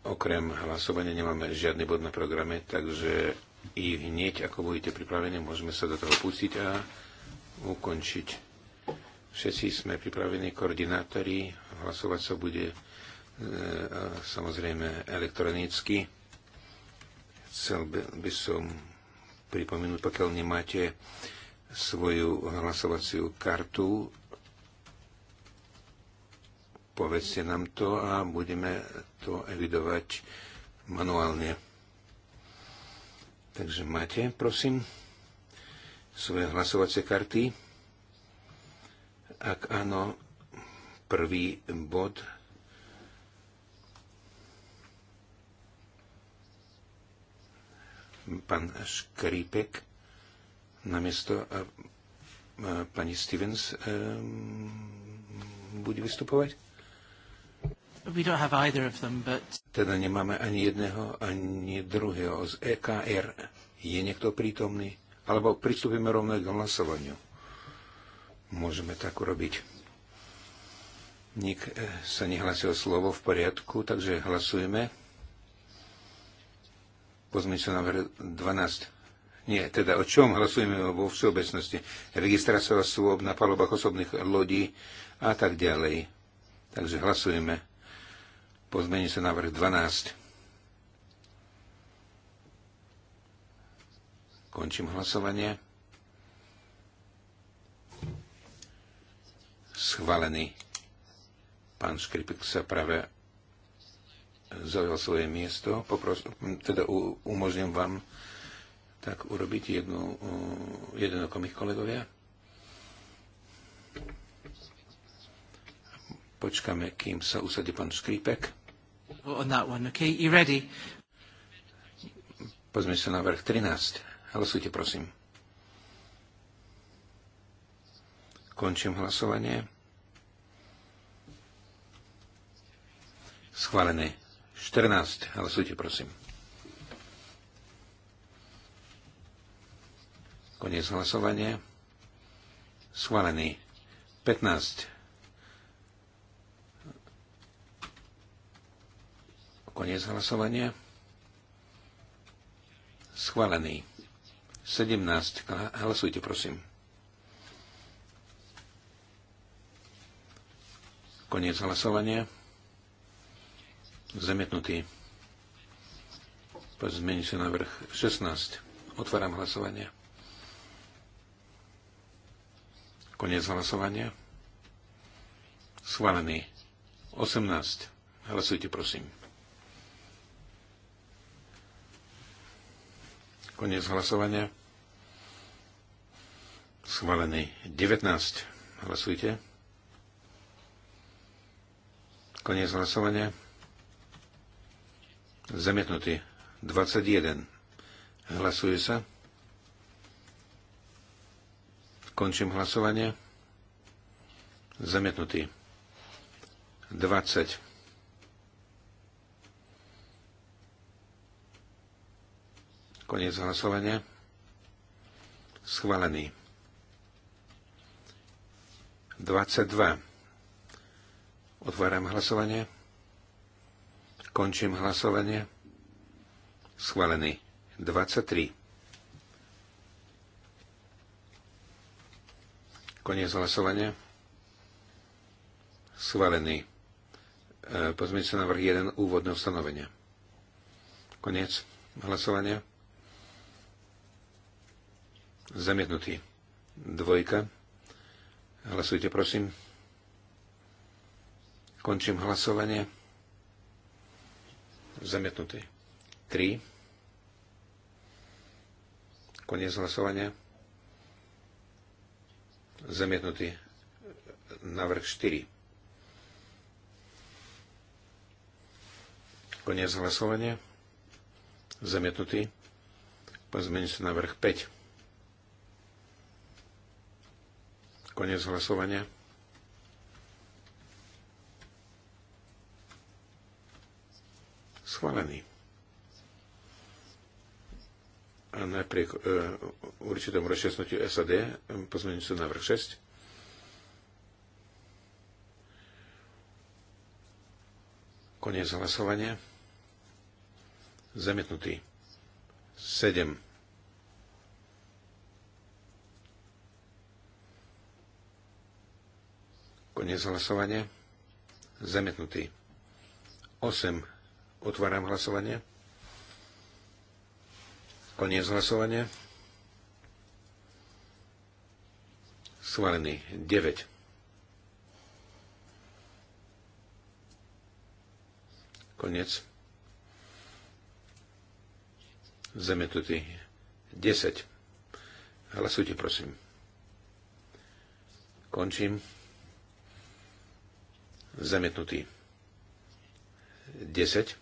Okrem hlasovania nemáme žiadny bod na programe, takže i hneď, ako budete pripravení, môžeme sa do toho pustiť a ukončiť. Všetci sme pripravení, koordinátori. Hlasovať sa bude eh, samozrejme elektronicky. Chcel by, by som pripomenúť, pokiaľ nemáte svoju hlasovaciu kartu, povedzte nám to a budeme to evidovať manuálne. Takže máte, prosím, svoje hlasovacie karty. Ak áno, prvý bod pán Škripek namiesto pani Stevens bude vystupovať? We don't have either of them, but... Teda nemáme ani jedného, ani druhého z EKR. Je niekto prítomný? Alebo pristúpime rovno k hlasovaniu. Môžeme tak urobiť. Nik eh, sa nehlásil slovo v poriadku, takže hlasujeme sa na 12. Nie, teda o čom hlasujeme vo všeobecnosti? Registrácia osôb na palobách osobných lodí a tak ďalej. Takže hlasujeme. sa na 12. Končím hlasovanie. Schválený. Pán Škripik sa práve zaujal svoje miesto. Popros, teda umožním vám tak urobiť jednu, jeden ako mých kolegovia. Počkáme, kým sa usadí pán Škrípek. On that one, okay? You ready? Pozme sa na vrch 13. Hlasujte, prosím. Končím hlasovanie. Schválené. 14. Hlasujte, prosím. Koniec hlasovania. Schválený. 15. Koniec hlasovania. Schválený. 17. Hlasujte, prosím. Koniec hlasovania. Zamietnutý. zmeniť sa na vrch 16. Otváram hlasovanie. Koniec hlasovania. Schválený. 18. Hlasujte, prosím. Koniec hlasovania. Schválený. 19. Hlasujte. Koniec hlasovania. Zamietnutý. 21. Hlasuje sa. Končím hlasovanie. Zamietnutý. 20. Koniec hlasovania. Schválený. 22. Otváram hlasovanie. Končím hlasovanie. Schválený. 23. Koniec hlasovania. Schválený. E, Pozmeň sa návrh 1 úvodné ustanovenie. Koniec hlasovania. Zamietnutý. Dvojka. Hlasujte, prosím. Končím hlasovanie. Zamietnutý. 3. Koniec hlasovania. Zamietnutý. Návrh 4. Koniec hlasovania. Zamietnutý. sa návrh 5. Koniec hlasovania. schválený. A napriek e, určitému rozčasnutiu SAD pozmením sa návrh 6. Koniec hlasovania. Zamietnutý. 7. Koniec hlasovania. Zamietnutý. 8. Otváram hlasovanie. Koniec hlasovania. Schválený 9. Koniec. Zemetutý 10. Hlasujte, prosím. Končím. Zametnutý 10.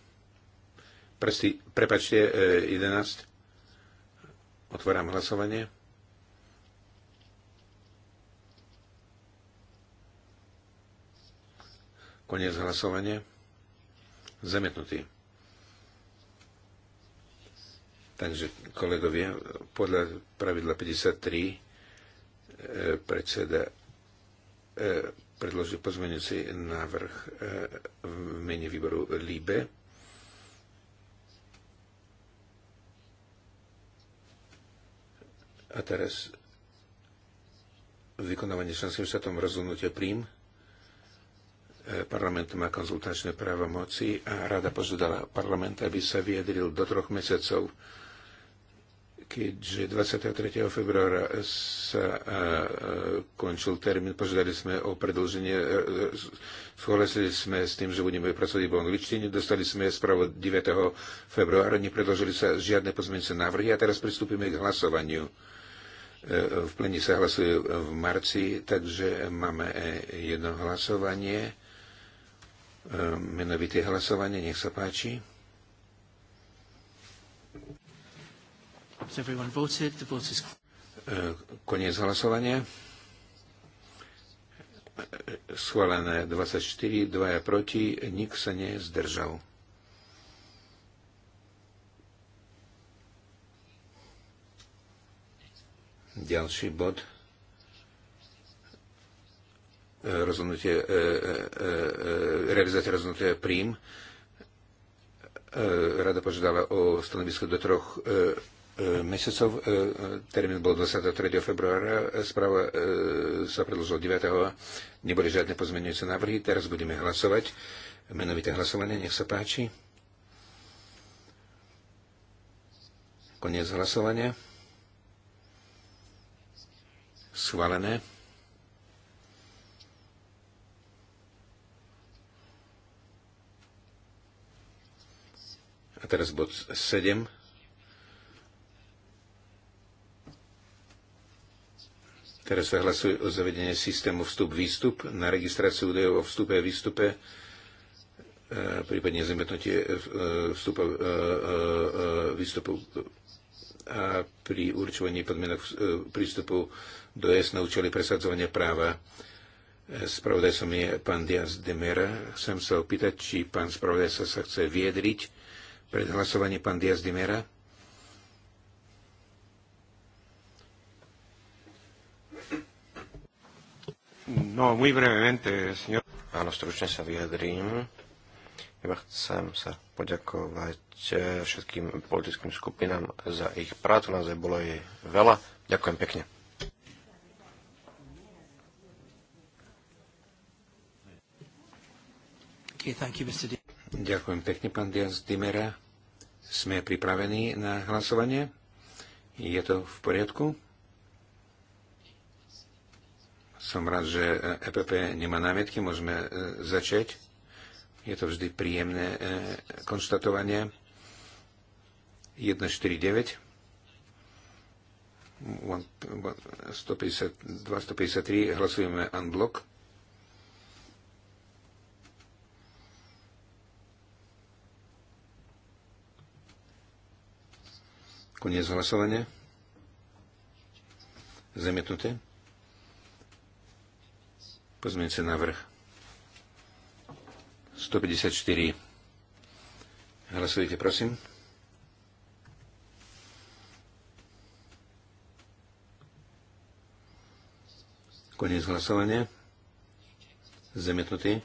Prsty, prepačte, 11. E, Otváram hlasovanie. Koniec hlasovania. Zamietnutý. Takže, kolegovia, podľa pravidla 53 e, predseda e, predložil pozmeňujúci návrh v mene výboru LIBE A teraz vykonávanie členským štátom rozhodnutia príjm. E, parlament má konzultačné moci a rada požiadala parlament, aby sa vyjadril do troch mesiacov, keďže 23. februára sa e, e, končil termín, požiadali sme o predlženie, súhlasili sme s tým, že budeme pracovať v angličtine, dostali sme správu 9. februára, nepredložili sa žiadne pozmeňujúce návrhy a teraz pristúpime k hlasovaniu. E, v plení sa hlasuje v marci, takže máme e, jedno hlasovanie, e, menovité hlasovanie, nech sa páči. Koniec hlasovania. Schválené 24, dvaja proti, nik sa nezdržal. Ďalší bod e, rozhodnutie, e, e, realizácia rozhodnutia príjm. Rada požiadala o stanovisko do troch mesiacov. Termín bol 23. februára. Správa sa predložila 9. Neboli žiadne pozmeňujúce návrhy. Teraz budeme hlasovať. Menovité hlasovanie, nech sa páči. Koniec hlasovania. Schválené. A teraz bod 7. Teraz sa hlasuje o zavedenie systému vstup-výstup na registráciu údajov o vstupe a výstupe, e, prípadne zamietnutie e, vstupov, e, výstupov a pri určovaní podmienok e, prístupu do ES na účely presadzovania práva. E, som je pán Diaz de Mera. Chcem sa opýtať, či pán spravodajca sa chce viedriť pred hlasovanie pán Diaz de Mera. No, muy brevemente, señor. Áno, stručne sa vyjadrím. Iba chcem sa poďakovať eh, všetkým politickým skupinám za ich prácu. Naozaj bolo jej veľa. Ďakujem pekne. Ďakujem pekne, pán Dias Dimera. Sme pripravení na hlasovanie? Je to v poriadku? Som rád, že EPP eh, e nemá námietky. Môžeme eh, začať. Je to vždy príjemné e, konštatovanie. 149. Hlasujeme unblock. Koniec hlasovania. Zamietnuté. Pozmeňte návrh 154. Hlasujte, prosím. Koniec hlasovania. Zamietnutý.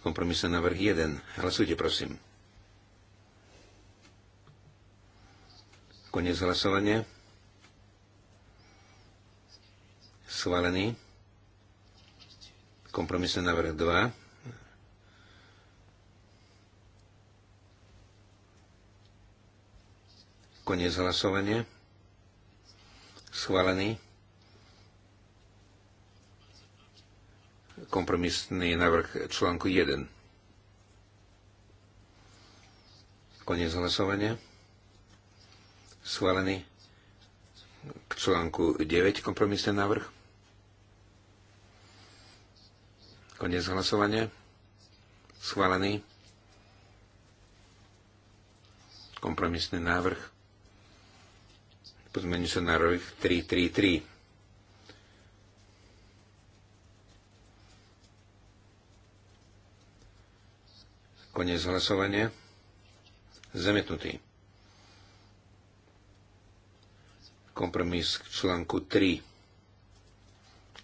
Kompromisný návrh 1. Hlasujte, prosím. Koniec hlasovania. Schválený. Kompromisný návrh 2. Koniec hlasovania. Schválený. Kompromisný návrh článku 1. Koniec hlasovania. Schválený k článku 9 kompromisný návrh. Koniec hlasovania. Schválený kompromisný návrh Pozmeniu sa na rok 333. Konec hlasovania. Zamietnutý. Kompromis k článku 3.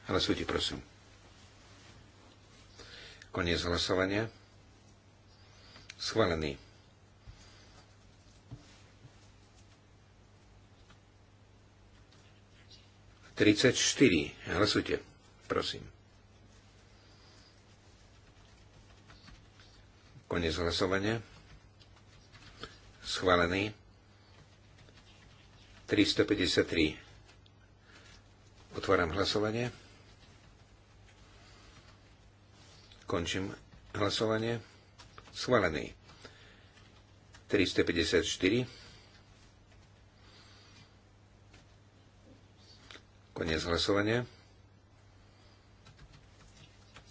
Hlasujte, prosím. Konec hlasovania. Schválený. 34. Hlasujte, prosím. Konec hlasovania. Schválený. 353. Otváram hlasovanie. Končím hlasovanie. Schválený. 354. Koniec hlasovania.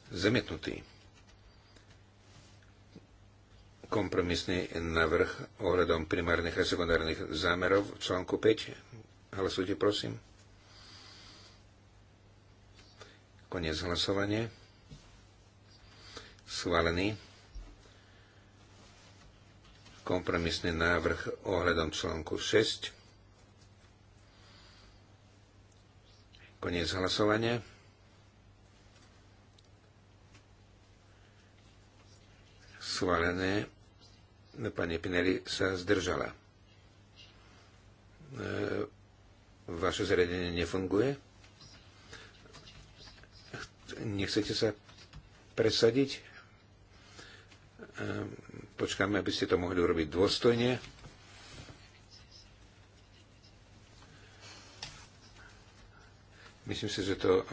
Zamietnutý. Kompromisný návrh ohľadom primárnych a sekundárnych zámerov v článku 5. Hlasujte, prosím. Koniec hlasovania. Schválený kompromisný návrh ohľadom článku 6. Koniec hlasovania. Schválené. Pani Pinelli sa zdržala. E, vaše zariadenie nefunguje? Nechcete sa presadiť? E, počkáme, aby ste to mohli urobiť dôstojne. Myslím si, že to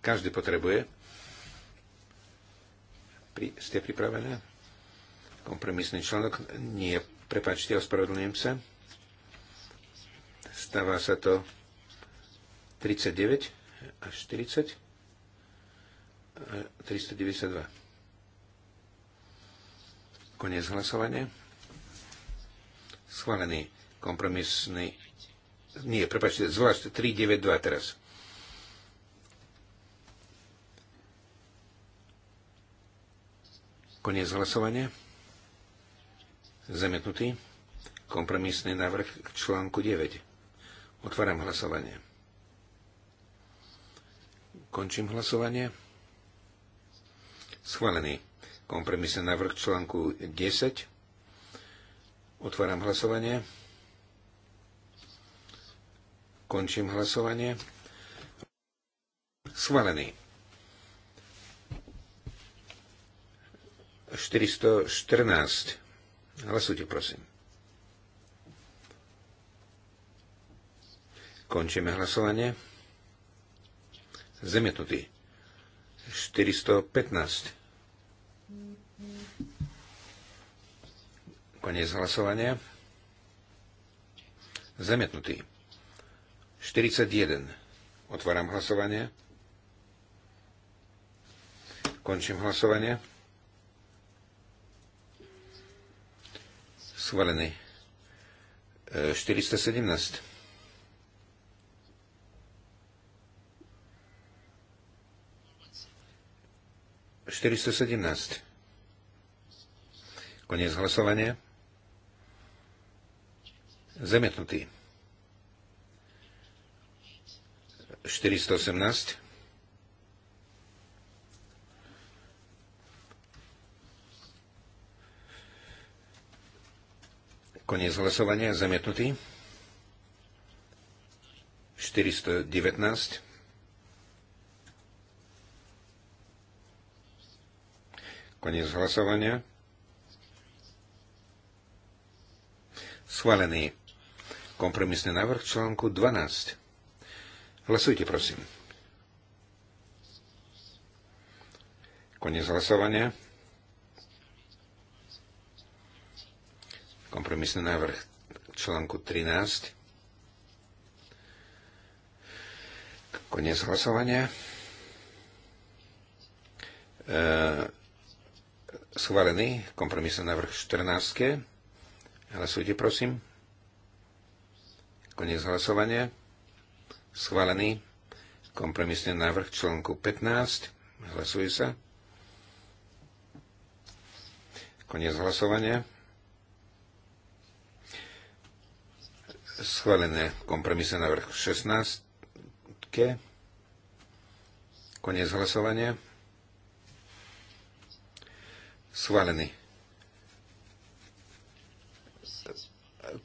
každý potrebuje. Pri, ste pripravené? Kompromisný článok? Nie. Prepačte, ospravedlňujem sa. Stáva sa to 39 až 40 392. Konec hlasovania. Schválený kompromisný... Nie, prepačte, zvlášť 392 teraz. Koniec hlasovania. Zamietnutý. Kompromisný návrh k článku 9. Otváram hlasovanie. Končím hlasovanie. Schválený. Kompromisný návrh článku 10. Otváram hlasovanie. Končím hlasovanie. Schválený 414. Hlasujte, prosím. Končíme hlasovanie. Zamietnutý. 415. Koniec hlasovania. Zamietnutý. 41. Otváram hlasovanie. Končím hlasovanie. schválený. 417. E, Štyristo sedemnáct. Koniec hlasovania. Zamietnutý. 418. Koniec hlasovania. Zamietnutý. 419. Koniec hlasovania. Schválený kompromisný návrh článku 12. Hlasujte, prosím. Koniec hlasovania. kompromisný návrh článku 13. Koniec hlasovania. E, schválený kompromisný návrh 14. Hlasujte, prosím. Koniec hlasovania. Schválený kompromisný návrh článku 15. Hlasuje sa. Koniec hlasovania Schválené kompromise na vrch 16. -ke. Konec hlasovania. Schválený.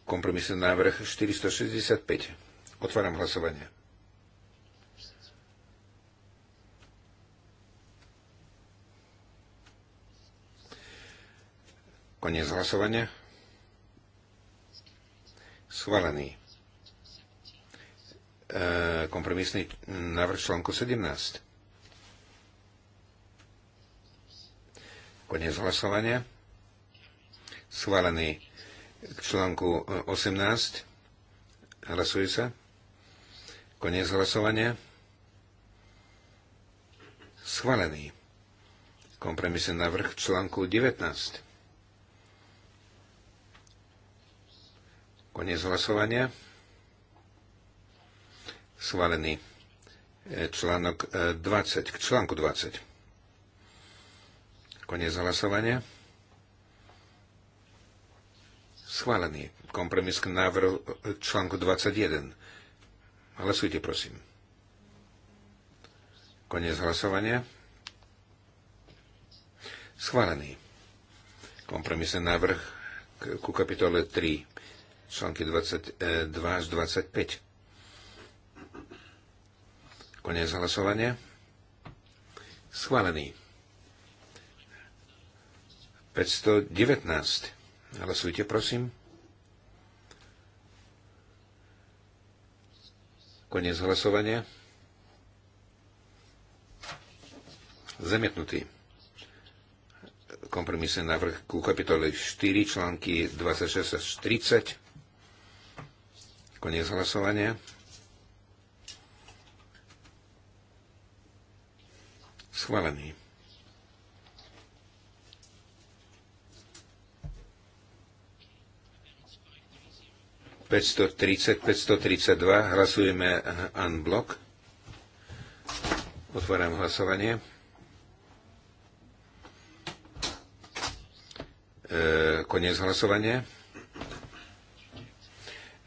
Kompromisný návrh 465. Otváram hlasovanie. Konec hlasovania. Schválený. E, kompromisný návrh článku 17. Konec hlasovania. Schválený k článku 18. E, Hlasuje sa. Konec hlasovania. Schválený. Kompromisný návrh článku 19. Koniec hlasovania. Schválený e, článok 20, e, k článku 20. Koniec hlasovania. Schválený kompromis k návrhu e, článku 21. Hlasujte, prosím. Koniec hlasovania. Schválený kompromisný návrh ku kapitole 3 články 22 e, až 25. Konec hlasovania. Schválený. 519. Hlasujte, prosím. Konec hlasovania. Zamietnutý. Kompromisný návrh ku kapitole 4, články 26 až 30. Koniec hlasovania. Schválený. Päťsto tridsať, päťsto tridsaťdva. Hlasujeme unblock. Otváram hlasovanie. E, koniec hlasovania.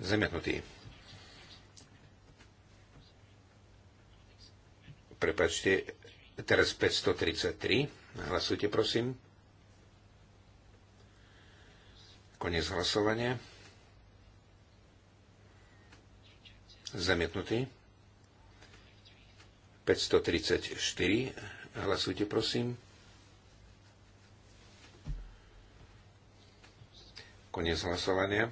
Zamietnutý. Prepačte, teraz 533. Hlasujte, prosím. Konec hlasovania. Zamietnutý. 534. Hlasujte, prosím. Konec hlasovania.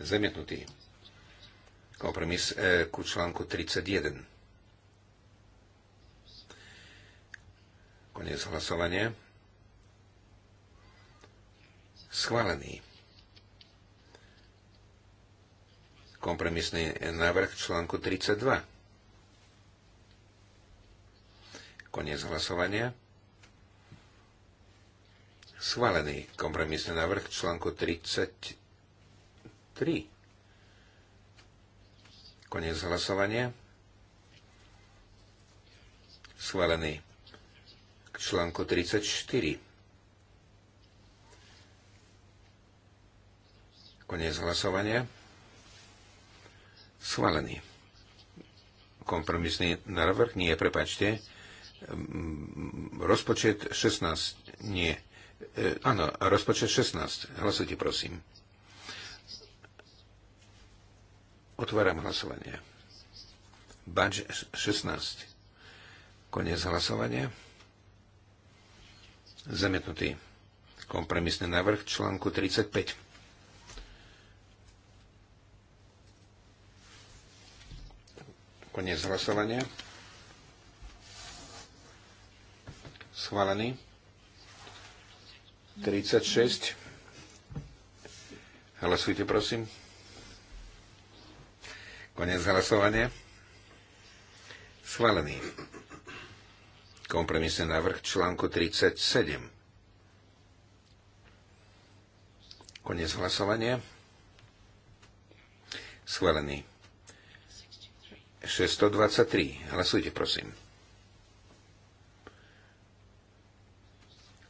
Zamietnutý. Kompromis e, ku článku 31. Konec hlasovania. Schválený. Kompromisný návrh článku 32. Konec hlasovania. Schválený kompromisný návrh článku 33. 3. Konec hlasovania. Schválený. K článku 34. Konec hlasovania. Schválený. Kompromisný návrh? Nie, prepačte. Mm, rozpočet 16. Nie. E, áno, rozpočet 16. Hlasujte, prosím. Otváram hlasovanie. Bač 16. Konec hlasovania. Zamietnutý. Kompromisný návrh článku 35. Konec hlasovania. Schválený. 36. Hlasujte, prosím. Konec hlasovania. Schválený. Kompromisný návrh článku 37. Konec hlasovania. Schválený. 623. Hlasujte, prosím.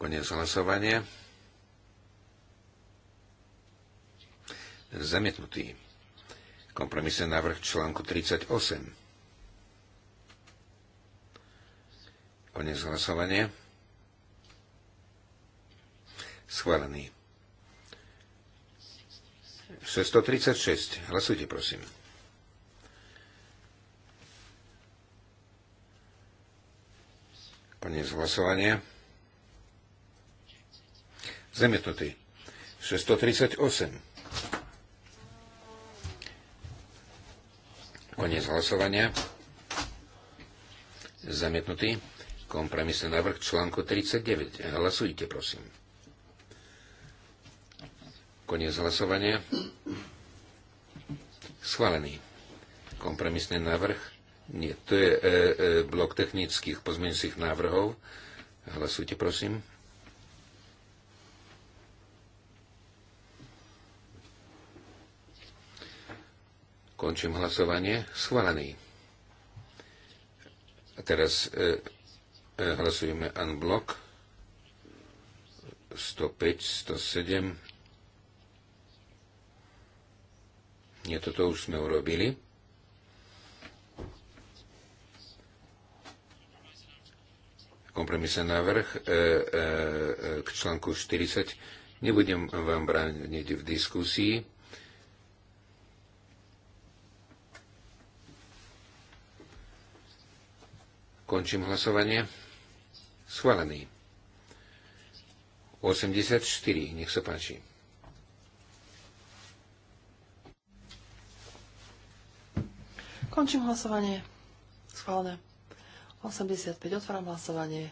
Konec hlasovania. Zamietnutý. Kompromisný návrh článku 38. Konec hlasovania. Schválený. 636. Hlasujte, prosím. Konec hlasovania. Zamietnutý. 638. Koniec hlasovania. Zamietnutý. Kompromisný návrh článku 39. Hlasujte, prosím. Koniec hlasovania. Schválený. Kompromisný návrh. Nie, to je e, e, blok technických pozmeňujúcich návrhov. Hlasujte, prosím. Končím hlasovanie. Schválený. A teraz e, e, hlasujeme unblock 105, 107. Nie, toto už sme urobili. Kompromisný návrh e, e, e k článku 40. Nebudem vám brániť v diskusii. Končím hlasovanie. Schválený. 84. Nech sa páči. Končím hlasovanie. Schválené. 85. Otváram hlasovanie.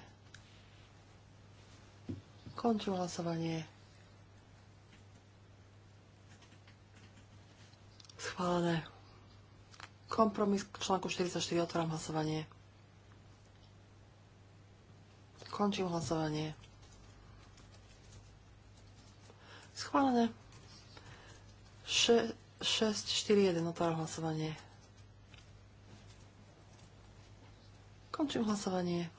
Končím hlasovanie. Schválené. Kompromis k článku 44. Otváram hlasovanie. Končím hlasovanie. Schválené. 6, 4, 1, otváram hlasovanie. Končím hlasovanie.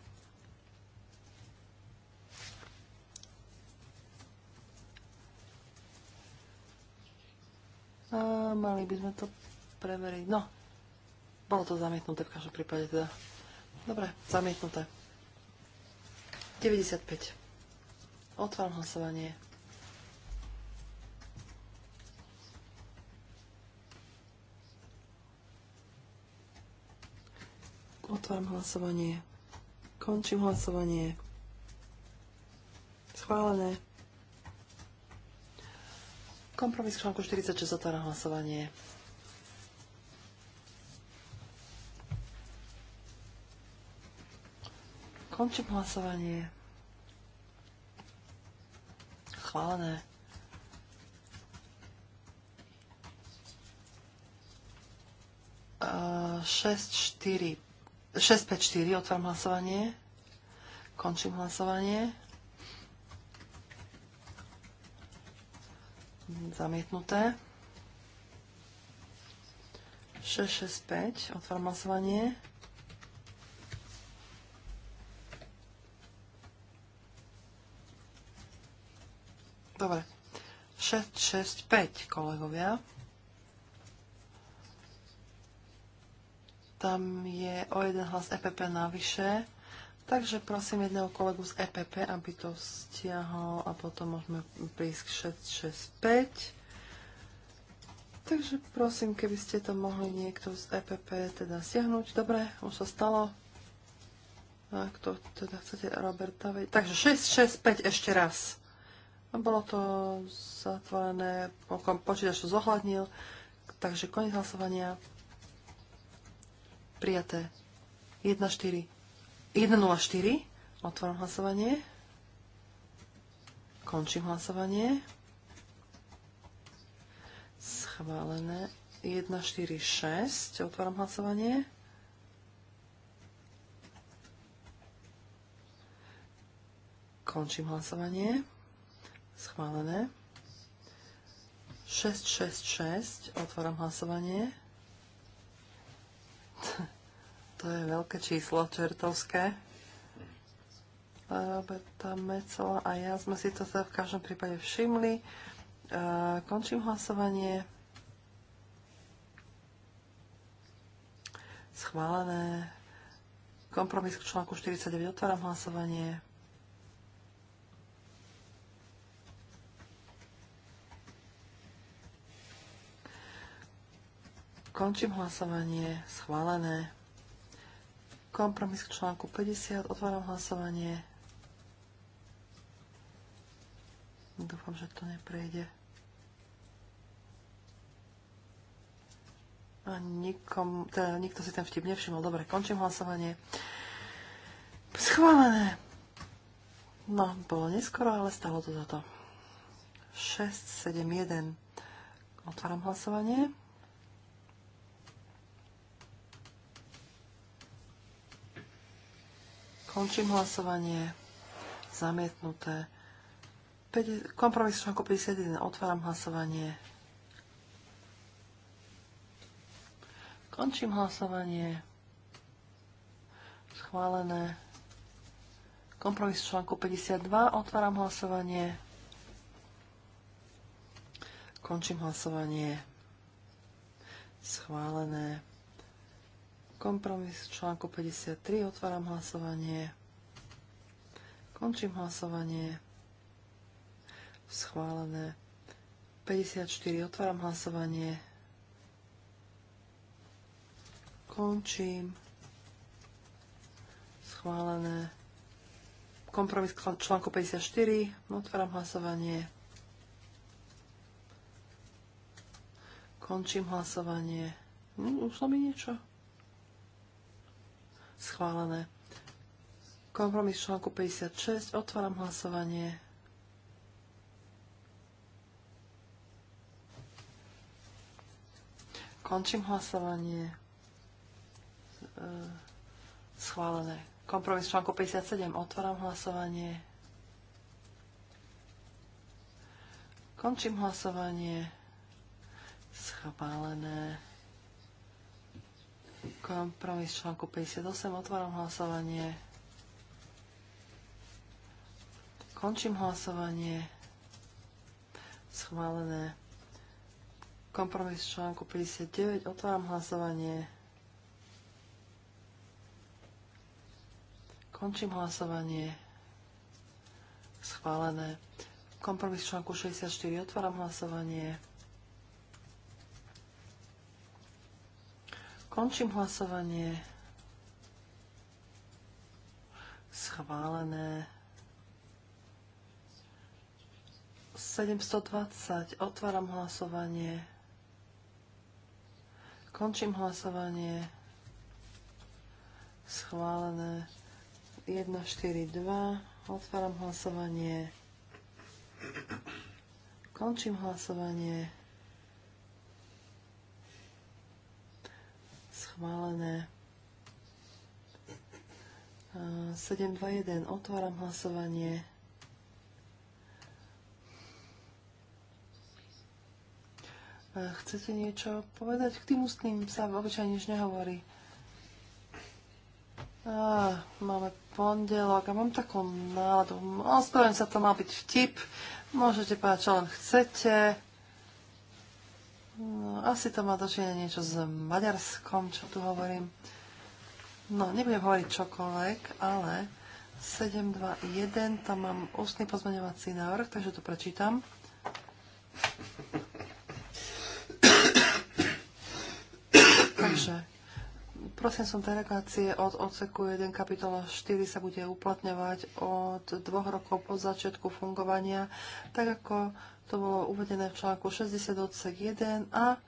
A mali by sme to preveriť. No, bolo to zamietnuté v každom prípade teda. Dobre, zamietnuté. 95. Otváram hlasovanie. Otváram hlasovanie. Končím hlasovanie. Schválené. Kompromis k článku 46 otvára hlasovanie. Končím hlasovanie. Chválené. Uh, 6-4. 6-5-4. Otváram hlasovanie. Končím hlasovanie. Zamietnuté. 6, 6, 5, otváram hlasovanie. Dobre. 6, 6, 5, kolegovia. Tam je o jeden hlas EPP navyše. Takže prosím jedného kolegu z EPP, aby to stiahol a potom môžeme prísť k 6, 6, 5. Takže prosím, keby ste to mohli niekto z EPP teda stiahnuť. Dobre, už sa stalo. A kto teda chcete Roberta vedieť? Takže 5 ešte raz. Bolo to zatvorené, počítač to zohľadnil, takže koniec hlasovania. Prijaté 1.4. 1.04. Otváram hlasovanie. Končím hlasovanie. Schválené 1.4.6. Otváram hlasovanie. Končím hlasovanie. Schválené. 666. Otváram hlasovanie. To je veľké číslo čertovské. Roberta Mecola a ja sme si to teda v každom prípade všimli. E, končím hlasovanie. Schválené. Kompromis k článku 49. Otváram hlasovanie. Končím hlasovanie. Schválené. Kompromis k článku 50. Otváram hlasovanie. Dúfam, že to neprejde. A nikom, teda nikto si ten vtip nevšimol. Dobre, končím hlasovanie. Schválené. No, bolo neskoro, ale stalo to za to. 6, 7, 1. Otváram hlasovanie. Končím hlasovanie. Zamietnuté. Kompromis článku 51. Otváram hlasovanie. Končím hlasovanie. Schválené. Kompromis článku 52. Otváram hlasovanie. Končím hlasovanie. Schválené. Kompromis článku 53. Otváram hlasovanie. Končím hlasovanie. Schválené. 54. Otváram hlasovanie. Končím. Schválené. Kompromis článku 54. Otváram hlasovanie. Končím hlasovanie. No, ušlo mi niečo? Schválené. Kompromis článku 56. E, Otváram hlasovanie. Končím hlasovanie. Schválené. Kompromis článku 57. Otváram hlasovanie. Končím hlasovanie. Schválené. Kompromis článku 58. Otváram hlasovanie. Končím hlasovanie. Schválené. Kompromis článku 59. Otváram hlasovanie. Končím hlasovanie. Schválené. Kompromis článku 64. Otváram hlasovanie. Končím hlasovanie. Schválené. 720. Otváram hlasovanie. Končím hlasovanie. Schválené. 1, 4, 2. Otváram hlasovanie. Končím hlasovanie. schválené. 721. Otváram hlasovanie. Chcete niečo povedať? K tým ústnym sa obyčajne nič nehovorí. Á, máme pondelok a mám takú náladu. Ospravedlňujem sa, to mal byť vtip. Môžete povedať, čo len chcete. Hm, asi to má dočinenie niečo s maďarskom, čo tu hovorím. No, nebudem hovoriť čokoľvek, ale 721, tam mám ústny pozmeňovací návrh, takže to prečítam. takže, prosím som delegácie od odseku 1 kapitola 4 sa bude uplatňovať od dvoch rokov po začiatku fungovania, tak ako to bolo uvedené v článku 60 odsek 1 a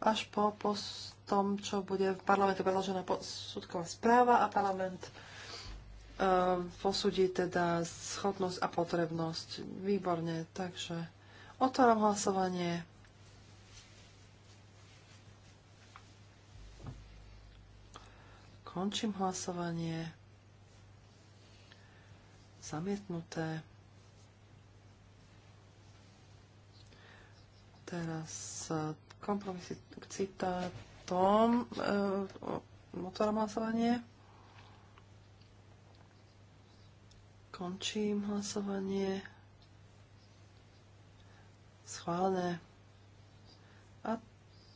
až po, po tom, čo bude v parlamentu predložená súdková správa a parlament ehm, posúdi teda schopnosť a potrebnosť. Výborne, takže otváram hlasovanie. Končím hlasovanie. Zamietnuté. Teraz eh, kompromisy k citátom. Eh, otváram hlasovanie. Končím hlasovanie. Schválené. A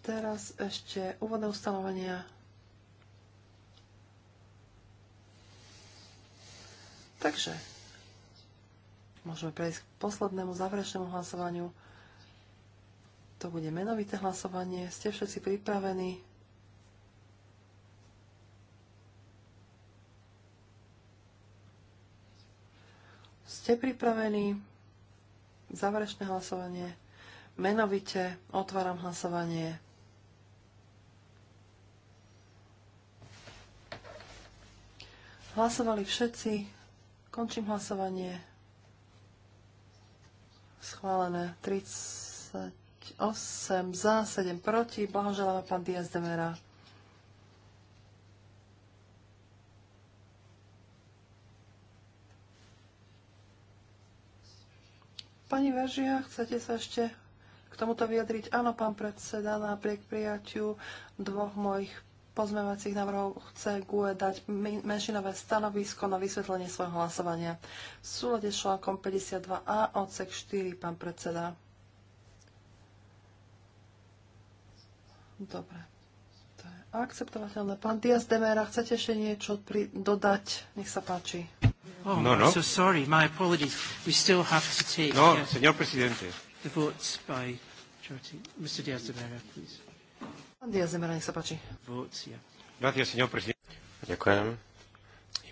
teraz ešte úvodné ustanovenia. Takže môžeme prejsť k poslednému záverečnému hlasovaniu. To bude menovité hlasovanie. Ste všetci pripravení? Ste pripravení? Záverečné hlasovanie. Menovite otváram hlasovanie. Hlasovali všetci. Končím hlasovanie. Schválené 30. 8 za, 7 proti. Blahoželáme pán Diaz de Vera. Pani Veržia, chcete sa ešte k tomuto vyjadriť? Áno, pán predseda, napriek prijatiu dvoch mojich pozmevacích návrhov chce GUE dať menšinové stanovisko na vysvetlenie svojho hlasovania. V súlade s článkom 52a odsek 4, pán predseda. Dobre. To je akceptovateľné. Pán Diaz Demera, chcete ešte niečo pri- dodať? Nech sa páči. Oh, no, no. So sorry, my apologies. We still have to take... No, uh, señor presidente. The votes by... Mr. Diaz Mera, please. Pán Diaz Mera, nech sa páči. Votes, yeah. Gracias, señor presidente. Ďakujem.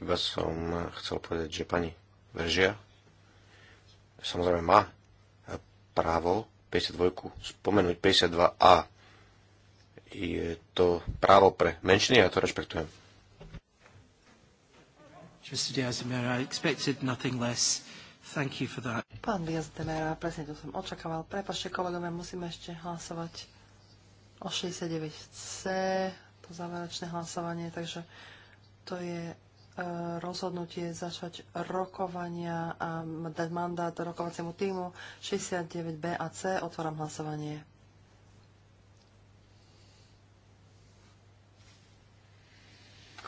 Iba som uh, chcel povedať, že pani Veržia samozrejme má uh, právo 52 spomenúť 52a je to právo pre menšiny a ja to rešpektujem. Pán Diaz de Mera, presne to som očakával. Prepašte kolegovia, musíme ešte hlasovať o 69C, to záverečné hlasovanie, takže to je e, rozhodnutie začať rokovania a dať mandát rokovaciemu týmu 69B a C. Otváram hlasovanie.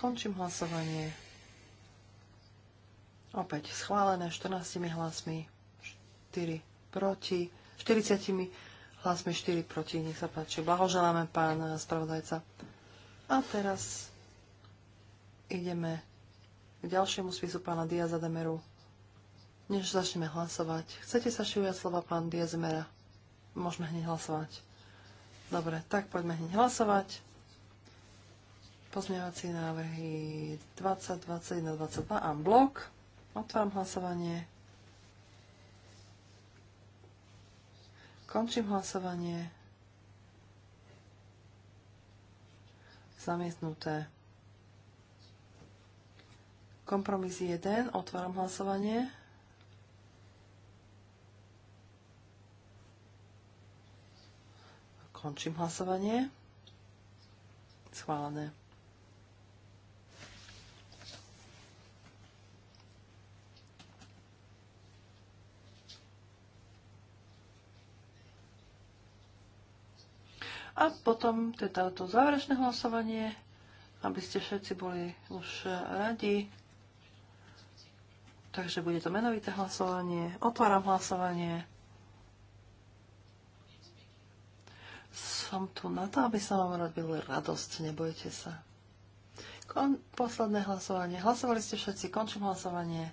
Končím hlasovanie. Opäť schválené 14 hlasmi, 4 proti, 40 hlasmi, 4 proti. Nech sa páči. Blahoželáme, pán spravodajca. A teraz ideme k ďalšiemu spisu pána Diaza Demeru. Než začneme hlasovať, chcete sa šiujať slova pán Diaz Môžeme hneď hlasovať. Dobre, tak poďme hneď hlasovať. Pozmeňovacie návrhy 20, 21, 22 a blok. Otváram hlasovanie. Končím hlasovanie. Zamietnuté. Kompromis 1. Otváram hlasovanie. Končím hlasovanie. Schválené. A potom teda to záverečné hlasovanie, aby ste všetci boli už radi. Takže bude to menovité hlasovanie. Otváram hlasovanie. Som tu na to, aby sa vám robili radosť, nebojte sa. Kon- posledné hlasovanie. Hlasovali ste všetci, končím hlasovanie.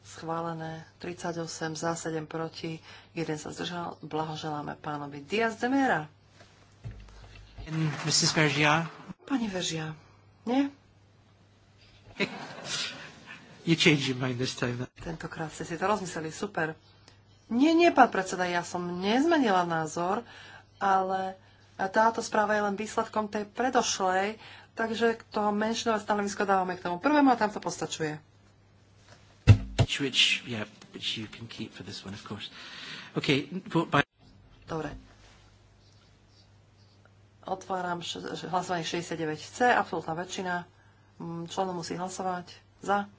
Schválené 38 za 7 proti, 1 sa zdržal. Blahoželáme pánovi Diaz de Mera. Mrs. Vergia? Pani Vergia, nie? You your mind this time. Tentokrát ste si to rozmysleli, super. Nie, nie, pán predseda, ja som nezmenila názor, ale táto správa je len výsledkom tej predošlej, takže to menšinové stanovisko dávame k tomu prvému a tam to postačuje. Which, yeah, which you can keep for this one, of course. Okay, by... Dobre, Otváram hlasovanie 69C, absolútna väčšina. Mm, Členom musí hlasovať za.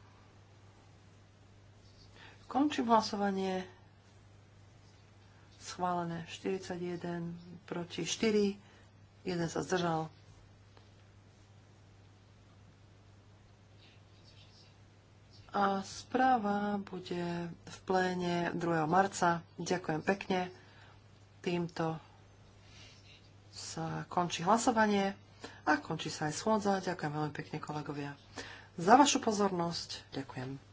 Končím hlasovanie. Schválené 41 proti 4. Jeden sa zdržal. A správa bude v pléne 2. marca. Ďakujem pekne. Týmto sa končí hlasovanie a končí sa aj schôdza. Ďakujem veľmi pekne kolegovia za vašu pozornosť. Ďakujem.